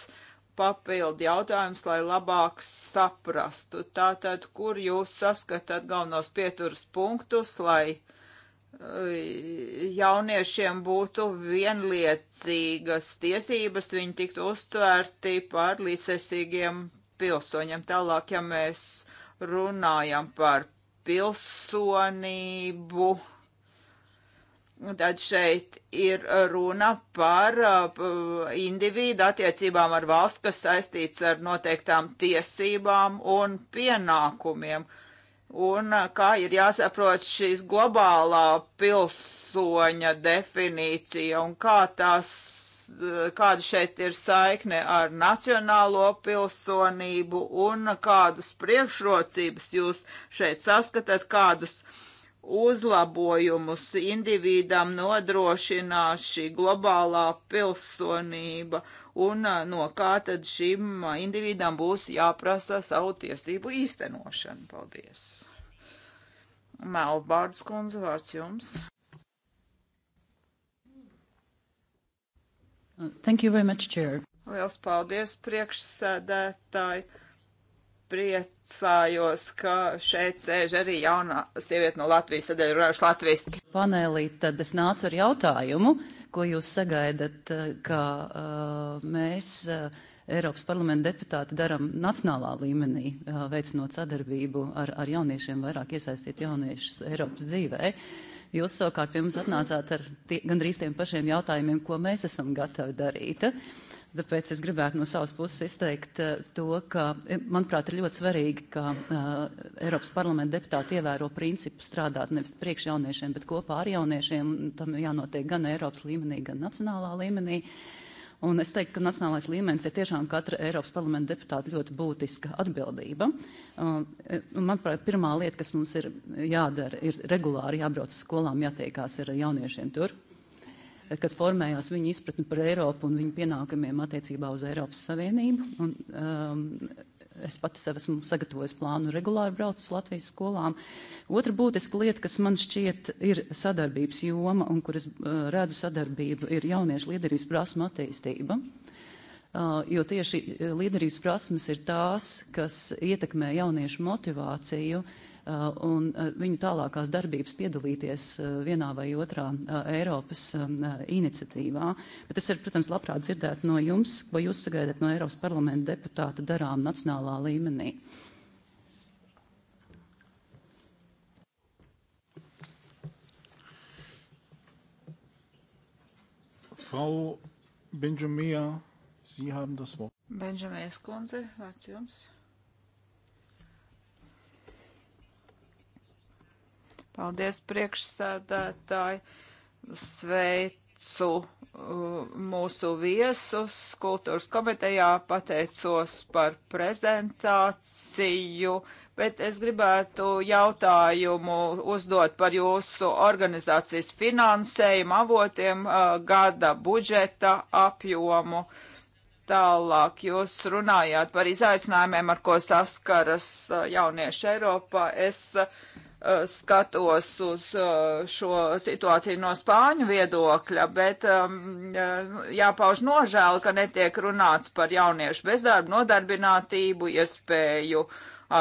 papildi jautājums, lai labāk saprastu. Tātad, kur jūs saskatāt galvenos pieturas punktus, lai eh, jauniešiem būtu vienliecīgas tiesības, viņi tiktu uztvērti par līdzsvarīgiem pilsoņiem. Tālāk, ja mēs runājam par pilsonību. Tad šeit ir runa par uh, individu attiecībām ar valsts, kas saistīts ar noteiktām tiesībām un pienākumiem. Un uh, kā ir jāsaprot šīs globālā pilsoņa definīcija un kā tās kāda šeit ir saikne ar nacionālo pilsonību un kādus priekšrocības jūs šeit saskatāt, kādus uzlabojumus individam nodrošinās šī globālā pilsonība un no kā tad šim individam būs jāprasa savu tiesību īstenošanu. Paldies! Melbārds kundze, vārds jums. Thank you very much, Chair. Liels paldies, priekšsēdētāji. Priecājos, ka šeit sēž arī jaunā sieviete no Latvijas, tad ir runājuši latviski. Panelī tad es nācu ar jautājumu, ko jūs sagaidat, eh, ka uh, mēs uh, Eiropas parlamenta deputāti darām nacionālā līmenī, uh, veicinot sadarbību ar, ar jauniešiem, vairāk iesaistīt jauniešus Eiropas dzīvē. Uh, Jūs savukārt pie mums atnācāt ar tie, gandrīz tiem pašiem jautājumiem, ko mēs esam gatavi darīt. Tāpēc es gribētu no savas puses izteikt eh, to, ka, eh, manuprāt, ir ļoti svarīgi, ka uh, Eiropas parlamenta deputāti ievēro principu strādāt nevis priekš jauniešiem, bet kopā ar jauniešiem. Tam jānotiek gan Eiropas līmenī, gan nacionālā līmenī. Uh, Un es teiktu, ka nacionālais līmenis ir tiešām katra Eiropas parlamenta deputāta ļoti būtiska atbildība. Um, e, un, manuprāt, pirmā lieta, kas mums ir jādara, ir regulāri jābrauc uz skolām, jātiekās ar jauniešiem tur, e, kad formējās viņa izpratne par Eiropu un viņa pienākumiem attiecībā uz Eiropas Savienību. Un, um, es pati sev esmu sagatavojusi plānu regulāri braukt uz Latvijas skolām. Otra būtiska lieta, kas man šķiet ir sadarbības joma un kur es uh, redzu sadarbību, ir jauniešu līderības prasma attīstība. Uh, jo tieši uh, līderības prasmes ir tās, kas ietekmē jauniešu motivāciju uh, Uh, un uh, viņu tālākās darbības piedalīties uh, vienā vai otrā Eiropas um, iniciatīvā. Bet es, protams, labprāt dzirdētu no jums, ko jūs sagaidat no Eiropas parlamenta deputāta darām nacionālā līmenī. Frau Benjamia, Sie haben das Wort. Benjamia Skunze, vārds jums. Paldies, priekšsēdētāji. Sveicu uh, mūsu viesus kultūras komitejā, pateicos par prezentāciju, bet es gribētu jautājumu uzdot par jūsu organizācijas finansējumu avotiem, uh, gada budžeta apjomu. Tālāk jūs runājāt par izaicinājumiem, ar ko saskaras uh, jaunieši Eiropā. Es uh, Eh, skatos uz eh, šo situāciju no spāņu viedokļa, bet ehm, eh, jāpauž nožēla, ka netiek runāts par jauniešu bezdarbu, nodarbinātību, iespēju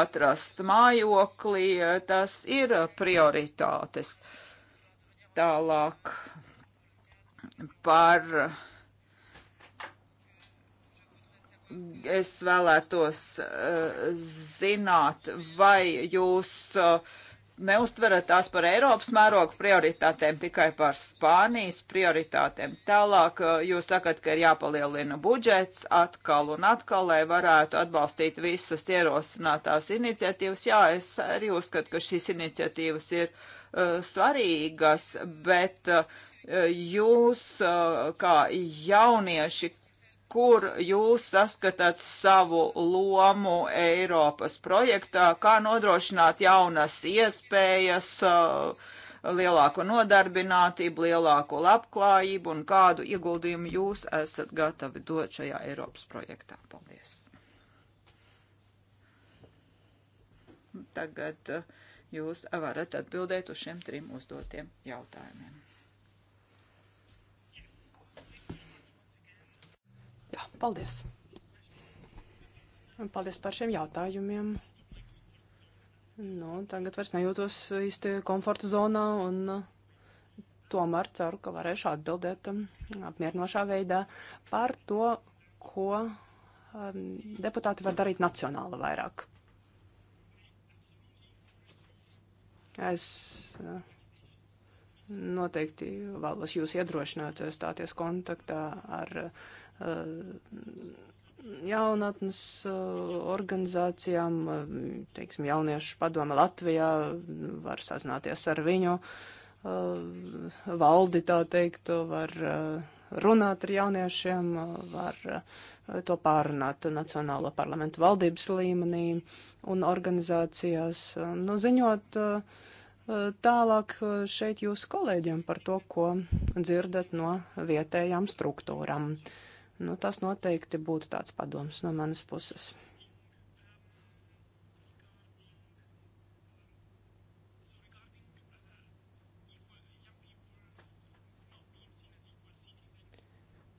atrast mājokli. Tas ir prioritātes. Tālāk par es vēlētos uh, zināt, vai jūs uh, neuztverat tās par Eiropas mērogu prioritātēm, tikai par Spānijas prioritātēm. Tālāk eh, jūs sakat, ka ir jāpalielina budžets atkal un atkal, lai varētu atbalstīt visas ierosinātās iniciatīvas. Jā, es arī uzskatu, ka šīs iniciatīvas ir uh, svarīgas, bet uh, jūs uh, kā jaunieši kur jūs saskatāt savu lomu Eiropas projektā, kā nodrošināt jaunas iespējas, uh, lielāku nodarbinātību, lielāku labklājību un kādu ieguldījumu jūs esat gatavi dot šajā Eiropas projektā. Paldies! Tagad uh, jūs varat atbildēt uz šiem trim uzdotiem jautājumiem. Jā, paldies. Un paldies par šiem jautājumiem. Nu, tagad vairs nejūtos īsti komforta zonā un tomēr ceru, ka varēšu atbildēt um, apmierinošā veidā par to, ko um, deputāti var darīt nacionāli vairāk. Es uh, noteikti vēlos jūs iedrošināt uh, stāties kontaktā ar uh, Eh, jaunatnes eh, organizācijām, eh, teiksim, jauniešu padome Latvijā, var sazināties ar viņu valdi, tā teikt, var runāt ar jauniešiem, var to pārunāt Nacionālo parlamentu valdības līmenī un organizācijās, nu, ziņot tālāk šeit jūsu kolēģiem par to, ko dzirdat no vietējām struktūram. Uh, Nu, tas noteikti būtu tāds padoms no manas puses.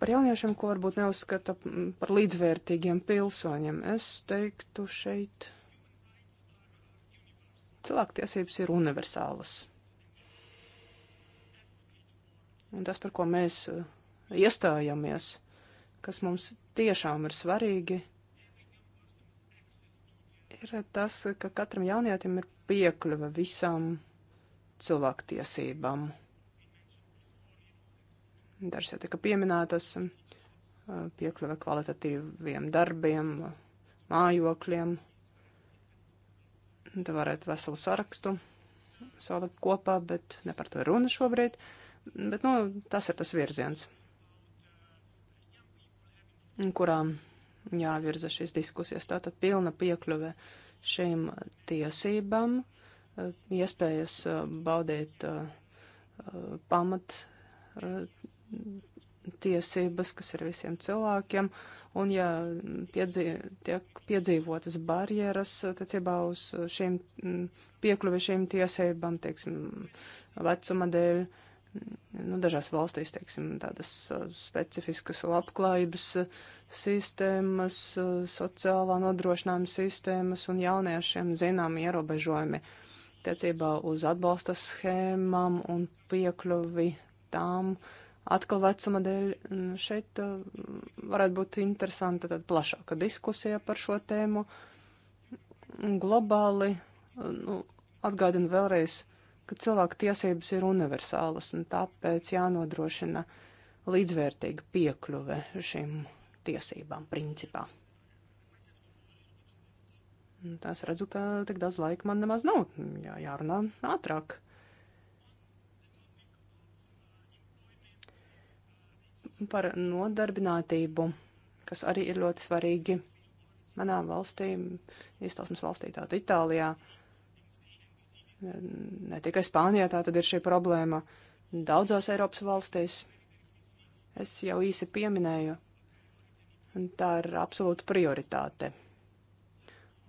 Par jauniešiem, ko varbūt neuzskata par līdzvērtīgiem pilsoņiem, es teiktu šeit, cilvēktiesības ir universālas. Un tas, par ko mēs e, iestājamies, kas mums tiešām ir svarīgi, ir tas, ka katram jaunietim ir piekļuva visām cilvēktiesībām. Dažs jau tika pieminētas piekļuve kvalitatīviem darbiem, mājokļiem. Nu, te varētu veselu sarakstu salikt kopā, bet ne par to ir runa šobrīd. Bet, nu, tas ir tas virziens kurām jāvirza šīs diskusijas. Tātad pilna piekļuve šīm tiesībām, eh, iespējas eh, baudīt eh, pamat tiesības, kas ir visiem cilvēkiem, un ja piedzīv, tiek piedzīvotas barjeras attiecībā uz šīm mm, piekļuvi šīm tiesībām, teiksim, vecuma dēļ, uh, nu, dažās valstīs, teiksim, tādas uh, specifiskas labklājības uh, sistēmas, uh, sociālā nodrošinājuma sistēmas un jauniešiem zināmi ierobežojumi attiecībā uz atbalsta schēmām un piekļuvi tām. Atkal vecuma dēļ mm, šeit varētu būt interesanta tad plašāka diskusija par šo tēmu. Globāli, nu, atgādinu vēlreiz, ka cilvēku tiesības ir universālas un tāpēc jānodrošina līdzvērtīga piekļuve šīm tiesībām principā. Es redzu, ka tik daudz laika man nemaz nav. Jā, jārunā ātrāk. Par nodarbinātību, kas arī ir ļoti svarīgi. Manā valstī, izcelsmes valstī, tāda Itālijā, uh, Ne tikai Spānijā tā tad ir šī problēma, daudzās Eiropas valstīs. Es jau īsi pieminēju, un tā ir absolūta prioritāte.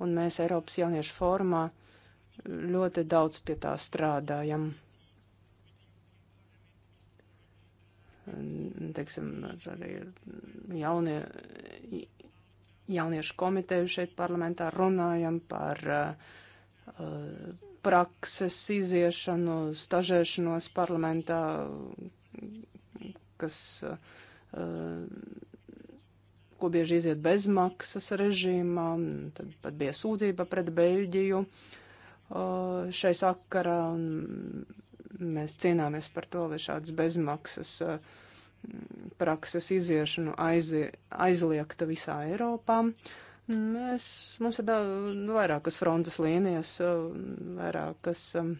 Un mēs Eiropas jauniešu formā ļoti daudz pie tā strādājam. Teiksim, arī jaunie, jauniešu komiteju šeit parlamentā runājam par uh, uh prakses iziešanu, stažēšanos parlamentā, kas, eh, ko bieži iziet bezmaksas režīmā, tad pat bija sūdzība pret Beļģiju eh, šai sakarā, un mēs cīnāmies par to, lai šādas bezmaksas eh, prakses iziešanu aiz, aizliegta visā Eiropā. Uh, Mēs, mums ir daudz, nu, vairākas frontes līnijas, um, vairākas um,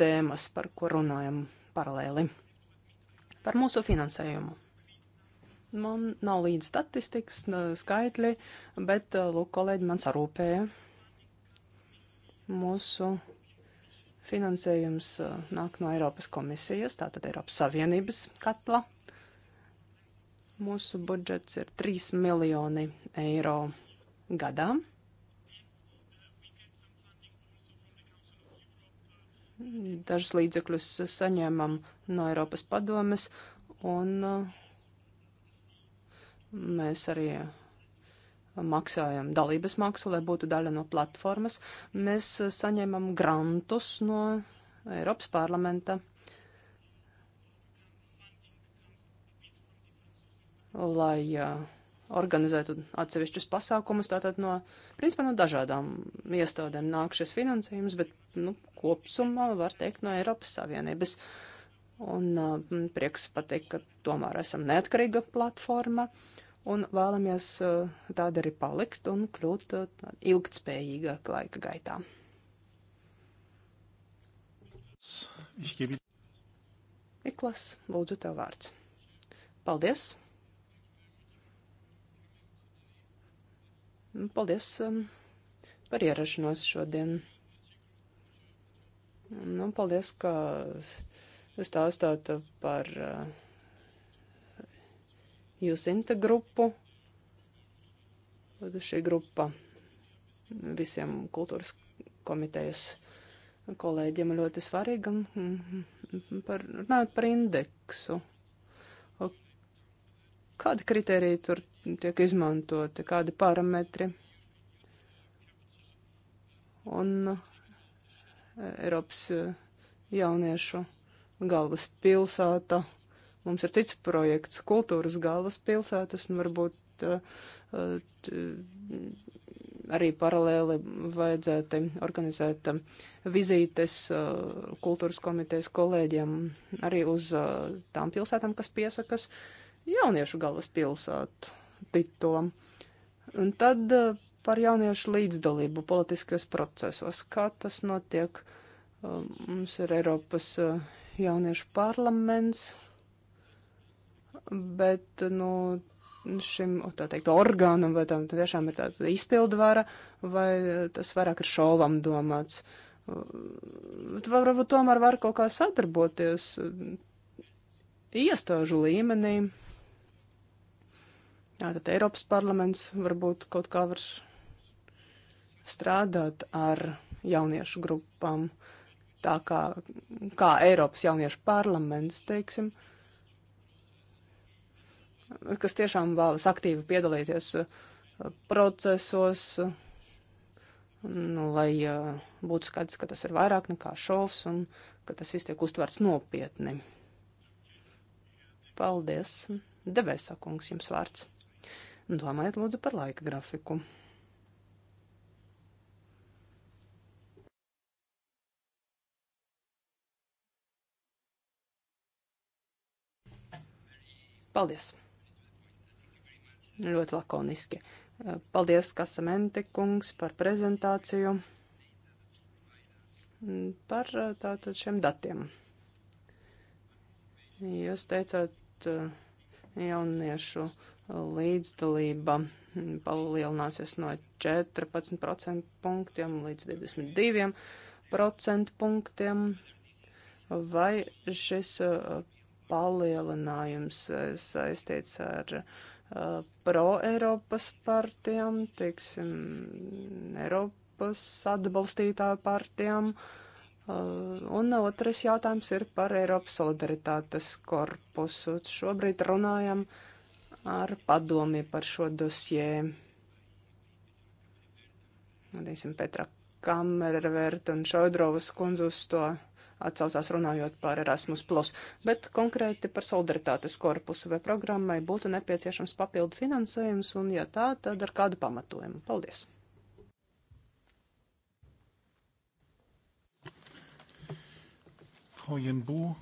tēmas, par ko runājam paralēli. Par mūsu finansējumu. Man nav līdz statistikas skaitļi, bet, uh, lūk, kolēģi man sarūpēja. Mūsu finansējums uh, nāk no Eiropas komisijas, tātad Eiropas Savienības katla. Mūsu budžets ir 3 miljoni eiro gadā. Dažus līdzekļus saņēmam no Eiropas padomes, un uh, mēs arī maksājam dalības maksu, lai būtu daļa no platformas. Mēs uh, saņemam grantus no Eiropas parlamenta lai uh, organizētu atsevišķus pasākumus, tātad no, principā, no dažādām iestādēm nāk šis finansējums, bet, nu, kopsumā var teikt no Eiropas Savienības. Un uh, prieks pateikt, ka tomēr esam neatkarīga platforma un vēlamies uh, tāda arī palikt un kļūt uh, ilgtspējīgāk laika gaitā. Iklas, lūdzu, tev vārds. Paldies! Paldies um, par ierašanos šodien. Nu, paldies, ka stāstāt par uh, jūsu intergrupu. Šī grupa visiem kultūras komitejas kolēģiem ļoti svarīga. Mm, par, runājot par indeksu, kādi kriteriji tur tiek izmantoti, kādi parametri. Un eh, Eiropas eh, jauniešu galvaspilsēta. Mums ir cits projekts, kultūras galvaspilsētas, un varbūt eh, arī paralēli vajadzētu organizēt vizītes kultūras komitejas kolēģiem arī uz tām pilsētām, kas piesakas jauniešu galvaspilsētu titulam. Un tad eh, par jauniešu līdzdalību politiskajos procesos. Kā tas notiek? Um, mums ir Eiropas eh, jauniešu parlaments, bet, eh, nu, šim, tā teikt, orgānam, vai tam tiešām ir tāda izpildvara, vai tas vairāk ir šovam domāts. Uh, bet varbūt tomēr var kaut kā sadarboties iestāžu līmenī. Jā, tad Eiropas parlaments varbūt kaut kā var strādāt ar jauniešu grupām, tā kā, kā Eiropas jauniešu parlaments, teiksim, kas tiešām vēlas aktīvi piedalīties uh, procesos, uh, nu, lai uh, būtu skaidrs, ka tas ir vairāk nekā šovs un ka tas viss tiek uztverts nopietni. Paldies! Devēsā kungs jums vārds. Domājiet lūdzu par laika grafiku. Paldies! Ļoti lakoniski. Paldies, Kasamente kungs, par prezentāciju, par eh, tātad šiem datiem. Jūs teicāt eh, jauniešu uh, līdzdalība palielināsies no 14% punktiem līdz 22% punktiem. Vai šis uh, palielinājums uh, saistīts ar uh, pro-Eiropas partijām, teiksim, Eiropas atbalstītāju partijām? Un otrs jautājums ir par Eiropas solidaritātes korpusu. Šobrīd runājam par ar padomi par šo dosjē. Teiksim, Petra Kamerverta un Šodrovas kundze uz to atsaucās runājot par Erasmus. Bet konkrēti par solidaritātes korpusu vai programmai būtu nepieciešams papildu finansējums, un ja tā, tad ar kādu pamatojumu. Paldies! Frau Jenbū.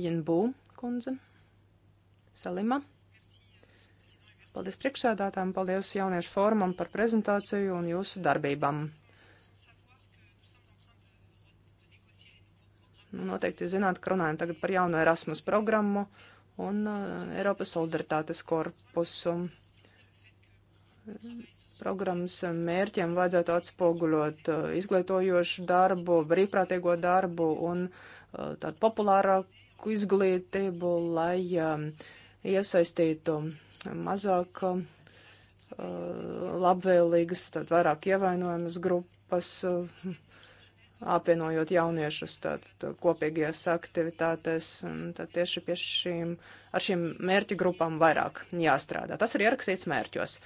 Jenbū, kundze. Salima. Paldies priekšsēdātām, paldies jauniešu formam par prezentāciju un jūsu darbībām. Nu, noteikti jūs zināt, ka runājam tagad par jauno Erasmus programmu un uh, Eiropas solidaritātes korpusu. Programmas mērķiem vajadzētu atspoguļot uh, izglītojošu darbu, brīvprātīgo darbu un uh, tādu populārāku izglītību, lai uh, iesaistītu mazāk uh, labvēlīgas, tad vairāk ievainojamas grupas, uh, apvienojot jauniešus tad, kopīgajās aktivitātēs. Tad tieši pie šīm, ar šīm mērķu grupām vairāk jāstrādā. Tas ir ierakstīts mērķos.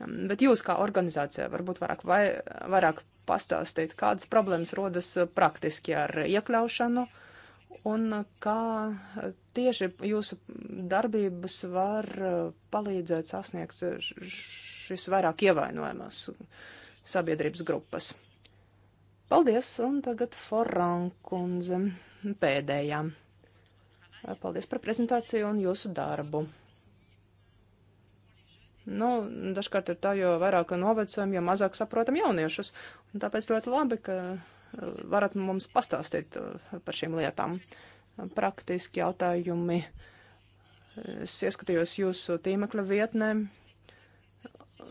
Um, bet jūs kā organizācija varbūt vairāk, vai, vairāk pastāstīt, kādas problēmas rodas praktiski ar iekļaušanu. Uh, un uh, kā uh, tieši jūsu darbības var uh, palīdzēt sasniegt šis vairāk ievainojamās sabiedrības grupas. Paldies, un tagad Forankundze pēdējā. Paldies par prezentāciju un jūsu darbu. Nu, dažkārt ir tā, jo vairāk novecojam, jo mazāk saprotam jauniešus. Un tāpēc ļoti labi, ka varat mums pastāstīt uh, par šīm lietām? Praktiski jautājumi. Es ieskatījos jūsu tīmekļa vietnē.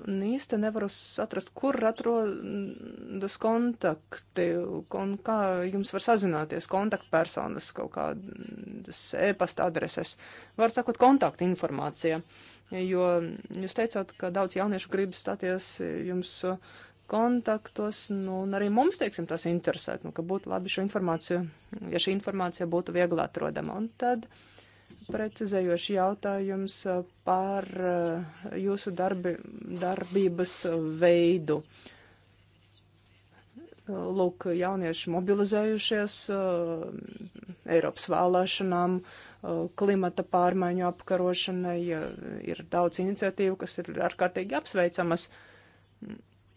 Un īsti nevaru atrast, kur atrodas kontakti un kā jums var sazināties kontaktpersonas kaut kādas e-pasta adreses. Var sakot, kontakta informācija, jo jūs teicāt, ka daudz jauniešu grib stāties jums kontaktos, nu, un arī mums, teiksim, tas interesē, nu, ka būtu labi šo informāciju, ja šī informācija būtu viegli atrodama. Un tad precizējoši jautājums uh, par uh, jūsu darbi, darbības veidu. Lūk, jaunieši mobilizējušies uh, Eiropas vēlēšanām, klimata pārmaiņu apkarošanai. Ir daudz iniciatīvu, kas ir ārkārtīgi apsveicamas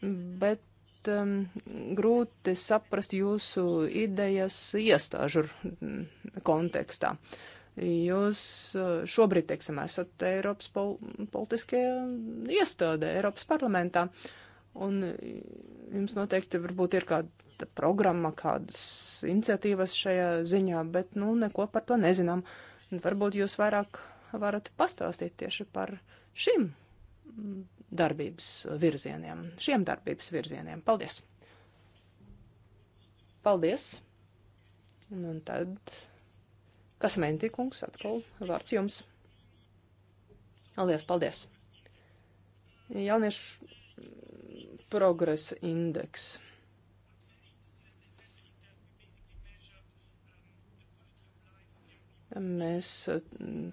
bet um, grūti saprast jūsu idejas iestāžu kontekstā. Jūs uh, šobrīd, teiksim, esat Eiropas pol politiskajā iestādē, Eiropas parlamentā, un jums noteikti varbūt ir kāda programma, kādas iniciatīvas šajā ziņā, bet, nu, neko par to nezinām. Varbūt jūs vairāk varat pastāstīt tieši par šīm darbības virzieniem, šiem darbības virzieniem. Paldies! Paldies! Un tad, kas mentīkungs, atkal vārds jums. Paldies, paldies! Jauniešu progresa indeks. Mēs eh,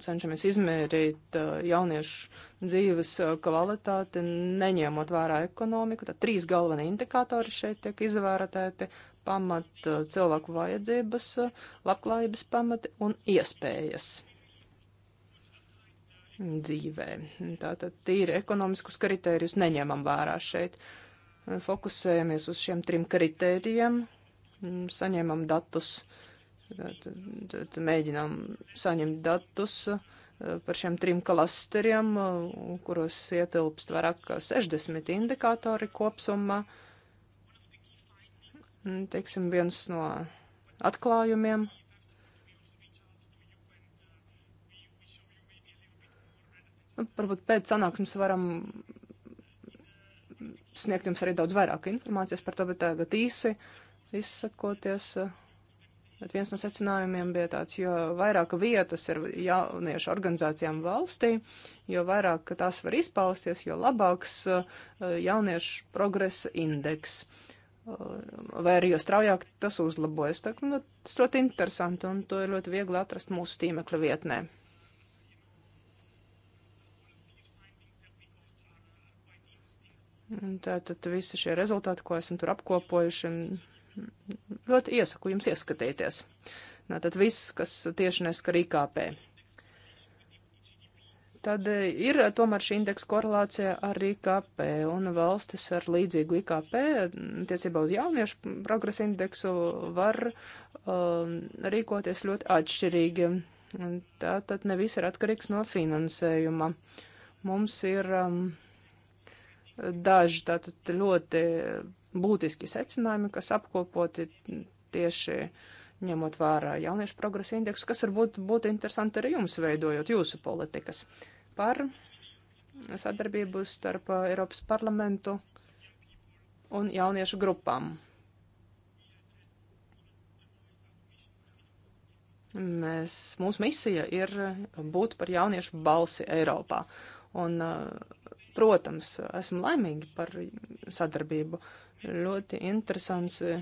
cenšamies izmērīt eh, jauniešu dzīves eh, kvalitāti, neņemot vērā ekonomiku. Tad trīs galvenie indikātori šeit tiek izvērtēti - pamat cilvēku vajadzības, labklājības pamati un iespējas dzīvē. Tātad tīri ekonomiskus kritērijus neņemam vērā šeit. Fokusējamies uz šiem trim kritērijiem, mm, saņemam datus uh, Tad, tad mēģinām saņemt datus eh, par šiem trim klasteriem, eh, kuros ietilpst vairāk kā 60 indikātori kopsumā. Teiksim, viens no atklājumiem. Nu, varbūt pēc sanāksmes varam sniegt jums arī daudz vairāk informācijas par to, bet tagad īsi izsakoties. Uh, Bet viens no secinājumiem bija tāds, jo vairāk vietas ir jauniešu organizācijām valstī, jo vairāk tās var izpausties, jo labāks uh, jauniešu progresa indeks. Uh, vai arī jo straujāk tas uzlabojas. Tā, nu, tas ļoti interesanti un to ir ļoti viegli atrast mūsu tīmekļa vietnē. Tātad visi šie rezultāti, ko esam tur apkopojuši, ļoti iesaku jums ieskatīties. Tātad viss, kas tieši neskar IKP. Tad e, ir tomēr šī indeksa korelācija ar IKP un valstis ar līdzīgu IKP, tiecībā uz jauniešu progresa indeksu, var um, rīkoties ļoti atšķirīgi. Tātad ne viss ir atkarīgs no finansējuma. Mums ir um, daži tātad ļoti būtiski secinājumi, kas apkopoti tieši ņemot vērā jauniešu progresa indeksu, kas varbūt būtu interesanti arī jums veidojot jūsu politikas par sadarbību starp Eiropas parlamentu un jauniešu grupām. Mēs, mūsu misija ir būt par jauniešu balsi Eiropā. Un, protams, esmu laimīgi par sadarbību uh, ļoti interesants eh,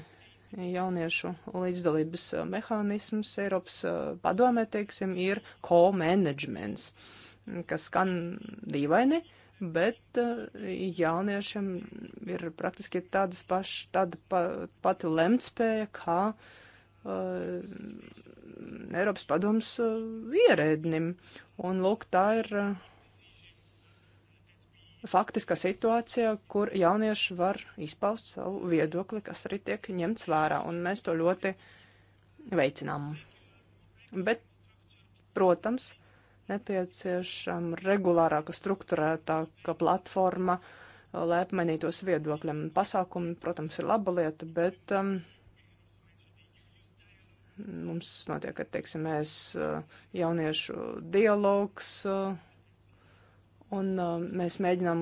jauniešu līdzdalības eh, mehānisms Eiropas eh, padomē, teiksim, ir co-managements, mm, kas skan dīvaini, bet jauniešiem ir praktiski tādas paš, tāda pa, pati lemtspēja, kā uh, Eiropas padoms uh, ierēdnim. Un, lūk, tā ir uh, faktiska situācija, kur jaunieši var izpaust savu viedokli, kas arī tiek ņemts vērā, un mēs to ļoti veicinām. Bet, protams, nepieciešama regulārāka, struktūrētāka platforma, lai apmainītos viedokļiem. Pasākumi, protams, ir laba lieta, bet um, mums notiek, ka, teiksim, mēs uh, jauniešu dialogs. Uh, Un uh, mēs mēģinām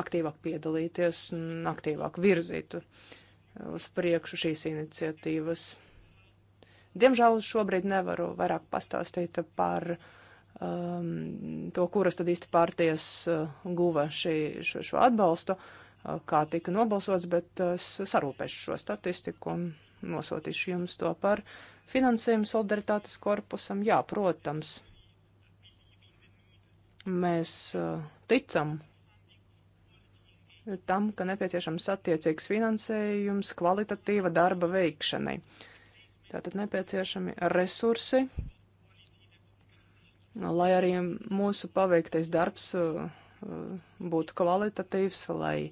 aktīvāk piedalīties un aktīvāk virzīt uh, uz priekšu šīs iniciatīvas. Diemžēl šobrīd nevaru vairāk pastāstīt par um, to, kuras tad īsti pārties uh, guva šī, šo, šo atbalstu, uh, kā tika nobalsots, bet uh, es sarūpēšu šo statistiku un nosūtīšu jums to par finansējumu solidaritātes korpusam. Jā, protams Mēs eh, ticam tam, ka nepieciešams attiecīgs finansējums kvalitatīva darba veikšanai. Tātad nepieciešami resursi, lai arī mūsu paveiktais darbs eh, būtu kvalitatīvs, lai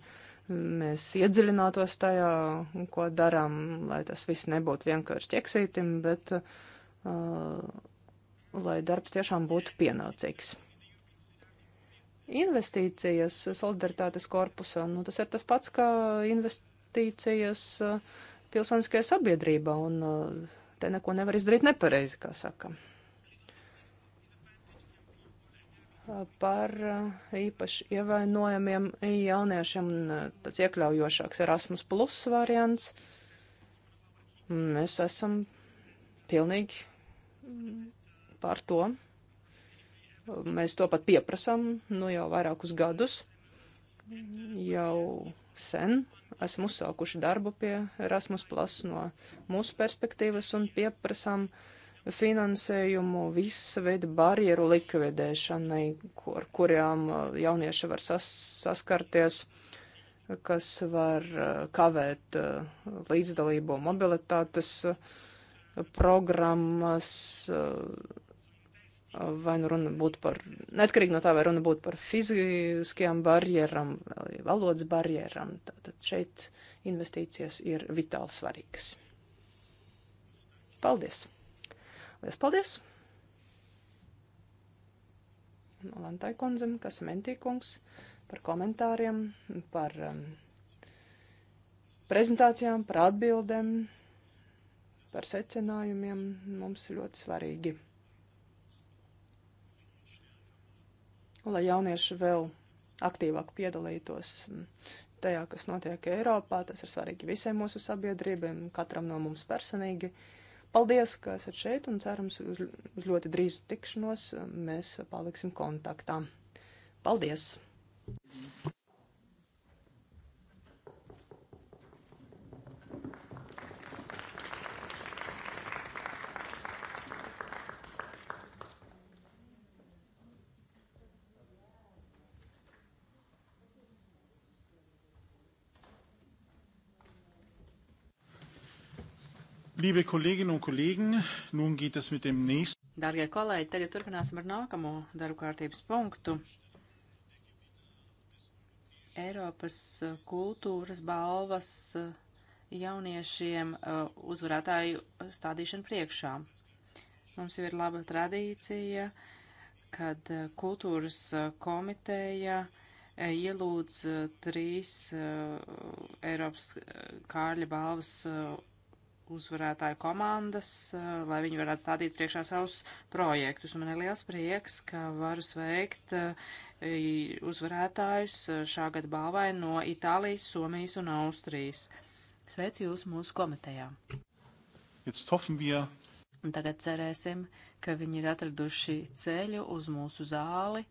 mēs iedziļinātos tajā, ko darām, lai tas viss nebūtu vienkārši ķeksītim, bet uh, lai darbs tiešām būtu pienācīgs investīcijas solidaritātes korpusā. Nu, tas ir tas pats, kā investīcijas uh, pilsoniskajā sabiedrībā, un uh, te neko nevar izdarīt nepareizi, kā saka. Uh, par īpaši ievainojamiem jauniešiem tāds iekļaujošāks Erasmus Plus variants. Mēs esam pilnīgi par to. Mēs to pat pieprasām nu, jau vairākus gadus, jau sen esam uzsākuši darbu pie Erasmus, Plus no mūsu perspektīvas un pieprasām finansējumu visa veida barjeru likvidēšanai, ar kurām uh, jaunieši var sas saskarties, kas var uh, kavēt uh, līdzdalību mobilitātes programmas vai nu runa būtu par, neatkarīgi no tā, vai runa būtu par fiziskajām barjeram, vai valodas barjeram, tad šeit investīcijas ir vitāli svarīgas. Paldies! Lies paldies! Lantai kundzem, kas mentīkungs, par komentāriem, par um, prezentācijām, par atbildēm, par secinājumiem. Mums ļoti svarīgi lai jaunieši vēl aktīvāk piedalītos mm, tajā, kas notiek Eiropā. Tas ir svarīgi visiem mūsu sabiedrībiem, katram no mums personīgi. Paldies, ka esat šeit un cerams uz, uz ļoti drīzu tikšanos mēs paliksim kontaktā. Paldies! Liebe Kolleginnen un Kollegen, nun geht es mit dem nächsten. Darbie kolēģi, tagad turpināsim ar nākamo darbu kārtības punktu. Eiropas eh, kultūras balvas eh, jauniešiem eh, uzvarētāju stādīšanu priekšā. Mums jau ir laba tradīcija, kad kultūras komiteja ielūdz trīs Eiropas kārļa balvas uzvarētāju komandas, eh, lai viņi varētu stādīt priekšā savus projektus. Un man ir liels prieks, ka varu sveikt eh, uzvarētājus eh, šā gada balvai no Itālijas, Somijas un Austrijas. Sveicu jūs mūsu komitejā. Un tagad cerēsim, ka viņi ir atraduši ceļu uz mūsu zāli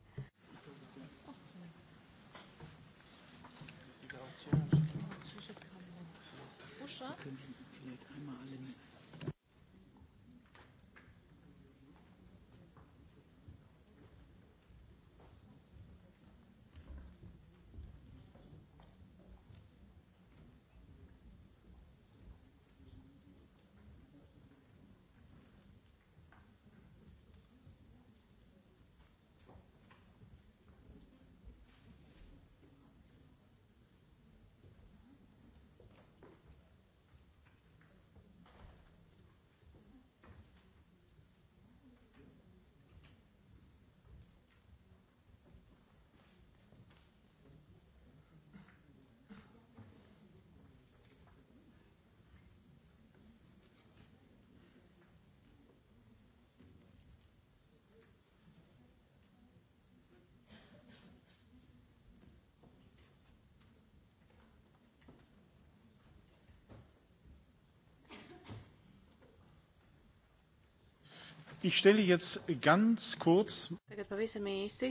Ich stelle jetzt ganz kurz. Tagad pavisam īsi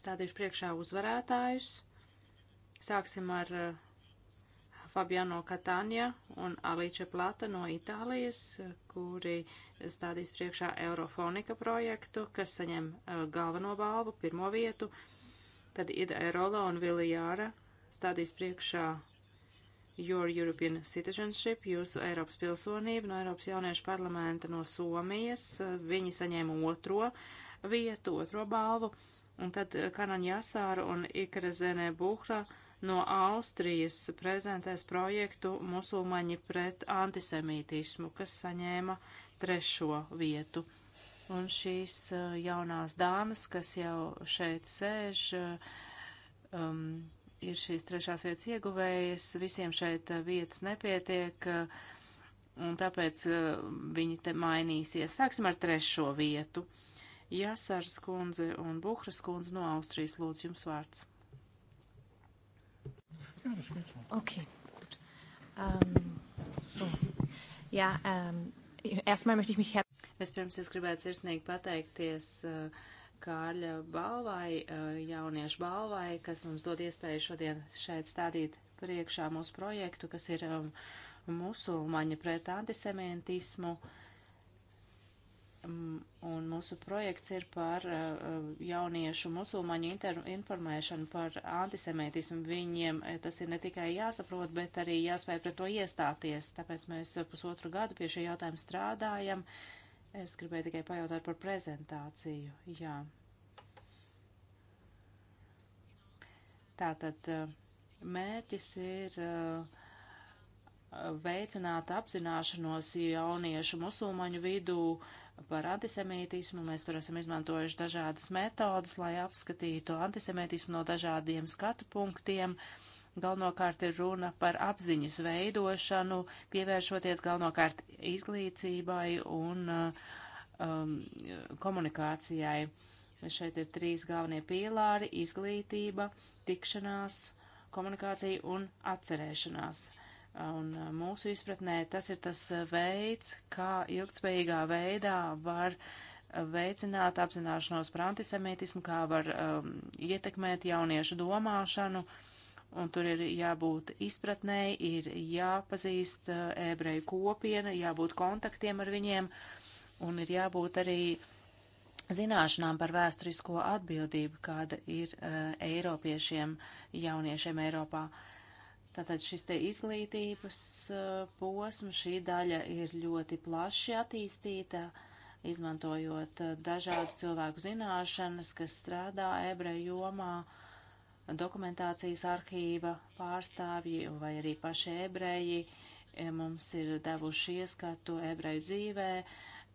stādīšu priekšā uzvarētājus. Sāksim ar eh, Fabiano Katania un Alice Plata no Itālijas, kuri stādīs priekšā Eurofonika projektu, kas saņem eh, galveno balvu, pirmo vietu. Tad ir Erola un Vilijāra stādīs priekšā Your European Citizenship, jūsu Eiropas pilsonība no Eiropas jauniešu parlamenta no Somijas. Viņi saņēma otro vietu, otro balvu. Un tad Kanan Jasāra un Ikarezēnē Buhra no Austrijas prezentēs projektu Musulmaņi pret antisemītismu, kas saņēma trešo vietu. Un šīs eh, jaunās dāmas, kas jau šeit sēž, eh, um, ir šīs trešās vietas ieguvējas, visiem šeit eh, vietas nepietiek, eh, un tāpēc eh, viņi te mainīsies. Sāksim ar trešo vietu. Jāsars kundze un Buhras kundze no Austrijas lūdzu jums vārds. Ok. Um, so. Jā, um, erstmal möchte ich mich her. Vispirms es gribētu sirsnīgi pateikties uh, Kārļa balvai, eh, jauniešu balvai, kas mums dod iespēju šodien šeit stādīt priekšā mūsu projektu, kas ir um, musulmaņa pret antisemitismu. Mm, un mūsu projekts ir par eh, jauniešu musulmaņu informēšanu par antisemītismu. Viņiem eh, tas ir ne tikai jāsaprot, bet arī jāspēj pret to iestāties. Tāpēc mēs pusotru gadu pie šī jautājuma strādājam. Uh, Es gribēju tikai pajautāt par prezentāciju. Jā. Tātad mērķis ir veicināt apzināšanos jauniešu musulmaņu vidū par antisemītismu. Mēs tur esam izmantojuši dažādas metodas, lai apskatītu antisemītismu no dažādiem skatu punktiem. Uh, Galvenokārt ir runa par apziņas veidošanu, pievēršoties galvenokārt izglītībai un uh, um, komunikācijai. Šeit ir trīs galvenie pīlāri - izglītība, tikšanās, komunikācija un atcerēšanās. Un uh, mūsu izpratnē tas ir tas uh, veids, kā ilgtspējīgā veidā var veicināt apzināšanos par antisemītismu, kā var um, ietekmēt jauniešu domāšanu. Uh, un tur ir jābūt izpratnēji, ir jāpazīst uh, ebreju kopiena, jābūt kontaktiem ar viņiem, un ir jābūt arī zināšanām par vēsturisko atbildību, kāda ir uh, eiropiešiem, jauniešiem Eiropā. Tātad šis te izglītības uh, posms, šī daļa ir ļoti plaši attīstīta, izmantojot uh, dažādu cilvēku zināšanas, kas strādā ebreju jomā. Uh, dokumentācijas arhīva pārstāvji vai arī paši ebreji e, mums ir devuši ieskatu ebreju dzīvē,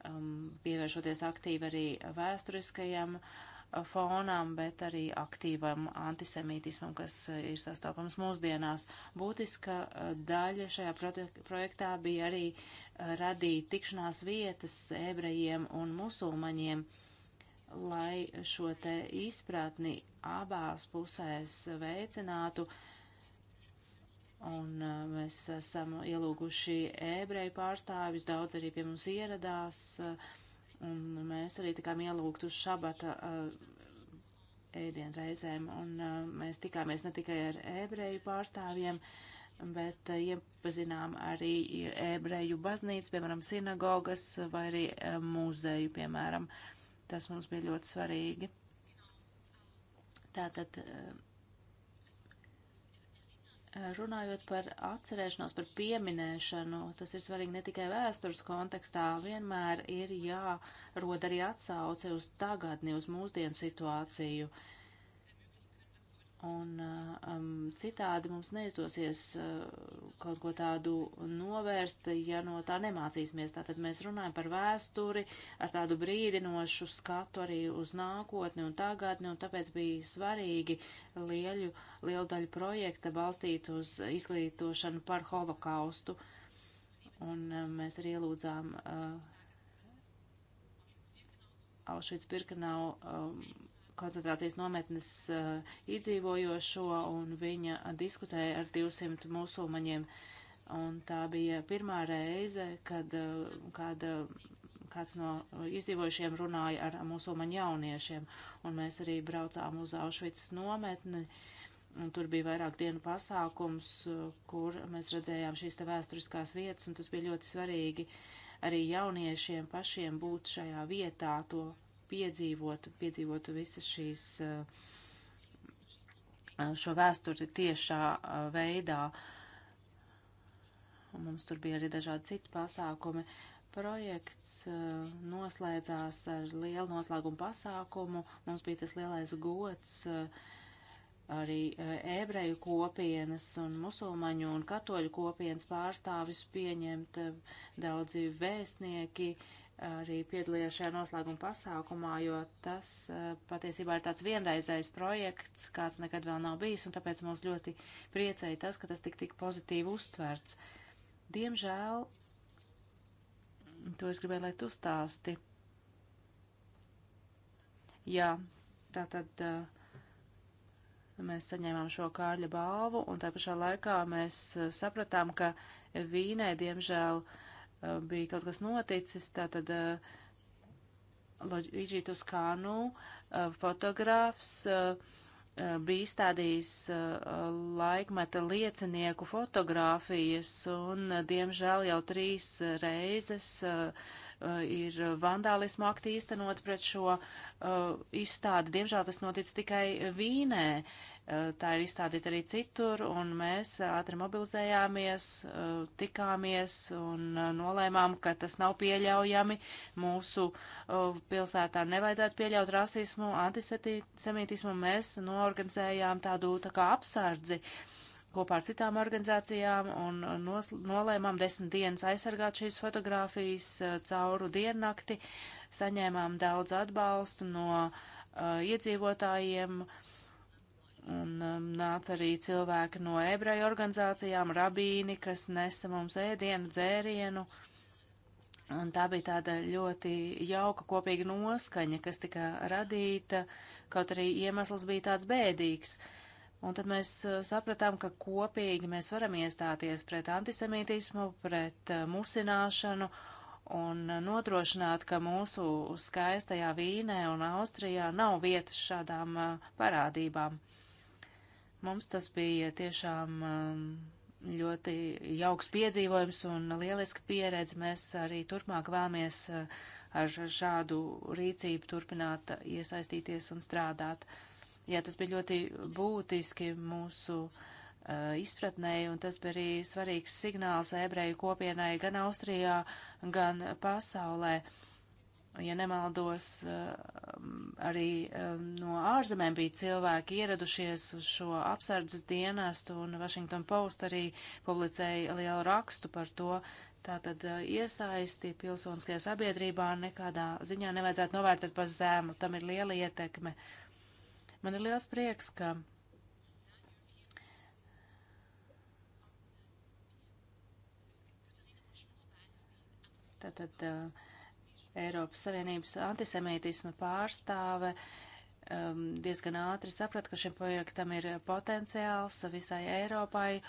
um, pievēršoties aktīvi arī vēsturiskajam uh, fonam, bet arī aktīvam antisemītismam, kas uh, ir sastopams mūsdienās. Būtiska uh, daļa šajā projektā bija arī radīt tikšanās vietas ebrejiem un musulmaņiem. Uh, lai šo te izpratni abās pusēs veicinātu. Un uh, mēs esam ielūguši ebreju pārstāvis, daudz arī pie mums ieradās, uh, un mēs arī tikām ielūgt uz šabata uh, ēdienreizēm, un mēs tikāmies ne tikai ar ebreju pārstāvjiem, bet iepazinām arī ebreju baznīcas, piemēram, sinagogas vai arī muzeju, piemēram. Uh, Tas mums bija ļoti svarīgi. Tātad, eh, runājot par atcerēšanos, par pieminēšanu, tas ir svarīgi ne tikai vēstures kontekstā, vienmēr ir jārod arī atsauce uz tagadni, uz mūsdienu situāciju. Uh, Un uh, um, citādi mums neizdosies uh, kaut ko tādu novērst, ja no tā nemācīsimies. Tātad mēs runājam par vēsturi ar tādu brīdinošu skatu arī uz nākotni un tagadni, un tāpēc bija svarīgi lieļu, lielu daļu projekta balstīt uz izglītošanu par holokaustu. Un um, mēs arī ielūdzām uh, Aušvic-Pirkanau. Um, koncentrācijas nometnes uh, eh, iedzīvojošo, un viņa diskutēja ar 200 musulmaņiem. Un tā bija pirmā reize, kad uh, eh, kāda, eh, kāds no izdzīvojušiem runāja ar musulmaņu jauniešiem, un mēs arī braucām uz Aušvicas nometni. Un tur bija vairāk dienu pasākums, kur mēs redzējām šīs te vēsturiskās vietas, un tas bija ļoti svarīgi arī jauniešiem pašiem būt šajā vietā, to piedzīvotu, piedzīvotu visas šīs, eh, eh, šo vēsturi tiešā eh, veidā. Un mums tur bija arī dažādi citi pasākumi. Projekts noslēdzās ar lielu noslēgumu pasākumu. Mums bija tas lielais gods arī ebreju kopienas un musulmaņu un katoļu kopienas pārstāvis pieņemt daudzi vēstnieki, uh, arī piedalījās šajā noslēguma pasākumā, jo tas eh, patiesībā ir tāds vienreizējs projekts, kāds nekad vēl nav bijis, un tāpēc mūs ļoti priecēja tas, ka tas tik tik pozitīvi uztverts. Diemžēl, to es gribēju, lai tu stāsti. Jā, tā tad eh, mēs saņēmām šo kārļa balvu, un tā pašā laikā mēs eh, sapratām, ka vīnē, diemžēl, uh, Eh, bija kaut kas noticis, tātad eh, Loģiģi Tuskānu eh, fotogrāfs bija izstādījis laikmeta liecinieku fotogrāfijas un, diemžēl, jau trīs reizes ir vandālismu akti īstenot pret šo izstādi. Diemžēl tas notic tikai Vīnē. Eh, tā ir izstādīta arī citur, un mēs eh, ātri mobilizējāmies, eh, tikāmies un nolēmām, ka tas nav pieļaujami. Mūsu pilsētā nevajadzētu pieļaut rasismu, antisemītismu. Mēs noorganizējām tādu tā kā apsardzi kopā ar citām organizācijām un nos, nolēmām desmit dienas aizsargāt šīs fotogrāfijas cauru diennakti. Saņēmām daudz atbalstu no uh, iedzīvotājiem. Uh, Un um, nāca arī cilvēki no ebreju organizācijām, rabīni, kas nesa mums ēdienu, dzērienu. Un tā bija tāda ļoti jauka kopīga noskaņa, kas tika radīta, kaut arī iemesls bija tāds bēdīgs. Un tad mēs uh, sapratām, ka kopīgi mēs varam iestāties pret antisemītismu, pret uh, musināšanu un uh, nodrošināt, ka mūsu skaistajā vīnē un Austrijā nav vietas šādām uh, parādībām. Mums tas bija tiešām um, ļoti jauks piedzīvojums un lieliska pieredze. Mēs arī turpmāk vēlamies uh, ar šādu rīcību turpināt uh, iesaistīties un strādāt. Jā, tas bija ļoti būtiski mūsu uh, izpratnē, un tas bija arī svarīgs signāls ebreju kopienai gan Austrijā, gan pasaulē. Uh, ja nemaldos, eh, arī eh, no ārzemēm bija cilvēki ieradušies uz šo apsardzes dienestu, un Washington Post arī publicēja lielu rakstu par to, Tātad eh, iesaisti pilsoniskajā sabiedrībā nekādā ziņā nevajadzētu novērtēt par zēmu. Tam ir liela ietekme. Man ir liels prieks, ka tātad uh, Eiropas Savienības antisemītisma pārstāve um, diezgan ātri saprata, ka šim projektam ir potenciāls visai Eiropai,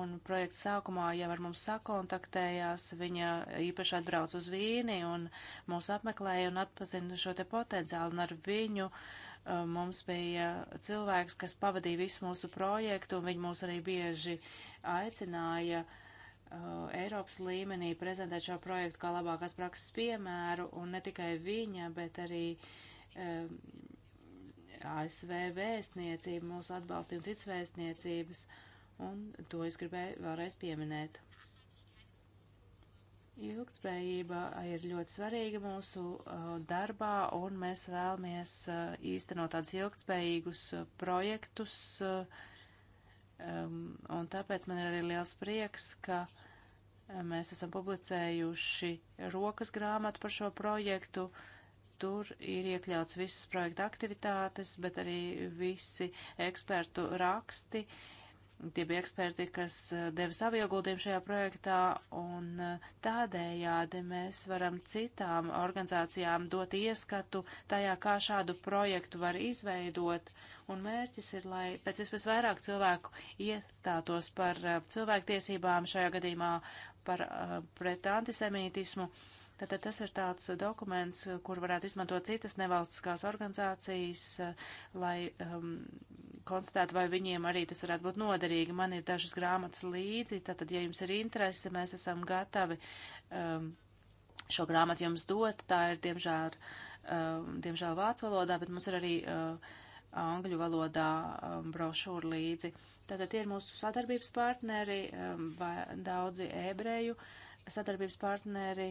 un projekta sākumā jau ar mums sakontaktējās, viņa īpaši atbrauc uz Vīni un mūs apmeklēja un atpazina šo te potenciālu, un ar viņu um, mums bija cilvēks, kas pavadīja visu mūsu projektu, un viņi mūs arī bieži aicināja uh, Uh, Eiropas līmenī prezentēt šo projektu kā labākās prakses piemēru, un ne tikai viņa, bet arī um, ASV vēstniecība mūsu atbalstīja un citas vēstniecības, un to es gribēju vēlreiz pieminēt. Ilgtspējība ir ļoti svarīga mūsu uh, darbā, un mēs vēlamies uh, īstenot tādus ilgtspējīgus uh, projektus, uh, Um, un tāpēc man ir arī liels prieks, ka um, mēs esam publicējuši rokas grāmatu par šo projektu. Tur ir iekļauts visas projekta aktivitātes, bet arī visi ekspertu raksti. Tie bija eksperti, kas uh, deva savu ieguldījumu šajā projektā, un uh, tādējādi mēs varam citām organizācijām dot ieskatu tajā, kā šādu projektu var izveidot Un mērķis ir, lai pēc iespējas vairāk cilvēku iestātos par uh, cilvēktiesībām, šajā gadījumā par uh, pret antisemītismu. Tātad tas ir tāds dokuments, uh, kur varētu izmantot citas nevalstiskās organizācijas, uh, lai um, konstatētu, vai viņiem arī tas varētu būt noderīgi. Man ir dažas grāmatas līdzi, tātad, ja jums ir interese, mēs esam gatavi um, šo grāmatu jums dot. Tā ir, diemžēl, um, diemžēl vācu valodā, bet mums ir arī uh, angļu valodā um, brošūru līdzi. Tātad tie ir mūsu sadarbības partneri, um, daudzi ebreju sadarbības partneri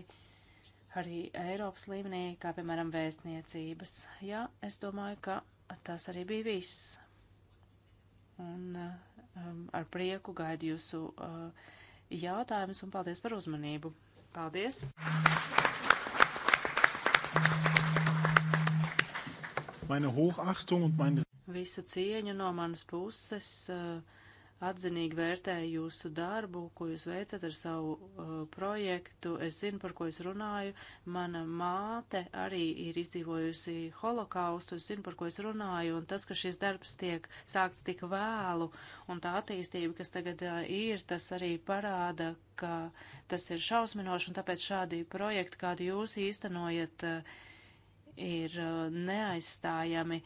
arī Eiropas līmenī, kā piemēram vēstniecības. Jā, es domāju, ka tas arī bija viss. Un um, ar prieku gaidu jūsu uh, jautājumus un paldies par uzmanību. Paldies! meine Hochachtung und meine. Visu cieņu no manas puses. Eh, atzinīgi vērtēju jūsu darbu, ko jūs veicat ar savu uh, projektu. Es zinu, par ko es runāju. Mana māte arī ir izdzīvojusi holokaustu. Es zinu, par ko es runāju. Un tas, ka šis darbs tiek sākts tik vēlu un tā attīstība, kas tagad uh, ir, tas arī parāda, ka tas ir šausminoši. Un tāpēc šādi projekti, kādu jūs īstenojat, uh, ir uh, neaizstājami,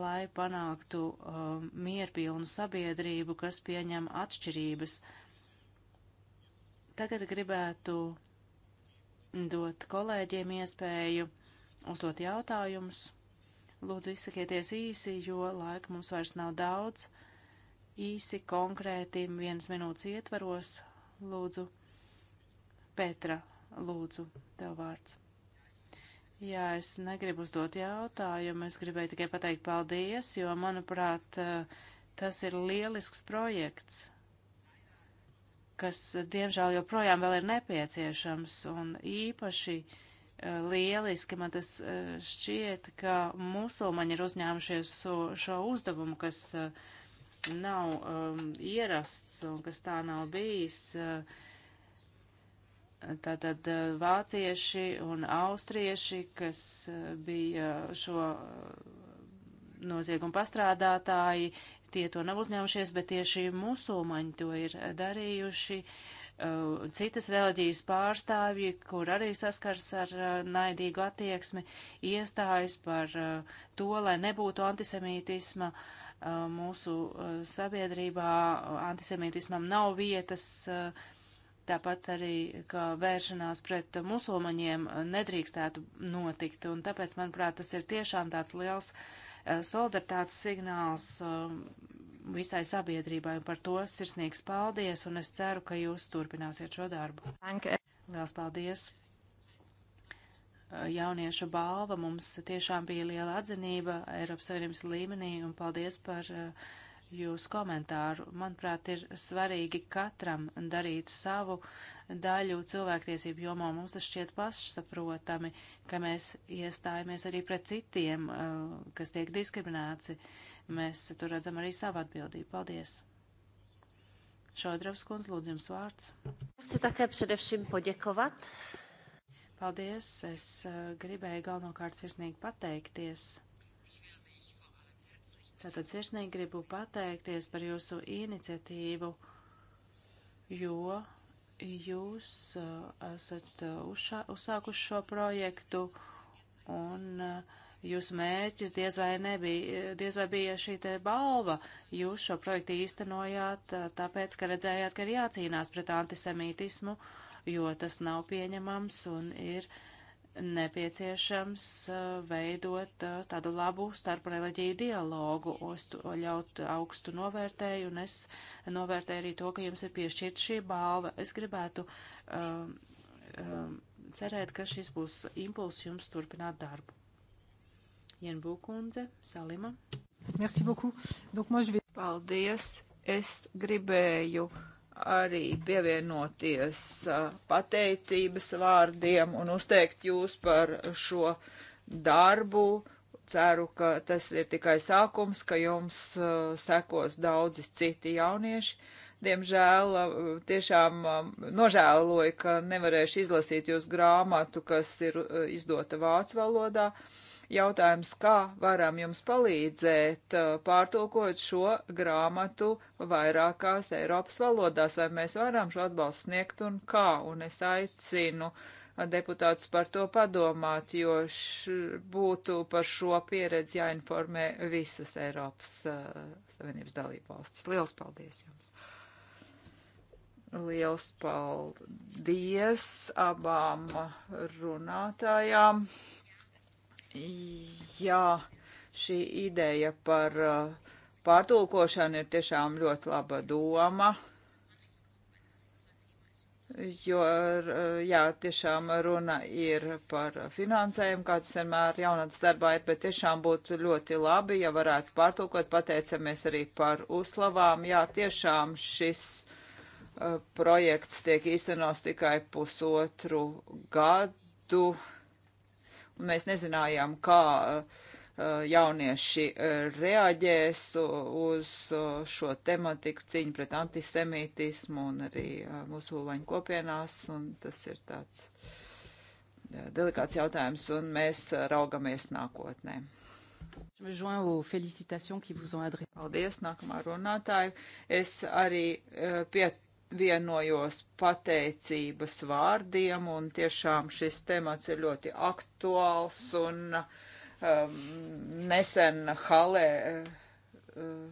lai panāktu uh, mierpilnu sabiedrību, kas pieņem atšķirības. Tagad gribētu dot kolēģiem iespēju uzdot jautājumus. Lūdzu, izsakieties īsi, jo laika mums vairs nav daudz. Īsi, konkrēti, viens minūtes ietvaros. Lūdzu, Petra, lūdzu, tev vārds. Jā, es negribu uzdot jautājumu, es gribēju tikai pateikt paldies, jo, manuprāt, tas ir lielisks projekts, kas, diemžēl, joprojām vēl ir nepieciešams, un īpaši e, lieliski man tas e, šķiet, ka musulmaņi ir uzņēmušies šo, šo uzdevumu, kas e, nav um, ierasts un kas tā nav bijis. Uh, Tātad eh, vācieši un austrieši, kas eh, bija eh, šo noziegumu pastrādātāji, tie to nav uzņēmušies, bet tieši musulmaņi to ir darījuši. Citas reliģijas pārstāvji, kur arī saskars ar naidīgu attieksmi, iestājas par to, lai nebūtu antisemītisma mūsu sabiedrībā. Antisemītismam nav vietas uh, Tāpat arī, ka vēršanās pret musulmaņiem nedrīkstētu notikt, un tāpēc, manuprāt, tas ir tiešām tāds liels eh, solidaritātes signāls um, visai sabiedrībai, un par to sirsnīgs paldies, un es ceru, ka jūs turpināsiet šo darbu. Liels paldies! Eh, jauniešu balva mums tiešām bija liela atzinība Eiropas Savienības līmenī, un paldies par uh, jūsu komentāru. Manuprāt, ir svarīgi katram darīt savu daļu cilvēktiesību jomā. Mums tas šķiet pašsaprotami, ka mēs iestājamies arī pret citiem, eh, kas tiek diskriminēti. Mēs tur redzam arī savu atbildību. Paldies! Šodravs kundz, lūdzu jums vārds. Paldies! Es eh, gribēju galvenokārt sirsnīgi pateikties Tātad sirsnīgi gribu pateikties par jūsu iniciatīvu, jo jūs uh, esat uh, uzšā, uzsākuši šo projektu un uh, jūsu mērķis diez vai, nebija, diez vai bija šī te balva. Jūs šo projektu īstenojāt tāpēc, ka redzējāt, ka ir jācīnās pret antisemītismu, jo tas nav pieņemams un ir uh, nepieciešams veidot tādu labu starpreliģiju dialogu, uz to ļaut augstu novērtēju, un es novērtēju arī to, ka jums ir piešķirta šī balva. Es gribētu um, um, cerēt, ka šis būs impuls jums turpināt darbu. Jenbū kundze, Salima. Merci beaucoup. Donc, moi, je vais... Paldies. Es gribēju arī pievienoties pateicības vārdiem un uzteikt jūs par šo darbu. Ceru, ka tas ir tikai sākums, ka jums sekos daudzi citi jaunieši. Diemžēl tiešām nožēloju, ka nevarēšu izlasīt jūs grāmatu, kas ir izdota vācu valodā. Uh, Jautājums, kā varam jums palīdzēt uh, pārtulkot šo grāmatu vairākās Eiropas valodās, vai mēs varam šo atbalstu sniegt un kā, un es aicinu uh, deputātus par to padomāt, jo š, būtu par šo pieredzi jāinformē visas Eiropas uh, Savienības dalībvalstis. Liels paldies jums! Liels paldies abām runātājām! Jā, šī ideja par uh, pārtulkošanu ir tiešām ļoti laba doma, jo, uh, jā, tiešām runa ir par finansējumu, kā tas vienmēr jaunatnes darbā ir, bet tiešām būtu ļoti labi, ja varētu pārtulkot, pateicamies arī par uzslavām. Jā, tiešām šis uh, projekts tiek īstenos tikai pusotru gadu un mēs nezinājām, kā uh, uh, jaunieši uh, reaģēs uz šo tematiku cīņu pret antisemītismu un arī musulmaņu kopienās, un tas ir tāds delikāts jautājums, un mēs raugamies nākotnē. Paldies, nākamā runātāja. Es arī pie pievienojos pateicības vārdiem, un tiešām šis temats ir ļoti aktuāls, un um, nesen Halē uh,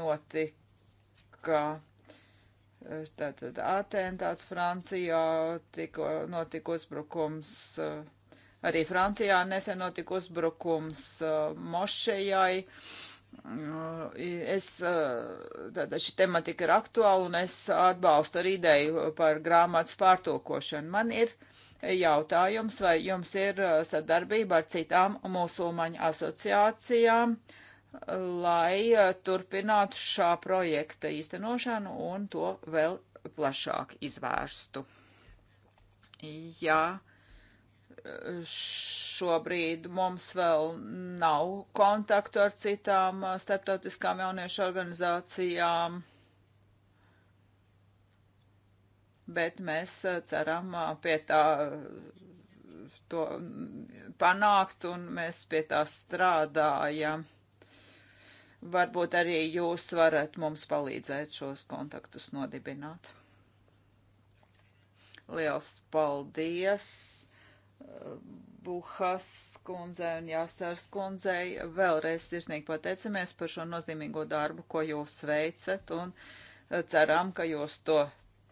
notika uh, tātad atentāts Francijā, tika, notika uzbrukums, uh, arī Francijā nesen notika uzbrukums uh, mošejai. Uh, Nu, es, tātad šī tematika ir aktuāla un es atbalstu arī ideju par grāmatas pārtulkošanu. Man ir jautājums, vai jums ir sadarbība ar citām musulmaņu asociācijām, lai turpinātu šā projekta īstenošanu un to vēl plašāk izvērstu. Jā. Ja šobrīd mums vēl nav kontaktu ar citām uh, starptautiskām jauniešu organizācijām, bet mēs uh, ceram uh, pie tā to panākt un mēs pie tā strādājam. Varbūt arī jūs varat mums palīdzēt šos kontaktus nodibināt. Liels paldies! Buhas kundzei un Jāsārs kundzei vēlreiz sirsnīgi pateicamies par šo nozīmīgo darbu, ko jūs veicat, un e, ceram, ka jūs to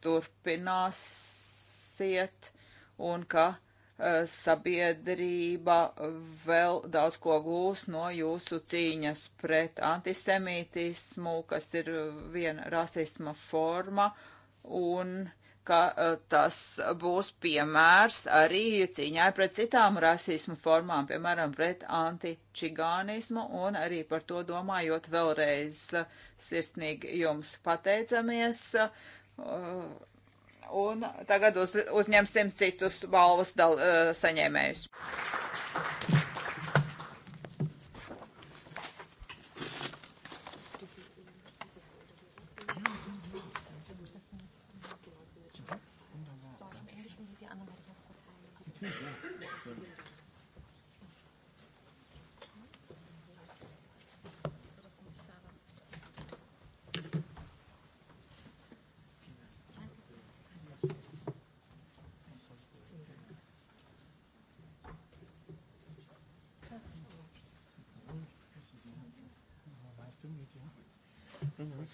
turpināsiet un ka e, sabiedrība vēl daudz ko gūs no jūsu cīņas pret antisemītismu, kas ir viena rasisma forma, un ka e, tas būs piemērs arī cīņai pret citām rasismu formām, piemēram, pret antičigānismu, un arī par to domājot vēlreiz sirsnīgi jums pateicamies. E, un tagad uz, uzņemsim citus balvas dal, e, saņēmējus.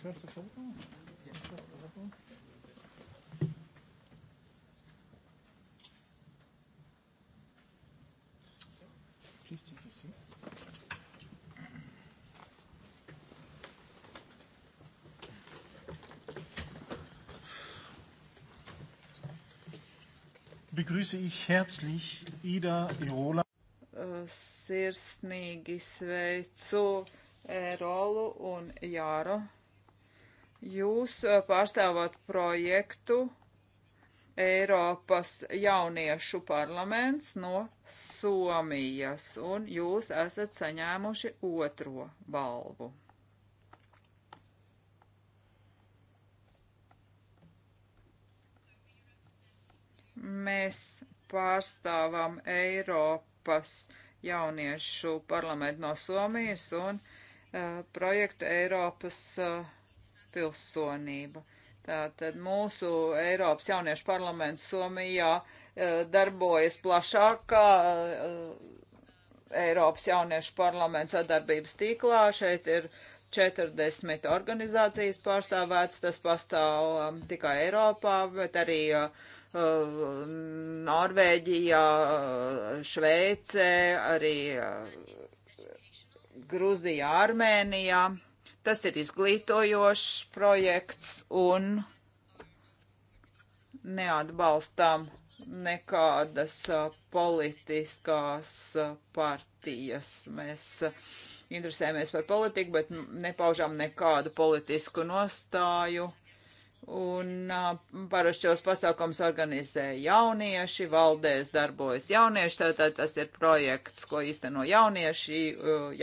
First couple? Yeah. First couple? Please take your seat. Begrüße ich herzlich Ida Irola. Äh, sirsnīgi sveicu Erolu un Jāru Jūs pārstāvāt projektu Eiropas jauniešu parlaments no Somijas, un jūs esat saņēmuši otro balvu. mēs pārstāvam Eiropas jauniešu parlamentu no Somijas un uh, projektu Eiropas uh, pilsonība. Tātad mūsu Eiropas jauniešu parlaments Somijā eh, darbojas plašākā eh, Eiropas jauniešu parlamentu sadarbības tīklā. Šeit ir 40 organizācijas pārstāvētas, tas pastāv um, tikai Eiropā, bet arī uh, uh Norvēģijā, Šveicē, arī uh, Gruzijā, Armēnijā. Tas ir izglītojošs projekts un neatbalstām nekādas politiskās partijas. Mēs interesējamies par politiku, bet nepaužām nekādu politisku nostāju. Un parasti šos pasākums organizē jaunieši, valdēs darbojas jaunieši, tātad tas ir projekts, ko īsteno jaunieši,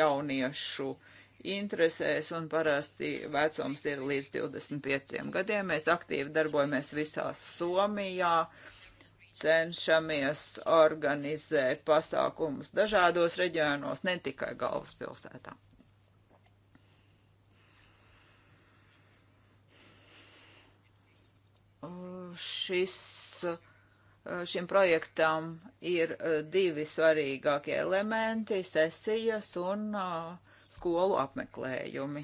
jauniešu uh, interesēs, un parasti vecums ir līdz 25 gadiem. Mēs aktīvi darbojamies visā Somijā, cenšamies organizēt pasākumus dažādos reģionos, ne tikai galvaspilsētā. Šis, šim projektam ir divi svarīgākie elementi - sesijas un uh, skolu apmeklējumi.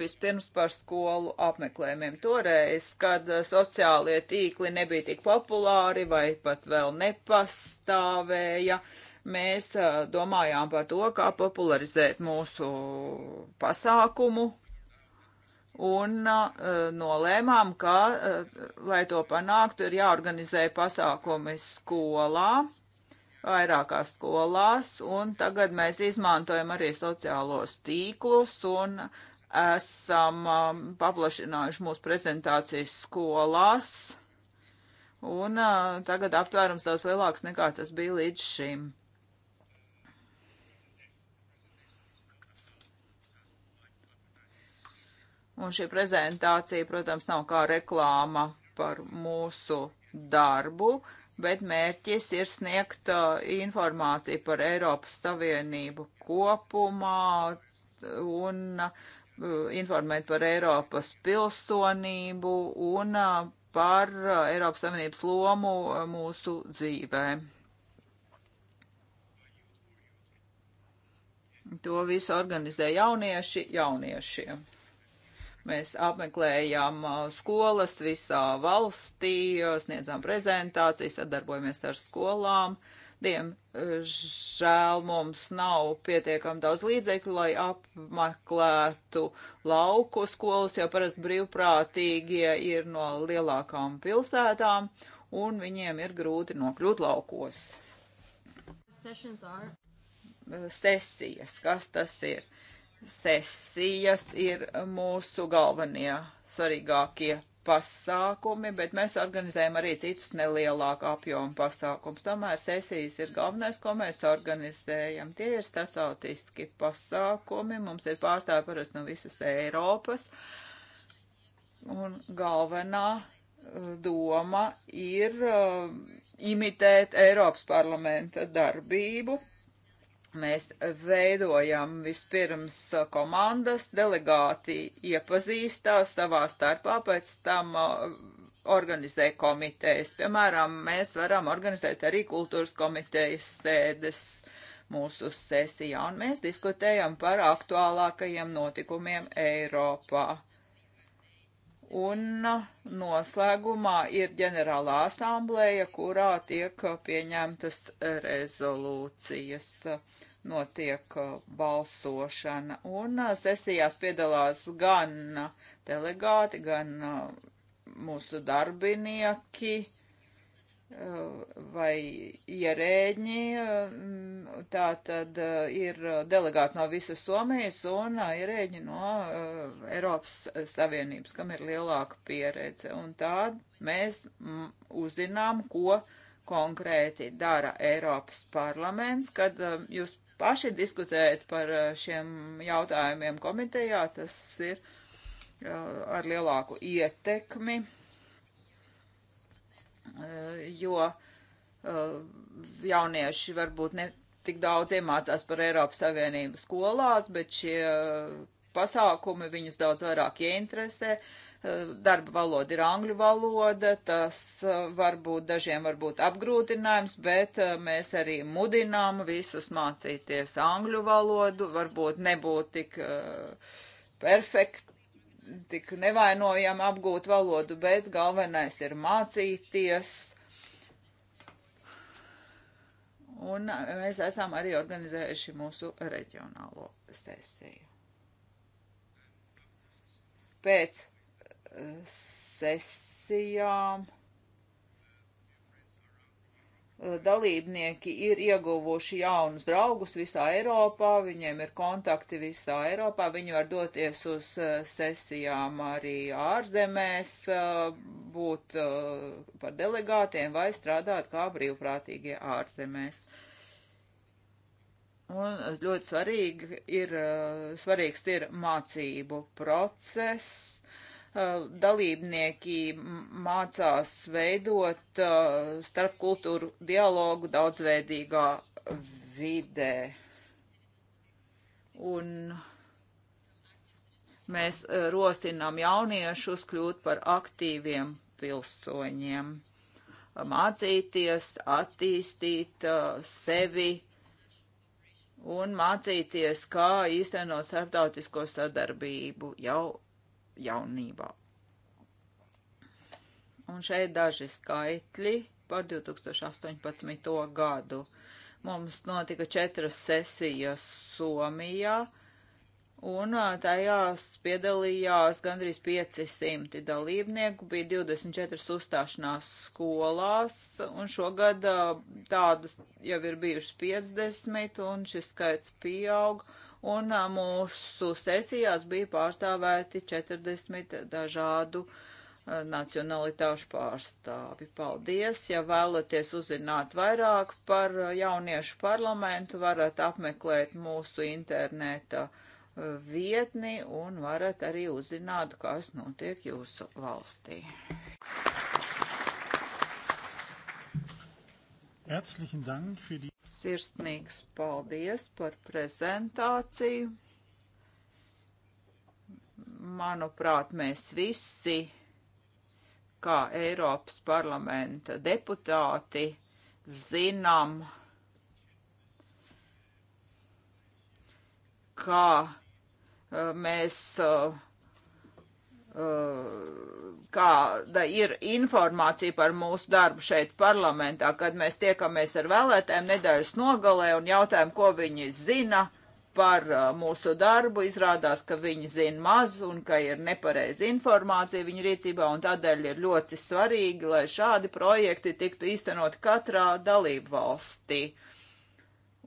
Vispirms par skolu apmeklējumiem. Toreiz, kad uh, sociālie tīkli nebija tik populāri vai pat vēl nepastāvēja, mēs uh, domājām par to, kā popularizēt mūsu pasākumu, un uh, nolēmām, ka, uh, lai to panāktu, ir jāorganizē pasākumi skolā, vairākās skolās, un tagad mēs izmantojam arī sociālos tīklus un esam um, paplašinājuši mūsu prezentācijas skolās, un uh, tagad aptvērums daudz lielāks nekā tas bija līdz šim. Un šī prezentācija, protams, nav kā reklāma par mūsu darbu, bet mērķis ir sniegt uh, informāciju par Eiropas Savienību kopumā un uh, informēt par Eiropas pilsonību un uh, par Eiropas Savienības lomu mūsu dzīvē. To visu organizē jaunieši jauniešiem. Mēs apmeklējām skolas visā valstī, sniedzām prezentācijas, sadarbojamies ar skolām. Diemžēl mums nav pietiekami daudz līdzekļu, lai apmeklētu lauku skolas, jo parasti brīvprātīgie ir no lielākām pilsētām un viņiem ir grūti nokļūt laukos. Sesijas, kas tas ir? sesijas ir mūsu galvenie svarīgākie pasākumi, bet mēs organizējam arī citus nelielāku apjomu pasākumus. Tomēr sesijas ir galvenais, ko mēs organizējam. Tie ir starptautiski pasākumi, mums ir pārstāvi parasti no visas Eiropas. Un galvenā uh, doma ir uh, imitēt Eiropas parlamenta darbību mēs veidojam vispirms uh, komandas, delegāti iepazīstās savā starpā, pēc tam uh, organizē komitejas. Piemēram, mēs varam organizēt arī kultūras komitejas sēdes mūsu sesijā, un mēs diskutējam par aktuālākajiem notikumiem Eiropā. Un uh, noslēgumā ir ģenerālā asamblēja, kurā tiek pieņemtas rezolūcijas. Uh, notiek uh, balsošana. Un uh, sesijās piedalās gan uh, delegāti, gan mūsu darbinieki vai ierēģi. Tā tad ir delegāti no visas Somijas un ierēģi no Eiropas Savienības, kam ir lielāka pieredze. Un tād mēs uzzinām, ko konkrēti dara Eiropas parlaments, kad jūs paši diskutēt par eh, šiem jautājumiem komitejā, tas ir eh, ar lielāku ietekmi, eh, jo jaunieši varbūt ne tik daudz iemācās par Eiropas Savienību skolās, bet šie pasākumi viņus daudz vairāk ieinteresē. Uh, Eh, darba valoda ir angļu valoda, tas eh, varbūt dažiem varbūt apgrūtinājums, bet eh, mēs arī mudinām visus mācīties angļu valodu, varbūt nebūt tik perfekti tik nevainojam apgūt valodu, bet galvenais ir mācīties. Un mēs esam arī organizējuši mūsu reģionālo sesiju. Pēc sesijām eh, dalībnieki ir ieguvuši jaunus draugus visā Eiropā, viņiem ir kontakti visā Eiropā, viņi var doties uz eh, sesijām arī ārzemēs, eh, būt par delegātiem vai strādāt kā brīvprātīgie ārzemēs. Un ļoti svarīgi ir, svarīgs ir mācību process, Uh, dalībnieki mācās veidot uh, starpkultūru dialogu daudzveidīgā vidē. Un mēs uh, rosinām jauniešus kļūt par aktīviem pilsoņiem, mācīties, attīstīt sevi un mācīties, kā īstenot starptautisko sadarbību jau jaunībā. Un šeit daži skaitļi par 2018. gadu. Mums notika četras sesijas Somijā, un tajās piedalījās gandrīz 500 dalībnieku, bija 24 uzstāšanās skolās, un šogad tādas jau ir bijušas 50, un šis skaits pieauga un mūsu sesijās bija pārstāvēti 40 dažādu nacionalitāšu pārstāvi. Paldies! Ja vēlaties uzzināt vairāk par jauniešu parlamentu, varat apmeklēt mūsu interneta vietni un varat arī uzzināt, kas notiek jūsu valstī. Herzlichen Dank für die. Sirsnīgs paldies par prezentāciju. Manuprāt, mēs visi, kā Eiropas parlamenta deputāti, zinām, kā eh, mēs uh, uh, kāda ir informācija par mūsu darbu šeit parlamentā, kad mēs tiekamies ar vēlētēm nedēļas nogalē un jautājam, ko viņi zina par uh, mūsu darbu. Izrādās, ka viņi zina maz un ka ir nepareiza informācija viņu rīcībā, un tādēļ ir ļoti svarīgi, lai šādi projekti tiktu īstenot katrā dalību valstī. Uh,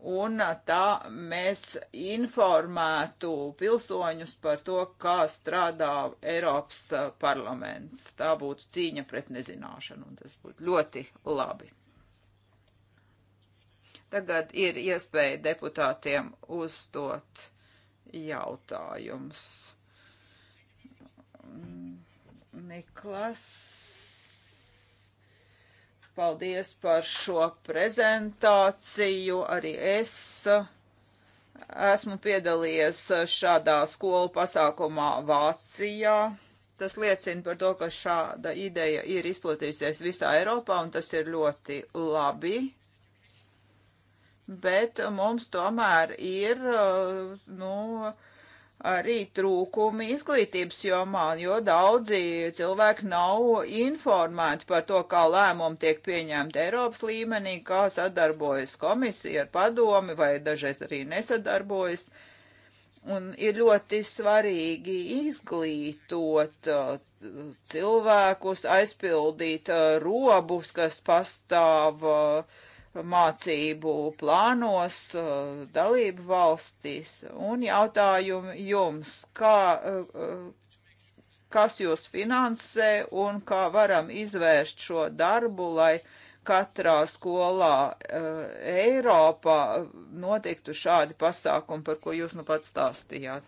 un tā mēs informētu pilsoņus par to, kā strādā Eiropas uh, parlaments. Tā būtu cīņa pret nezināšanu, un tas būtu ļoti labi. Tagad ir iespēja deputātiem uzdot jautājumus. Niklas Paldies par šo prezentāciju. Arī es esmu piedalījies šādā skolu pasākumā Vācijā. Tas liecina par to, ka šāda ideja ir izplatījusies visā Eiropā, un tas ir ļoti labi bet mums tomēr ir nu, arī trūkumi izglītības jomā, jo daudzi cilvēki nav informēti par to, kā lēmumi tiek pieņemti Eiropas līmenī, kā sadarbojas komisija ar padomi vai dažreiz arī nesadarbojas. Un ir ļoti svarīgi izglītot uh, cilvēkus, aizpildīt uh, robus, kas pastāv uh, mācību plānos uh, dalību valstīs. Un jautājumu jums, kā, uh, uh, kas jūs finansē un kā varam izvērst šo darbu, lai katrā skolā Eiropā notiktu šādi pasākumi, par ko jūs nu pats stāstījāt.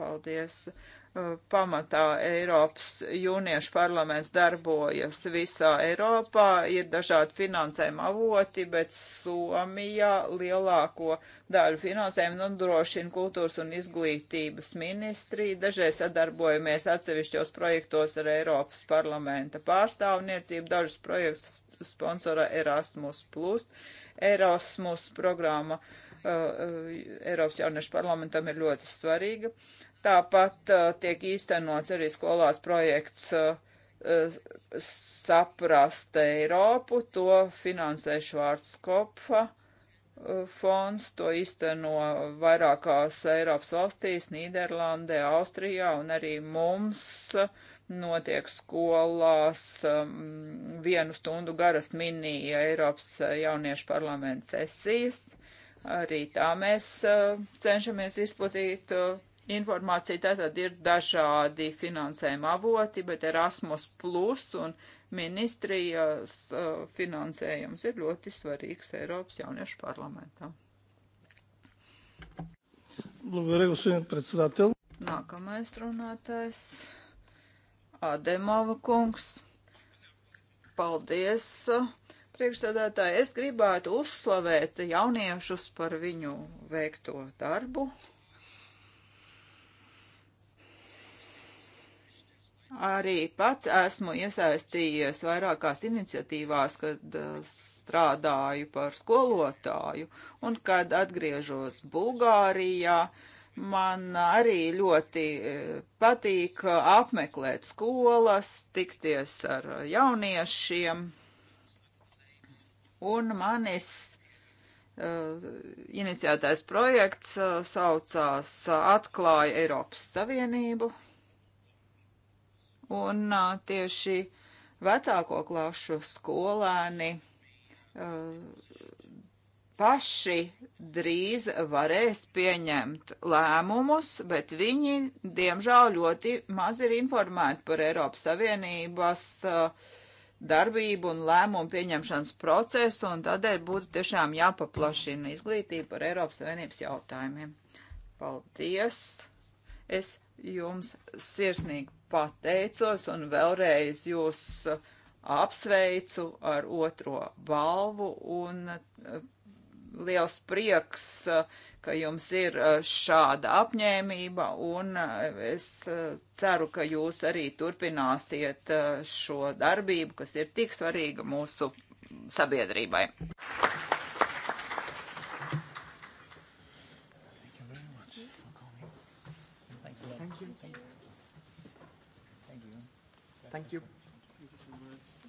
Paldies. Uh, pamatā Eiropas jūniešu parlaments darbojas visā Eiropā, ir dažādi finansējuma avoti, bet Somijā lielāko daļu finansējumu nodrošina kultūras un izglītības ministrija. Dažreiz sadarbojamies atsevišķos projektos ar Eiropas parlamenta pārstāvniecību, dažus projektus sponsora Erasmus. Erasmus programma uh, uh, Eiropas jauniešu parlamentam ir ļoti svarīga. Uh, Tāpat uh, tiek īstenots arī skolās projekts uh, uh Saprast Eiropu, to finansē Švārtskopfa uh, fonds, to īsteno vairākās Eiropas valstīs, Nīderlandē, Austrijā un arī mums notiek skolās um, vienu stundu garas mini Eiropas jauniešu parlamenta sesijas. Arī tā mēs uh, cenšamies izplatīt uh, informācija. Tātad ir dažādi finansējuma avoti, bet Erasmus Plus un ministrijas uh, finansējums ir ļoti svarīgs Eiropas jauniešu parlamentam. Nākamais runātājs - Ademava kungs. Paldies! Uh, priekšsēdētāji, es gribētu uzslavēt jauniešus par viņu veikto darbu Arī pats esmu iesaistījies vairākās iniciatīvās, kad eh, strādāju par skolotāju, un kad atgriežos Bulgārijā, man arī ļoti eh, patīk apmeklēt skolas, tikties ar jauniešiem, un manis eh, iniciētais projekts saucās Atklāja Eiropas Savienību un tieši vecāko klašu skolēni paši drīz varēs pieņemt lēmumus, bet viņi, diemžēl, ļoti maz ir informēti par Eiropas Savienības darbību un lēmumu pieņemšanas procesu, un tādēļ būtu tiešām jāpaplašina izglītība par Eiropas Savienības jautājumiem. Paldies! Es jums sirsnīgi pateicos un vēlreiz jūs uh, apsveicu ar otro balvu un uh, liels prieks, uh, ka jums ir šāda apņēmība un es ceru, ka jūs arī turpināsiet šo darbību, kas ir tik svarīga mūsu sabiedrībai. Thank you. Thank you so much.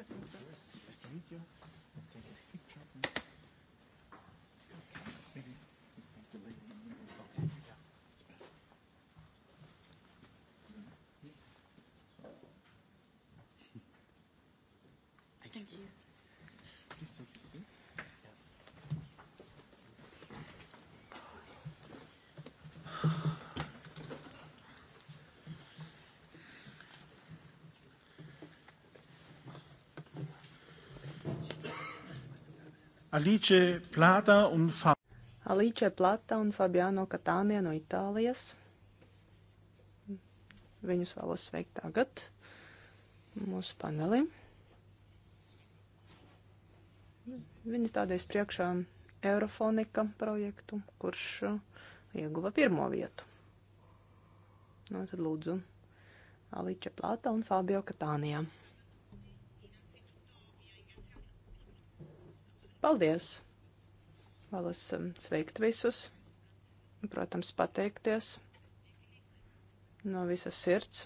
Nice to meet you. Take a picture, please. Okay. Maybe. Thank you, lady. Okay. Yeah. It's better. So. Thank, Thank you. you. Alice Plata un, Fa Alice Plata un Fabiano Katānie no Itālijas. Viņus vēlos sveikt tagad mūsu panelī. Viņi stādīs priekšā Eurofonika projektu, kurš ieguva pirmo vietu. Nu, no, tad lūdzu, Alice Plata un Fabio Katānijam. Paldies! Vēlos um, sveikt visus, protams, pateikties no visas sirds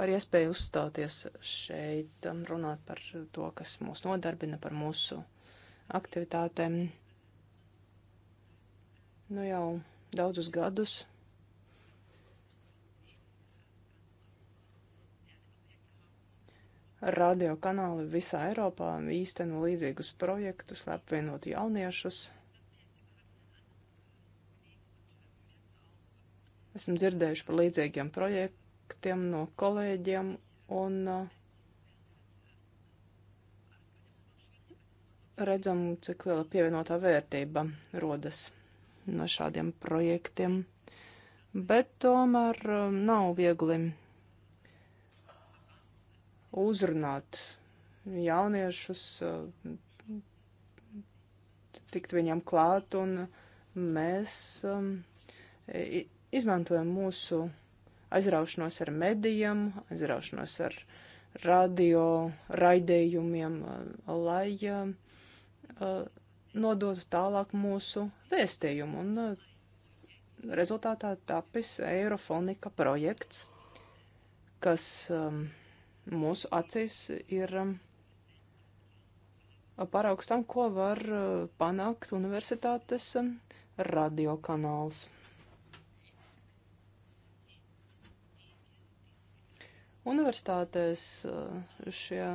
par iespēju uzstāties šeit, um, runāt par to, kas mūs nodarbina, par mūsu aktivitātēm. Nu jau daudzus gadus radiokanāli visā Eiropā īsteno līdzīgus projektus, lai apvienotu jauniešus. Esam dzirdējuši par līdzīgiem projektiem no kolēģiem un uh, redzam, cik liela pievienotā vērtība rodas no šādiem projektiem. Bet tomēr um, nav viegli uzrunāt jauniešus, tikt viņam klāt, un mēs um, izmantojam mūsu aizraušanos ar medijiem, aizraušanos ar radio raidījumiem, lai um, uh, nodotu tālāk mūsu vēstījumu. Un uh, rezultātā tapis Eirofonika projekts, kas um, mūsu acīs ir um, paraugs tam, ko var uh, panākt universitātes um, radiokanāls. Universitātēs uh, šie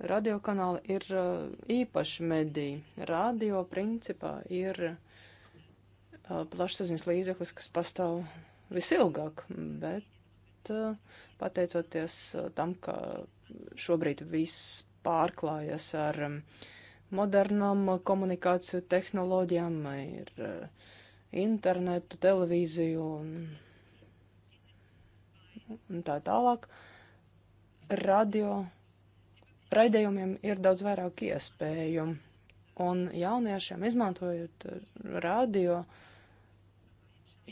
radiokanāli ir uh, īpaši mediji. Radio principā ir plašsaziņas līdzeklis, kas pastāv visilgāk, bet uh, pateicoties uh, tam, ka šobrīd viss pārklājas ar um, modernām komunikāciju tehnoloģijām, ir uh, internetu, televīziju un, un tā tālāk. Radio raidījumiem ir daudz vairāk iespēju, un jauniešiem izmantojot uh, radio, uh,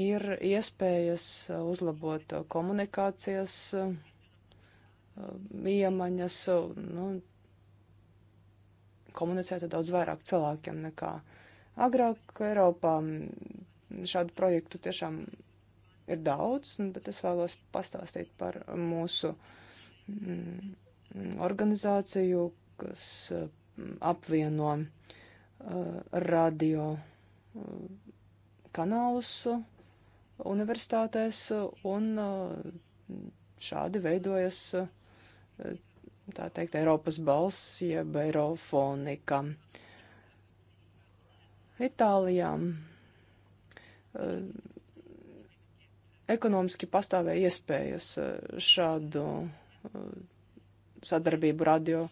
ir iespējas uzlabot komunikācijas um, iemaņas, nu, komunicēt ar daudz vairāk cilvēkiem nekā agrāk Eiropā. Mm, šādu projektu tiešām ir daudz, nu, bet es vēlos pastāstīt par mūsu mm, organizāciju, kas mm, apvieno uh, radio uh, kanālus universitātēs, un uh, šādi veidojas, uh, tā teikt, Eiropas balss, jeb eirofonika. Itālijā uh, ekonomiski pastāvēja iespējas šādu sadarbību radio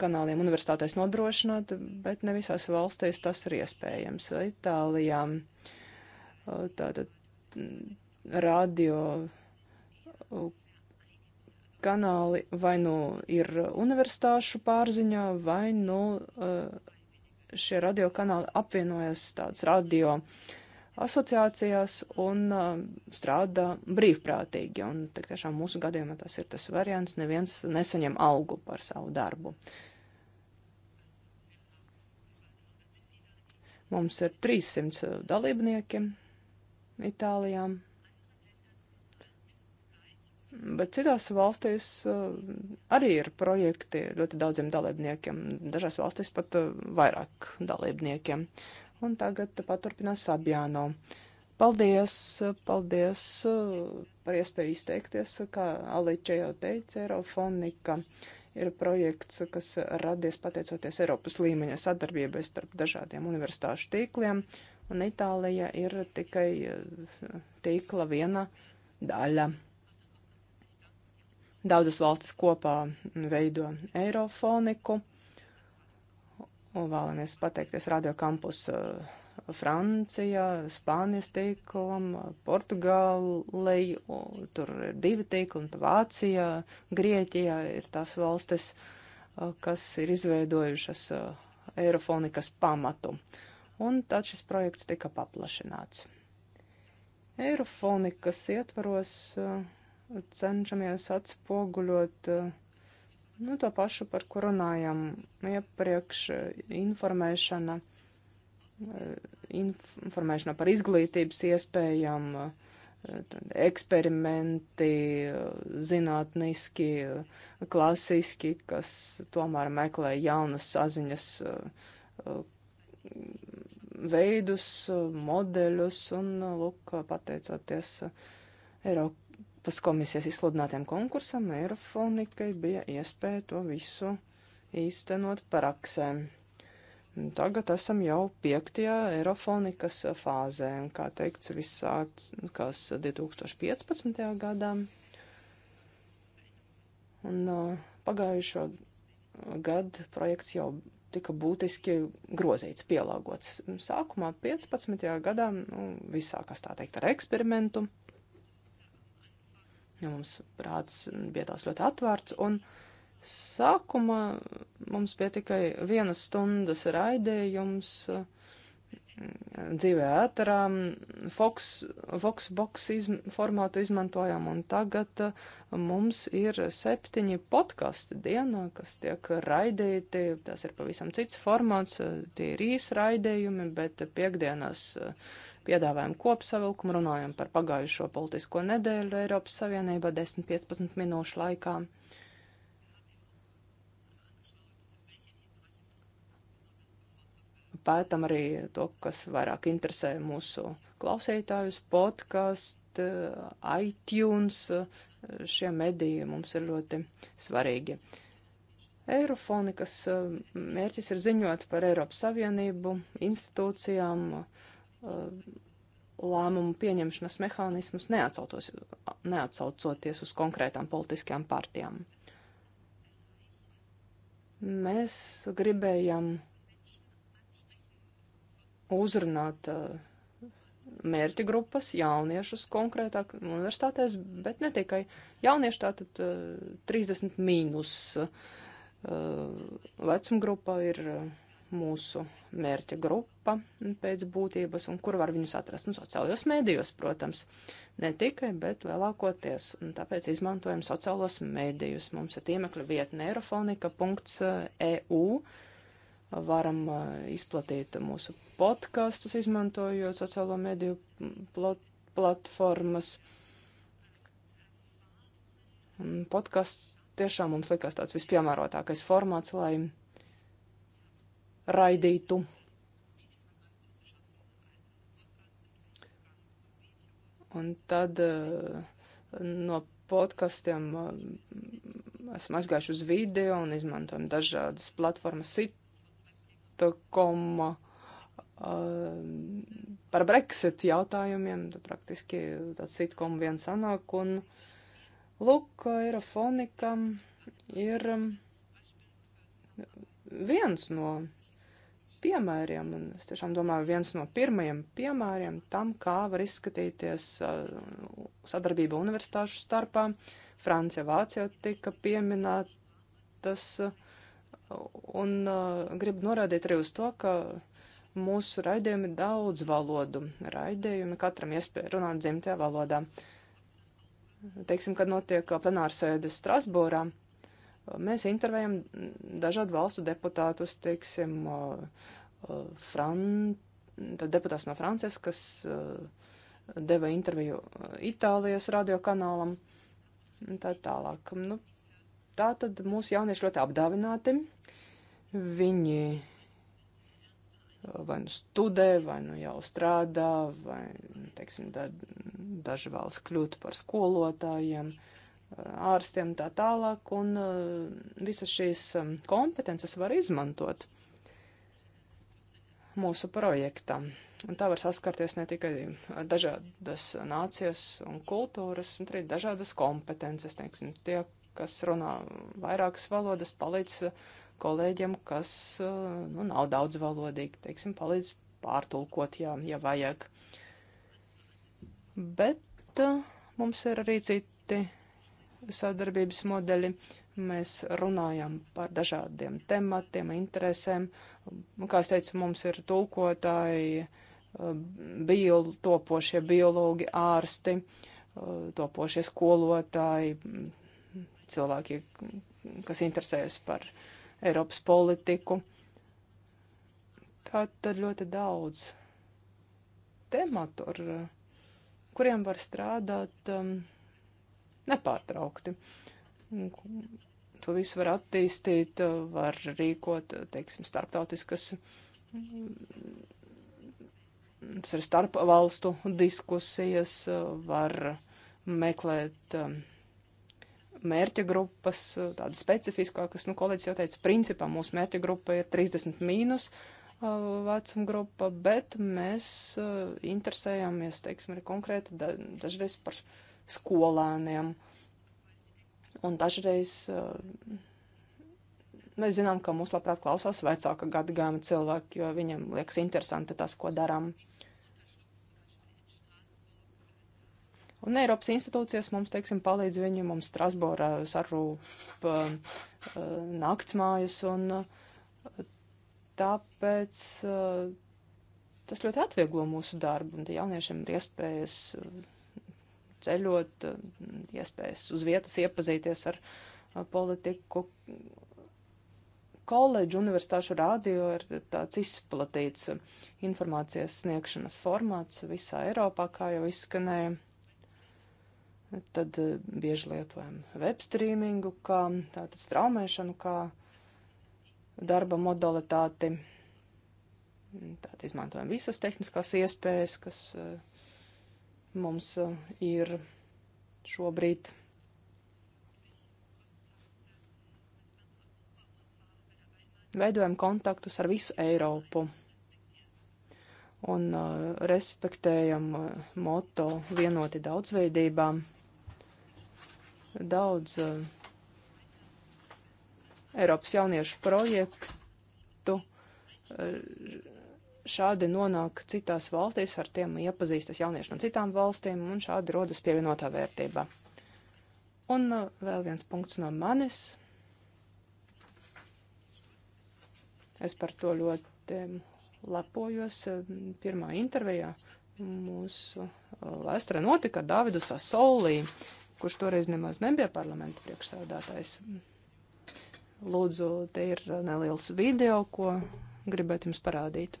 kanāliem universitātēs nodrošināt, bet ne visās valstīs tas ir iespējams. Itālijā uh, tātad mm, radio kanāli vai nu ir universitāšu pārziņā, vai nu eh, šie radio kanāli apvienojas tāds radio asociācijās un eh, strādā brīvprātīgi. Un tik tiešām mūsu gadījumā tas ir tas variants, neviens nesaņem algu par savu darbu. Mums ir 300 dalībnieki Itālijā. Bet citās valstīs uh, arī ir projekti ļoti daudziem dalībniekiem, dažās valstīs pat uh, vairāk dalībniekiem. Un tagad paturpinās Fabiano. Paldies, paldies uh, par iespēju izteikties, kā Aliče jau teica, Eirofonika ir projekts, kas radies pateicoties Eiropas līmeņa sadarbībai starp dažādiem universitāšu tīkliem. Uh, un Itālija ir tikai eh, tīkla viena daļa. Daudzas valstis kopā veido eirofoniku. Un vēlamies pateikties Radio Campus eh, Francijā, Spānijas tīklam, Portugālei, tur ir divi tīkli, un Vācijā, Grieķijā ir tās valstis, eh, kas ir izveidojušas eirofonikas pamatu. Uh, un tad šis projekts tika paplašināts. Eirofonikas ietvaros uh, cenšamies atspoguļot uh, nu, to pašu, par ko runājām iepriekš uh, - informēšana, informēšana par izglītības iespējām, eksperimenti, zinātniski, klasiski, kas tomēr meklē jaunas saziņas veidus, modeļus, un, lūk, pateicoties Eiropas komisijas izsludinātiem konkursam, Eirofonikai bija iespēja to visu īstenot praksē. Tagad esam jau piektajā Eirofonikas fāzē, un, kā teikts, viss sākas 2015. gadā. Un uh, pagājušo gadu projekts jau tika būtiski grozīts, pielāgots. Sākumā 15. gadā nu, viss sākās tā teikt ar eksperimentu. Ja mums prāts bija tās ļoti atvērts, un sākumā mums bija tikai vienas stundas raidījums. Uh, dzīvē ēterā Fox, Foxbox izm formātu izmantojam, un tagad uh, mums ir septiņi podkasti dienā, kas tiek raidīti. Tas ir pavisam cits formāts, uh, tie ir īsi raidījumi, bet piekdienās uh, piedāvājam kopsavilkumu, runājam par pagājušo politisko nedēļu Eiropas Savienībā 10-15 minūšu laikā. pētam arī to, kas vairāk interesē mūsu klausītājus, podkast, iTunes, šie mediji mums ir ļoti svarīgi. Eirofonikas mērķis ir ziņot par Eiropas Savienību, institūcijām, lēmumu pieņemšanas mehānismus, neatsaucoties uz konkrētām politiskajām partijām. Mēs gribējam uzrunāt uh, mērķi grupas, jauniešus konkrētāk universitātēs, bet ne tikai jaunieši, tātad 30 uh, mīnus uh, vecumgrupa ir mūsu mērķa grupa pēc būtības, un kur var viņus atrast? Nu, sociālajos mēdījos, protams, ne tikai, bet lielākoties. Un tāpēc izmantojam sociālos mēdījus. Mums ir tiemekļa vietne eirofonika.eu varam eh, izplatīt mūsu podkastus, izmantojot sociālo mediju platformas. Podkasts tiešām mums likās tāds vispiemērotākais formāts, lai raidītu. Un tad eh, no podkastiem eh, esam aizgājuši uz video un izmantojam dažādas platformas, sit koma eh, par Brexit jautājumiem. Tad praktiski tāds sitkom viens sanāk. Un lūk, Eirofonika ir viens no piemēriem, un es tiešām domāju, viens no pirmajiem piemēriem tam, kā var izskatīties eh, sadarbība universitāšu starpā. Francija, Vācija tika pieminētas. Uh, Un uh, gribu norādīt arī uz to, ka mūsu raidījumi ir daudz valodu raidījumi, katram iespēja runāt dzimtajā valodā. Teiksim, kad notiek plenārsēde Strasbūrā, mēs intervējam dažādu valstu deputātus, teiksim, uh, uh, Fran... deputāts no Francijas, kas uh, deva interviju Itālijas radiokanālam, tā tālāk. Nu, Tā tad mūsu jaunieši ļoti apdāvināti. Viņi eh, vai nu studē, vai nu jau strādā, vai, nu, teiksim, da, daži vēlas kļūt par skolotājiem, eh, ārstiem tā tālāk, un eh, visas šīs kompetences var izmantot mūsu projektam. Un tā var saskarties ne tikai ar dažādas nācijas un kultūras, bet arī dažādas kompetences. Teiksim, tie, kas runā vairākas valodas, palīdz uh, kolēģiem, kas uh, nu, nav daudz valodīgi, teiksim, palīdz pārtulkot, ja, ja vajag. Bet uh, mums ir arī citi sadarbības modeļi. Mēs runājam par dažādiem tematiem, interesēm. Kā es teicu, mums ir tulkotāji, bio, topošie biologi, ārsti, topošie skolotāji, cilvēki, kas interesējas par Eiropas politiku. Tā tad ļoti daudz tematu, ar eh, kuriem var strādāt um, nepārtraukti. To visu var attīstīt, eh, var rīkot, eh, teiksim, starptautiskas, mm, tas ir starp valstu diskusijas, var meklēt um, mērķa grupas, eh, tādas specifiskākas. Nu, kolēģis jau teica, principā mūsu mērķa grupa ir 30 mīnus eh, vecuma grupa, bet mēs eh, interesējāmies, teiksim, arī konkrēti da, dažreiz par skolēniem. Un dažreiz mēs zinām, ka mūs labprāt klausās vecāka gadagājuma cilvēki, jo viņiem liekas interesanti tas, ko darām. Un Eiropas institūcijas mums, teiksim, palīdz viņiem, mums Strasbūrā sarūp um, uh, naktsmājas, un uh, tāpēc uh, tas ļoti atvieglo mūsu darbu, un jauniešiem ir iespējas ceļot, iespējas uz vietas iepazīties ar politiku. Koledžu universitāšu radio ir tāds izplatīts informācijas sniegšanas formāts visā Eiropā, kā jau izskanēja. Tad eh, bieži lietojam web streamingu, kā tātad straumēšanu, kā darba modalitāti. Tātad izmantojam visas tehniskās iespējas, kas eh, mums eh, ir šobrīd. Veidojam kontaktus ar visu Eiropu un respektējam moto vienoti daudzveidībām daudz eh, Eiropas jauniešu projektu eh, šādi nonāk citās valstīs, ar tiem iepazīstas jaunieši no citām valstīm, un šādi rodas pievienotā vērtība. Un eh, vēl viens punkts no manis. Es par to ļoti lepojos. Pirmā intervijā mūsu vēsture notika ar Davidu Sasolī, kurš toreiz nemaz nebija parlamenta priekšsēdētājs. Lūdzu, te ir neliels video, ko gribētu jums parādīt.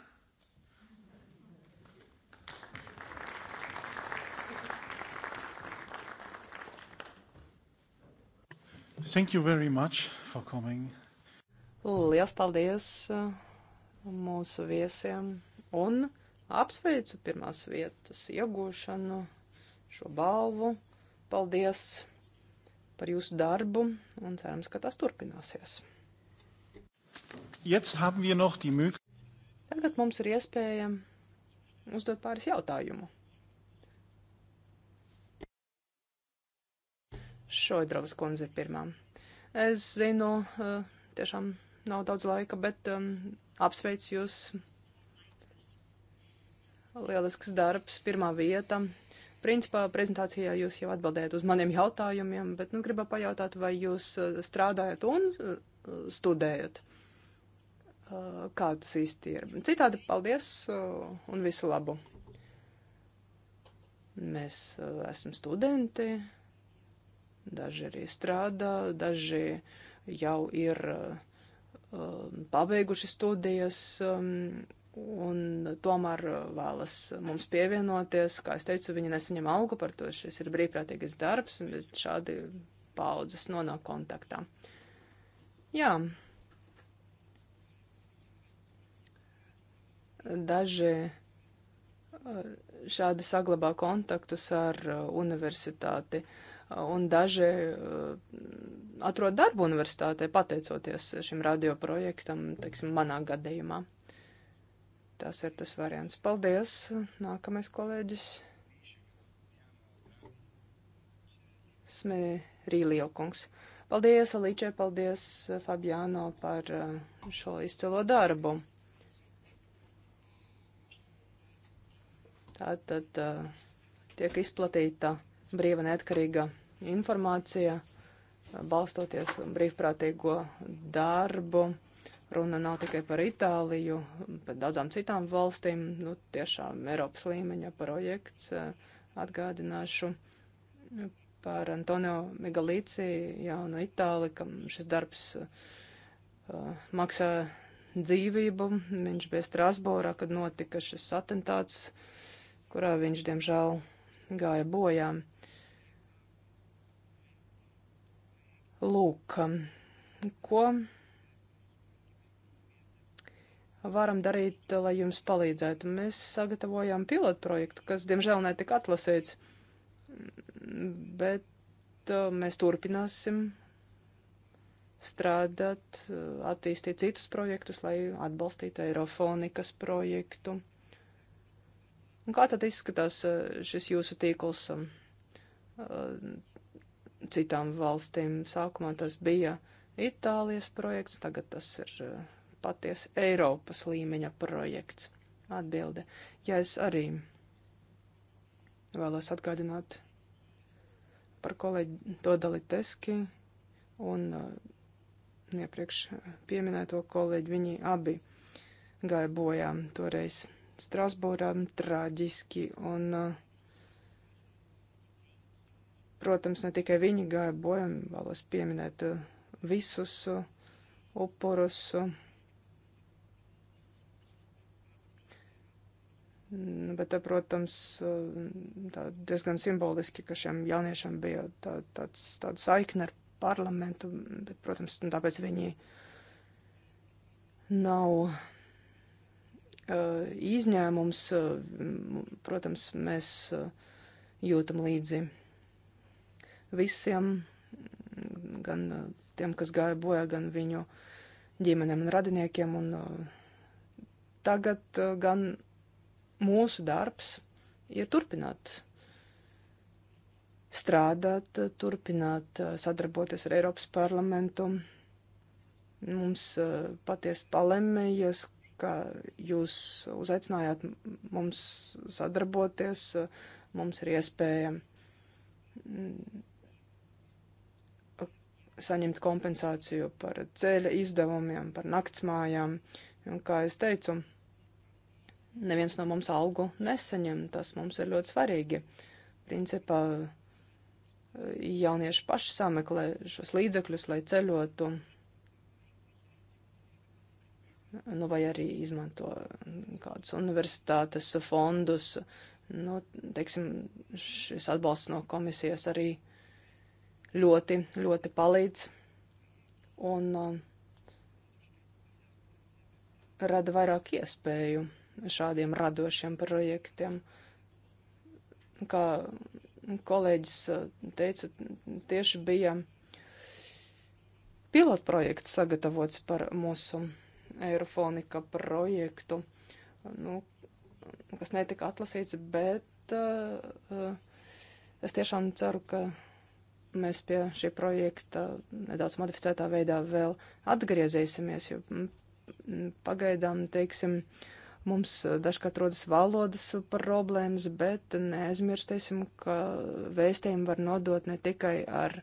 Thank you very much for coming. Lielas paldies uh, mūsu viesiem un apsveicu pirmās vietas iegūšanu, šo balvu. Paldies par jūsu darbu un cerams, ka tas turpināsies. Tagad mums ir iespēja uzdot pāris jautājumu. Šoidrovas kundze ir pirmā. Es zinu, eh, tiešām nav daudz laika, bet um, apsveicu jūs. Lielisks darbs, pirmā vieta. Principā prezentācijā jūs jau atbildējat uz maniem jautājumiem, bet nu, gribu pajautāt, vai jūs eh, strādājat un eh, studējat. Kā tas īsti ir? Citādi paldies un visu labu. Mēs esam studenti Daži arī strādā, daži jau ir um, pabeiguši studijas um, un tomēr vēlas mums pievienoties. Kā es teicu, viņi nesaņem algu par to, šis ir brīvprātīgais darbs, bet šādi paudzes nonāk kontaktā. Jā. Daži uh, šādi saglabā kontaktus ar uh, universitāti. Uh, un daži eh, atrod darbu universitātē pateicoties šim radioprojektam, teiksim, manā gadījumā. Tas ir tas variants. Paldies, nākamais kolēģis. Smē Rīlio kungs. Paldies, Alīčē, paldies, Fabiano, par eh, šo izcilo darbu. Tātad eh, tiek izplatīta brīva neatkarīga informācija, balstoties brīvprātīgo darbu. Runa nav tikai par Itāliju, par daudzām citām valstīm, nu tiešām Eiropas līmeņa projekts eh, atgādināšu par Antonio Megalīci, jaunu Itāli, kam šis darbs uh, maksā dzīvību. Viņš bija Strasbūrā, kad notika šis atentāts, kurā viņš, diemžēl, gāja bojām. Lūk, ko varam darīt, lai jums palīdzētu. Mēs sagatavojām pilotprojektu, kas, diemžēl, netika atlasīts, bet uh, mēs turpināsim strādāt, uh, attīstīt citus projektus, lai atbalstītu aerofonikas projektu. Un kā tad izskatās uh, šis jūsu tīkls? citām valstīm. Sākumā tas bija Itālijas projekts, tagad tas ir eh, patiesi Eiropas līmeņa projekts. Atbilde. Ja es arī vēlos atgādināt par kolēģi Dodali Teski un eh, iepriekš pieminēto kolēģi, viņi abi gāja bojām toreiz Strasbūrā traģiski un uh, Protams, ne tikai viņi gāja bojam, vēlos pieminēt uh, visus uh, upurus. Uh, bet, protams, tā diezgan simboliski, ka šiem jauniešiem bija tā, tāds, tāda saikne ar parlamentu, bet, protams, tāpēc viņi nav uh, izņēmums. Protams, mēs uh, jūtam līdzi visiem, gan uh, tiem, kas gāja bojā, gan viņu ģimenēm un radiniekiem. Un, uh, tagad uh, gan mūsu darbs ir turpināt strādāt, turpināt sadarboties ar Eiropas parlamentu. Mums patiesi palemējies, ka jūs uzaicinājāt mums sadarboties, mums ir iespēja mm, saņemt kompensāciju par ceļa izdevumiem, par naktsmājām. Un, kā es teicu, neviens no mums algu nesaņem, tas mums ir ļoti svarīgi. Principā eh, jaunieši paši sameklē šos līdzekļus, lai ceļotu, nu, vai arī izmanto kādus universitātes fondus. Nu, teiksim, šis atbalsts no komisijas arī uh, ļoti, ļoti palīdz un uh, rada vairāk iespēju šādiem radošiem projektiem. Kā kolēģis uh, teica, tieši bija pilotprojekts sagatavots par mūsu aerofonika projektu, nu, kas netika atlasīts, bet uh, uh es tiešām ceru, ka mēs pie šī projekta nedaudz modificētā veidā vēl atgriezīsimies, jo pagaidām, teiksim, mums dažkārt rodas valodas problēmas, bet neaizmirstīsim, ka vēstījumu var nodot ne tikai ar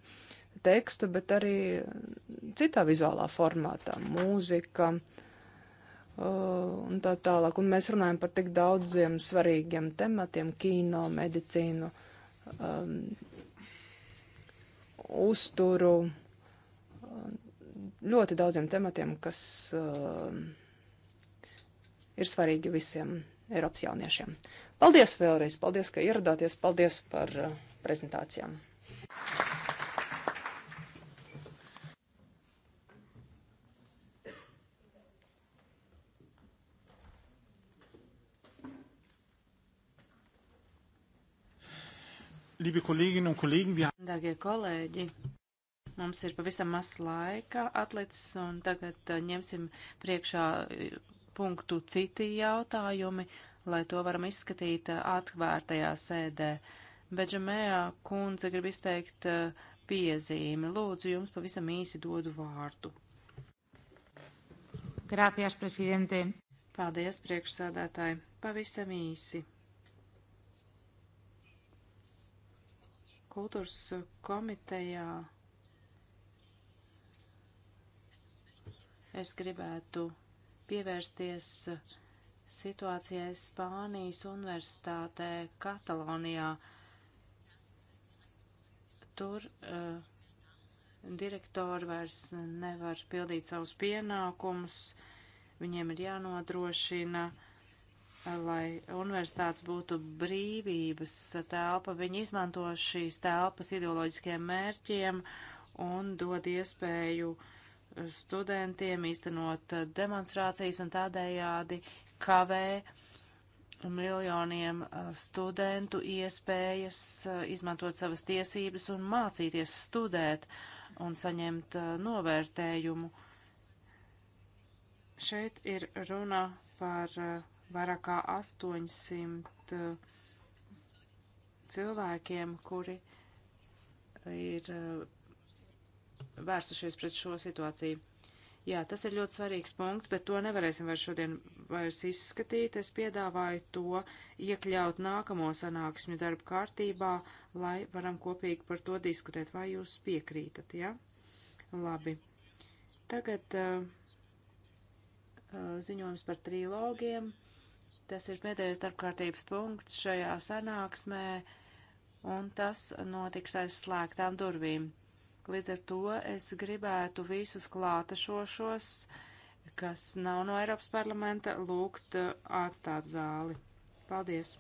tekstu, bet arī citā vizuālā formātā - mūzika uh, un tā tālāk. Un mēs runājam par tik daudziem svarīgiem tematiem - kino, medicīnu, um, uzturu ļoti daudziem tematiem, kas uh, ir svarīgi visiem Eiropas jauniešiem. Paldies vēlreiz, paldies, ka ieradāties, paldies par uh, prezentācijām. Liebe Kolleginnen un Kollegen, wir... Dārgie kolēģi, mums ir pavisam maz laika atlicis, un tagad eh, ņemsim priekšā eh, punktu citi jautājumi, lai to varam izskatīt eh, atvērtajā sēdē. Beģamējā kundze grib izteikt piezīmi. Lūdzu, jums pavisam īsi dodu vārdu. Grāpjās, prezidente. Paldies, priekšsādātāji. Pavisam īsi. kultūras komitejā es gribētu pievērsties situācijai Spānijas universitātē Katalonijā. Tur uh, direktori vairs nevar pildīt savus pienākumus, viņiem ir jānodrošina uh, lai universitātes būtu brīvības telpa. Viņi izmanto šīs telpas ideoloģiskiem mērķiem un dod iespēju studentiem īstenot demonstrācijas un tādējādi kavē miljoniem uh, studentu iespējas uh, izmantot savas tiesības un mācīties studēt un saņemt uh, novērtējumu. Šeit ir runa par uh, vairāk kā 800 eh, cilvēkiem, kuri ir eh, vērsušies pret šo situāciju. Jā, tas ir ļoti svarīgs punkts, bet to nevarēsim vairs šodien vairs izskatīt. Es piedāvāju to iekļaut nākamo sanāksmju darba kārtībā, lai varam kopīgi par to diskutēt. Vai jūs piekrītat, jā? Ja? Labi. Tagad uh, ziņojums par trilogiem. Uh, Tas ir pēdējais darbkārtības punkts šajā sanāksmē, un tas notiks aiz slēgtām durvīm. Līdz ar to es gribētu visus klātešošos, kas nav no Eiropas parlamenta, lūgt uh, atstāt zāli. Paldies!